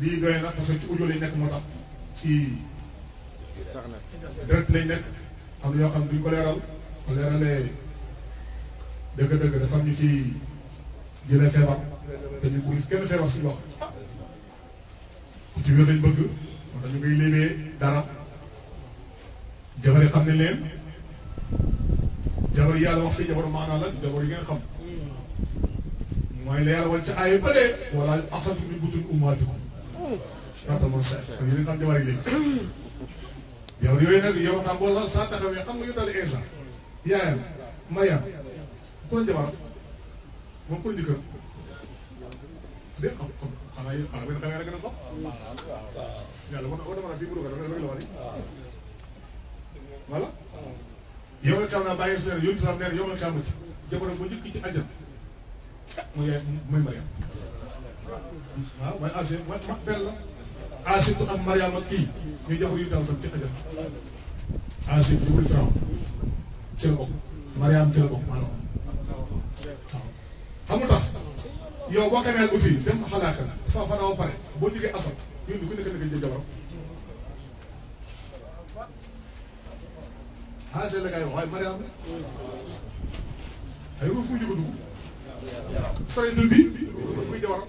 [SPEAKER 2] lii doy na parce que ci audio lañ nekk moo tax ci direct lañ nekk am na yoo xam ne duñ ko leeral ko leeralee dëgg-dëgg dafa am ñu ci jëlee feebar te ñu bëgg léebee dara jabar xam ne leen jabar yi yàlla wax fii jabar maanaa la jabar yi ngeen xam mooy leeral woon ci ay bële wala axatu min butun ummaatikum kon yéen tam di war a dégg yow yooyu nag yow tam boo sax saa taxawee xam nga yóbbaale Insa yaayam Mayam ku doon jabar moom ku doon jëkkër de xam xam xanaa yéen xanaa benn xanaa gën a xam yàlla war na war na mën a fii mu dugg rek rek la war voilà yow nga xam naa bàyyi su ne yow itam nee na yow nga xamu ci jabar bu njëkk ci àjjana mu yaay muy Mayam waaw mooy Asim mooy mag benn la Asim bu am Mariam ak kii ñu jox huit thousand ci ajal Asim bu wul franc ci la bokk Mariam ci la bokk maanaam waaw xam tax yow boo demee ba fii dem xalaat la fa fa daaw pare boo jógee asal ñun du ko nekk nekk jabaram Asim la ngay wax waaye Mariam
[SPEAKER 3] ay ruuf fu ñu ko dugg sëriñ bi
[SPEAKER 2] muy jabaram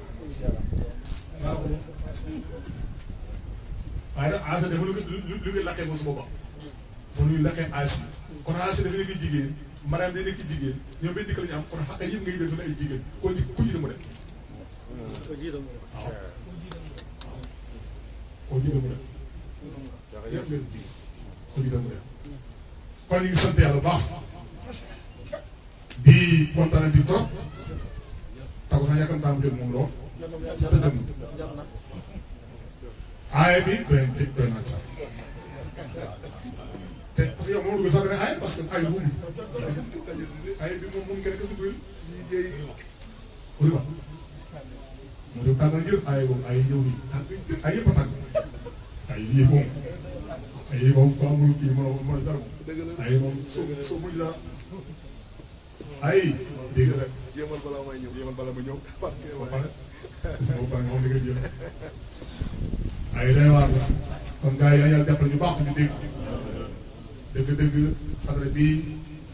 [SPEAKER 2] waaye nag ASC dafa lu lu lu ngeen laqee ko suba ba fa lu ñu laqee ASC kon ASC dafa nekk jigéen maanaam day nekk jigéen ñoom benn dikk la ñu kon xaq yëpp ngay def ay jigéen kon di mu dem. waaw koo jiite mu dem. yëpp ngeen jigéen koo jiite mu dem. kon baax di kontaanati moom lool. ci dënnam aaya bi doy doy na car te parce que yow moom du sax dana aaya parce que aaya bu aaya bi moom moom kenn kese bu wér mu dem tàngal jël aaya boobu aaya ñëw nii aaya yëpp a tànk aaya yi moom aaya moom ko amul kii mënoo mën dara moom aaya moom soo soo mujj dara aaya dégg rek jéemal balaa may ñëw jéemal balaa may ñëw bukan moom da nga jël ay penggaya yang dia kon gars yi yàlla ada ñu ada ñu dégg dëgg-dëgg yang bii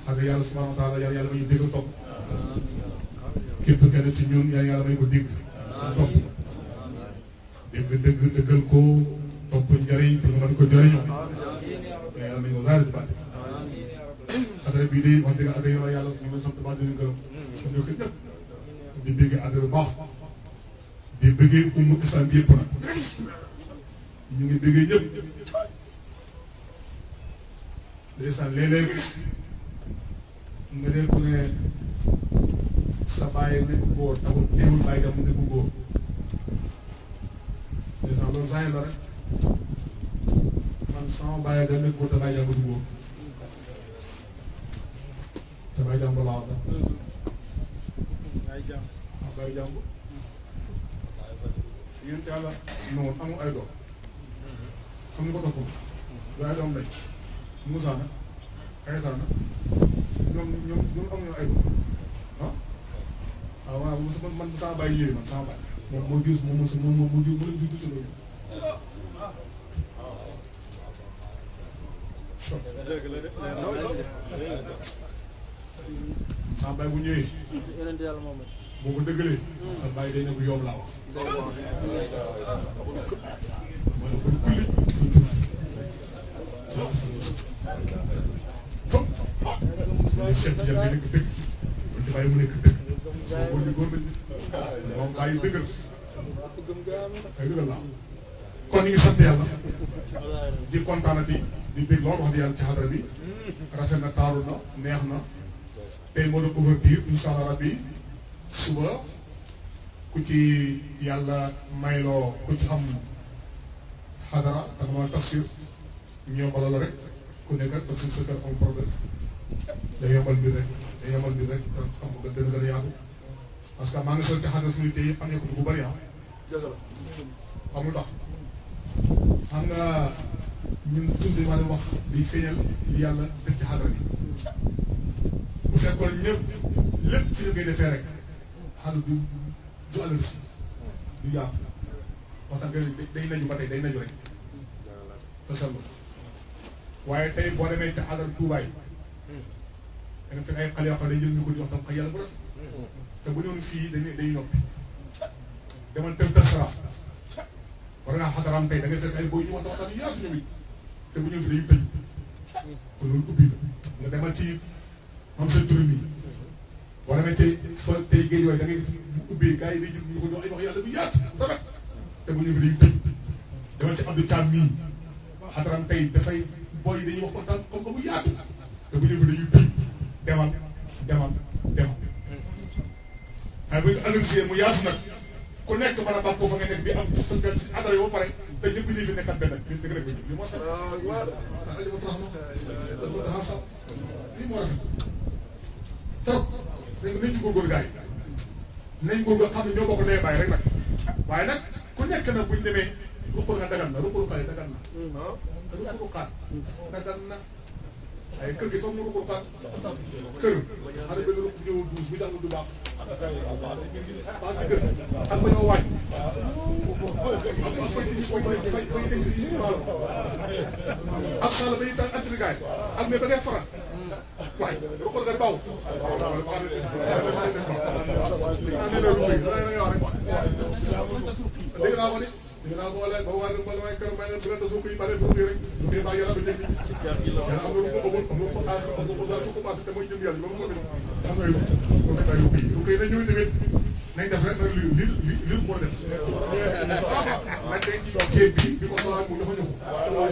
[SPEAKER 2] xam nga yàlla subhanahu wa yang yàlla yàlla untuk ñu dégg topp képp kenn ci ñun yàlla yàlla may ko dégg ak topp dégg dëgg dëggal ko topp njëriñ pour nga mën ko jëriñoo yàlla may ko zaare ci bàtte xadara bii de di gërëm ñu ko ñëpp di dégg adara di bëggee ummu islam bi yëpp nag ñu ngi bëggee ñëpp ndeysaan léeg-léeg nga ne ku ne sa bàyyi nekk góor taxul teewul bàyyi dama nekk góor ndeysaan loolu saa la rek man sama bàyyi da nekk góor te bàyyi jàmbur góor te bàyyi jàmbur laa wax waaw bàyyi yéen yàlla noonu amul ay doom xam nga ko dox ko du ay doom lañ Moussa nag Aysa nag ñoom ñoom ñoom amuñu ay doom ah ah waaw man man sama bàyyi yéen man sama bàyyi moom moo gis moom moom moo moo gis mu leen gis loolu sama bàyyi bu ñëwee boo ko dëggalee sa bàyyi day ne bu yomb laa wax. mais Cheikh Tidiane day nekk dëgg mu nekk dëgg parce que boo ñu góor lañ moom bàyyi dëggal dëggal laa kon ñu ngi sant yàlla di kontaanati di bég lool wax di yàlla ci xadra bi rafet na taaru na neex na tey moo doon ouverture incha allah rabbi suba ku ci yàlla mayloo ku ci xam xadara da nga mën a tafsir ñu yombalal rek ku nekk tafsir sa kër am problème day yombal mbir parce que maa ngi sol ci xadara suñu tey yëpp am na ko bu bëri ah. amul tax xam nga ñun tuuti ma di wax di feeñal yàlla def ci xadara bi bu fekkoon ñëpp lépp ci li defee rek. xalu du du si du yàpp moo tax day naju ba tey day naju rek tasallu waaye tey boo demee ca àll tuubaay da nga fekk ay xale yoo xam ne jël ñu ko jox tam xëy yàlla bu rafet te day noppi demal tëb tasara war ngaa xataraam tey da nga fekk ay booy ñu waxta waxtaan yu yaatu ñoom it te bu ñëw fi dañuy kon loolu ubbi la nga demal ci am sa tur bi boo demee tey fa tey géej waay da ngay ubbi gars yi di jël ñu ko dox ay wax yàlla bu yaatu rafet te bu ñu fi day tëj demal ci Abdou Thiam mii xadaram tey dafay booy dañuy wax kontaan comme que bu yaatu te bu ñu fi dañuy tëj demal demal demal. waaye bu ñu annoncé mu yaatu nag ku nekk mën a bàqoo fa nga nekk bi am sa adara yoo ba pare te ñëpp ñu fi nekkat benn bi dëgg la bi li moo tax li moo tax lii moo rafet trop. léegi nañ ci góorgóorlu gars yi nañ góorgóorlu xam ne ñoo bokk nee bàyyi rek nag waaye nag ku nekk nag bu ñu demee ruqul nga dagan na ruqul xaar yi dagan na. Hmm. ruqul xaar dagan na ay kër gi foog mu ruqul xaar kër xale bi benn ruq bu ñëwul douze bu jàngul du baax. baax na kër xam nga ñoo wàññi. ak xaaral ba ñuy tax attiré gars yi ak ne ba ngay faral. waaye yow kon nag baw. dégg naa ko de. dégg naa ko wala ba waa ma ne kër may na bu la desoo kuy bare bu rek. bu baa yàlla ba jënd. yàlla am na lu ko bëggoon am na ko aar am na ko daal su ko baax te mooy jëm yàlla ba mu ko def. daa koy yóbbu. kon nag daa yóbbu yi. ok na ñëw tamit. nañ def rek nag li li li li moo def. nañ dañ ci yokk ceeb bi bi ko solaan mu dafa ñëw. nañ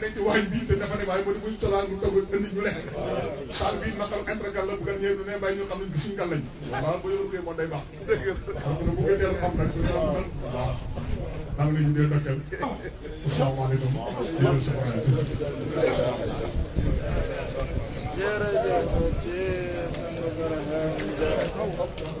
[SPEAKER 2] dañ ci waañ bi te dafa ne waaye bu ñu solaan mu dog rek indi ñu lekk. saal bi nakal entre la bu gan ñëwee du ne bàyyi ñu xam ne bi suñu gàllañ. waaw bu yorul kay moom day baax. dëgg bu ko deel xam nag suñu waaw waaw. maa ngi leen di dokkal. asalaamaaleykum. jërëjëf.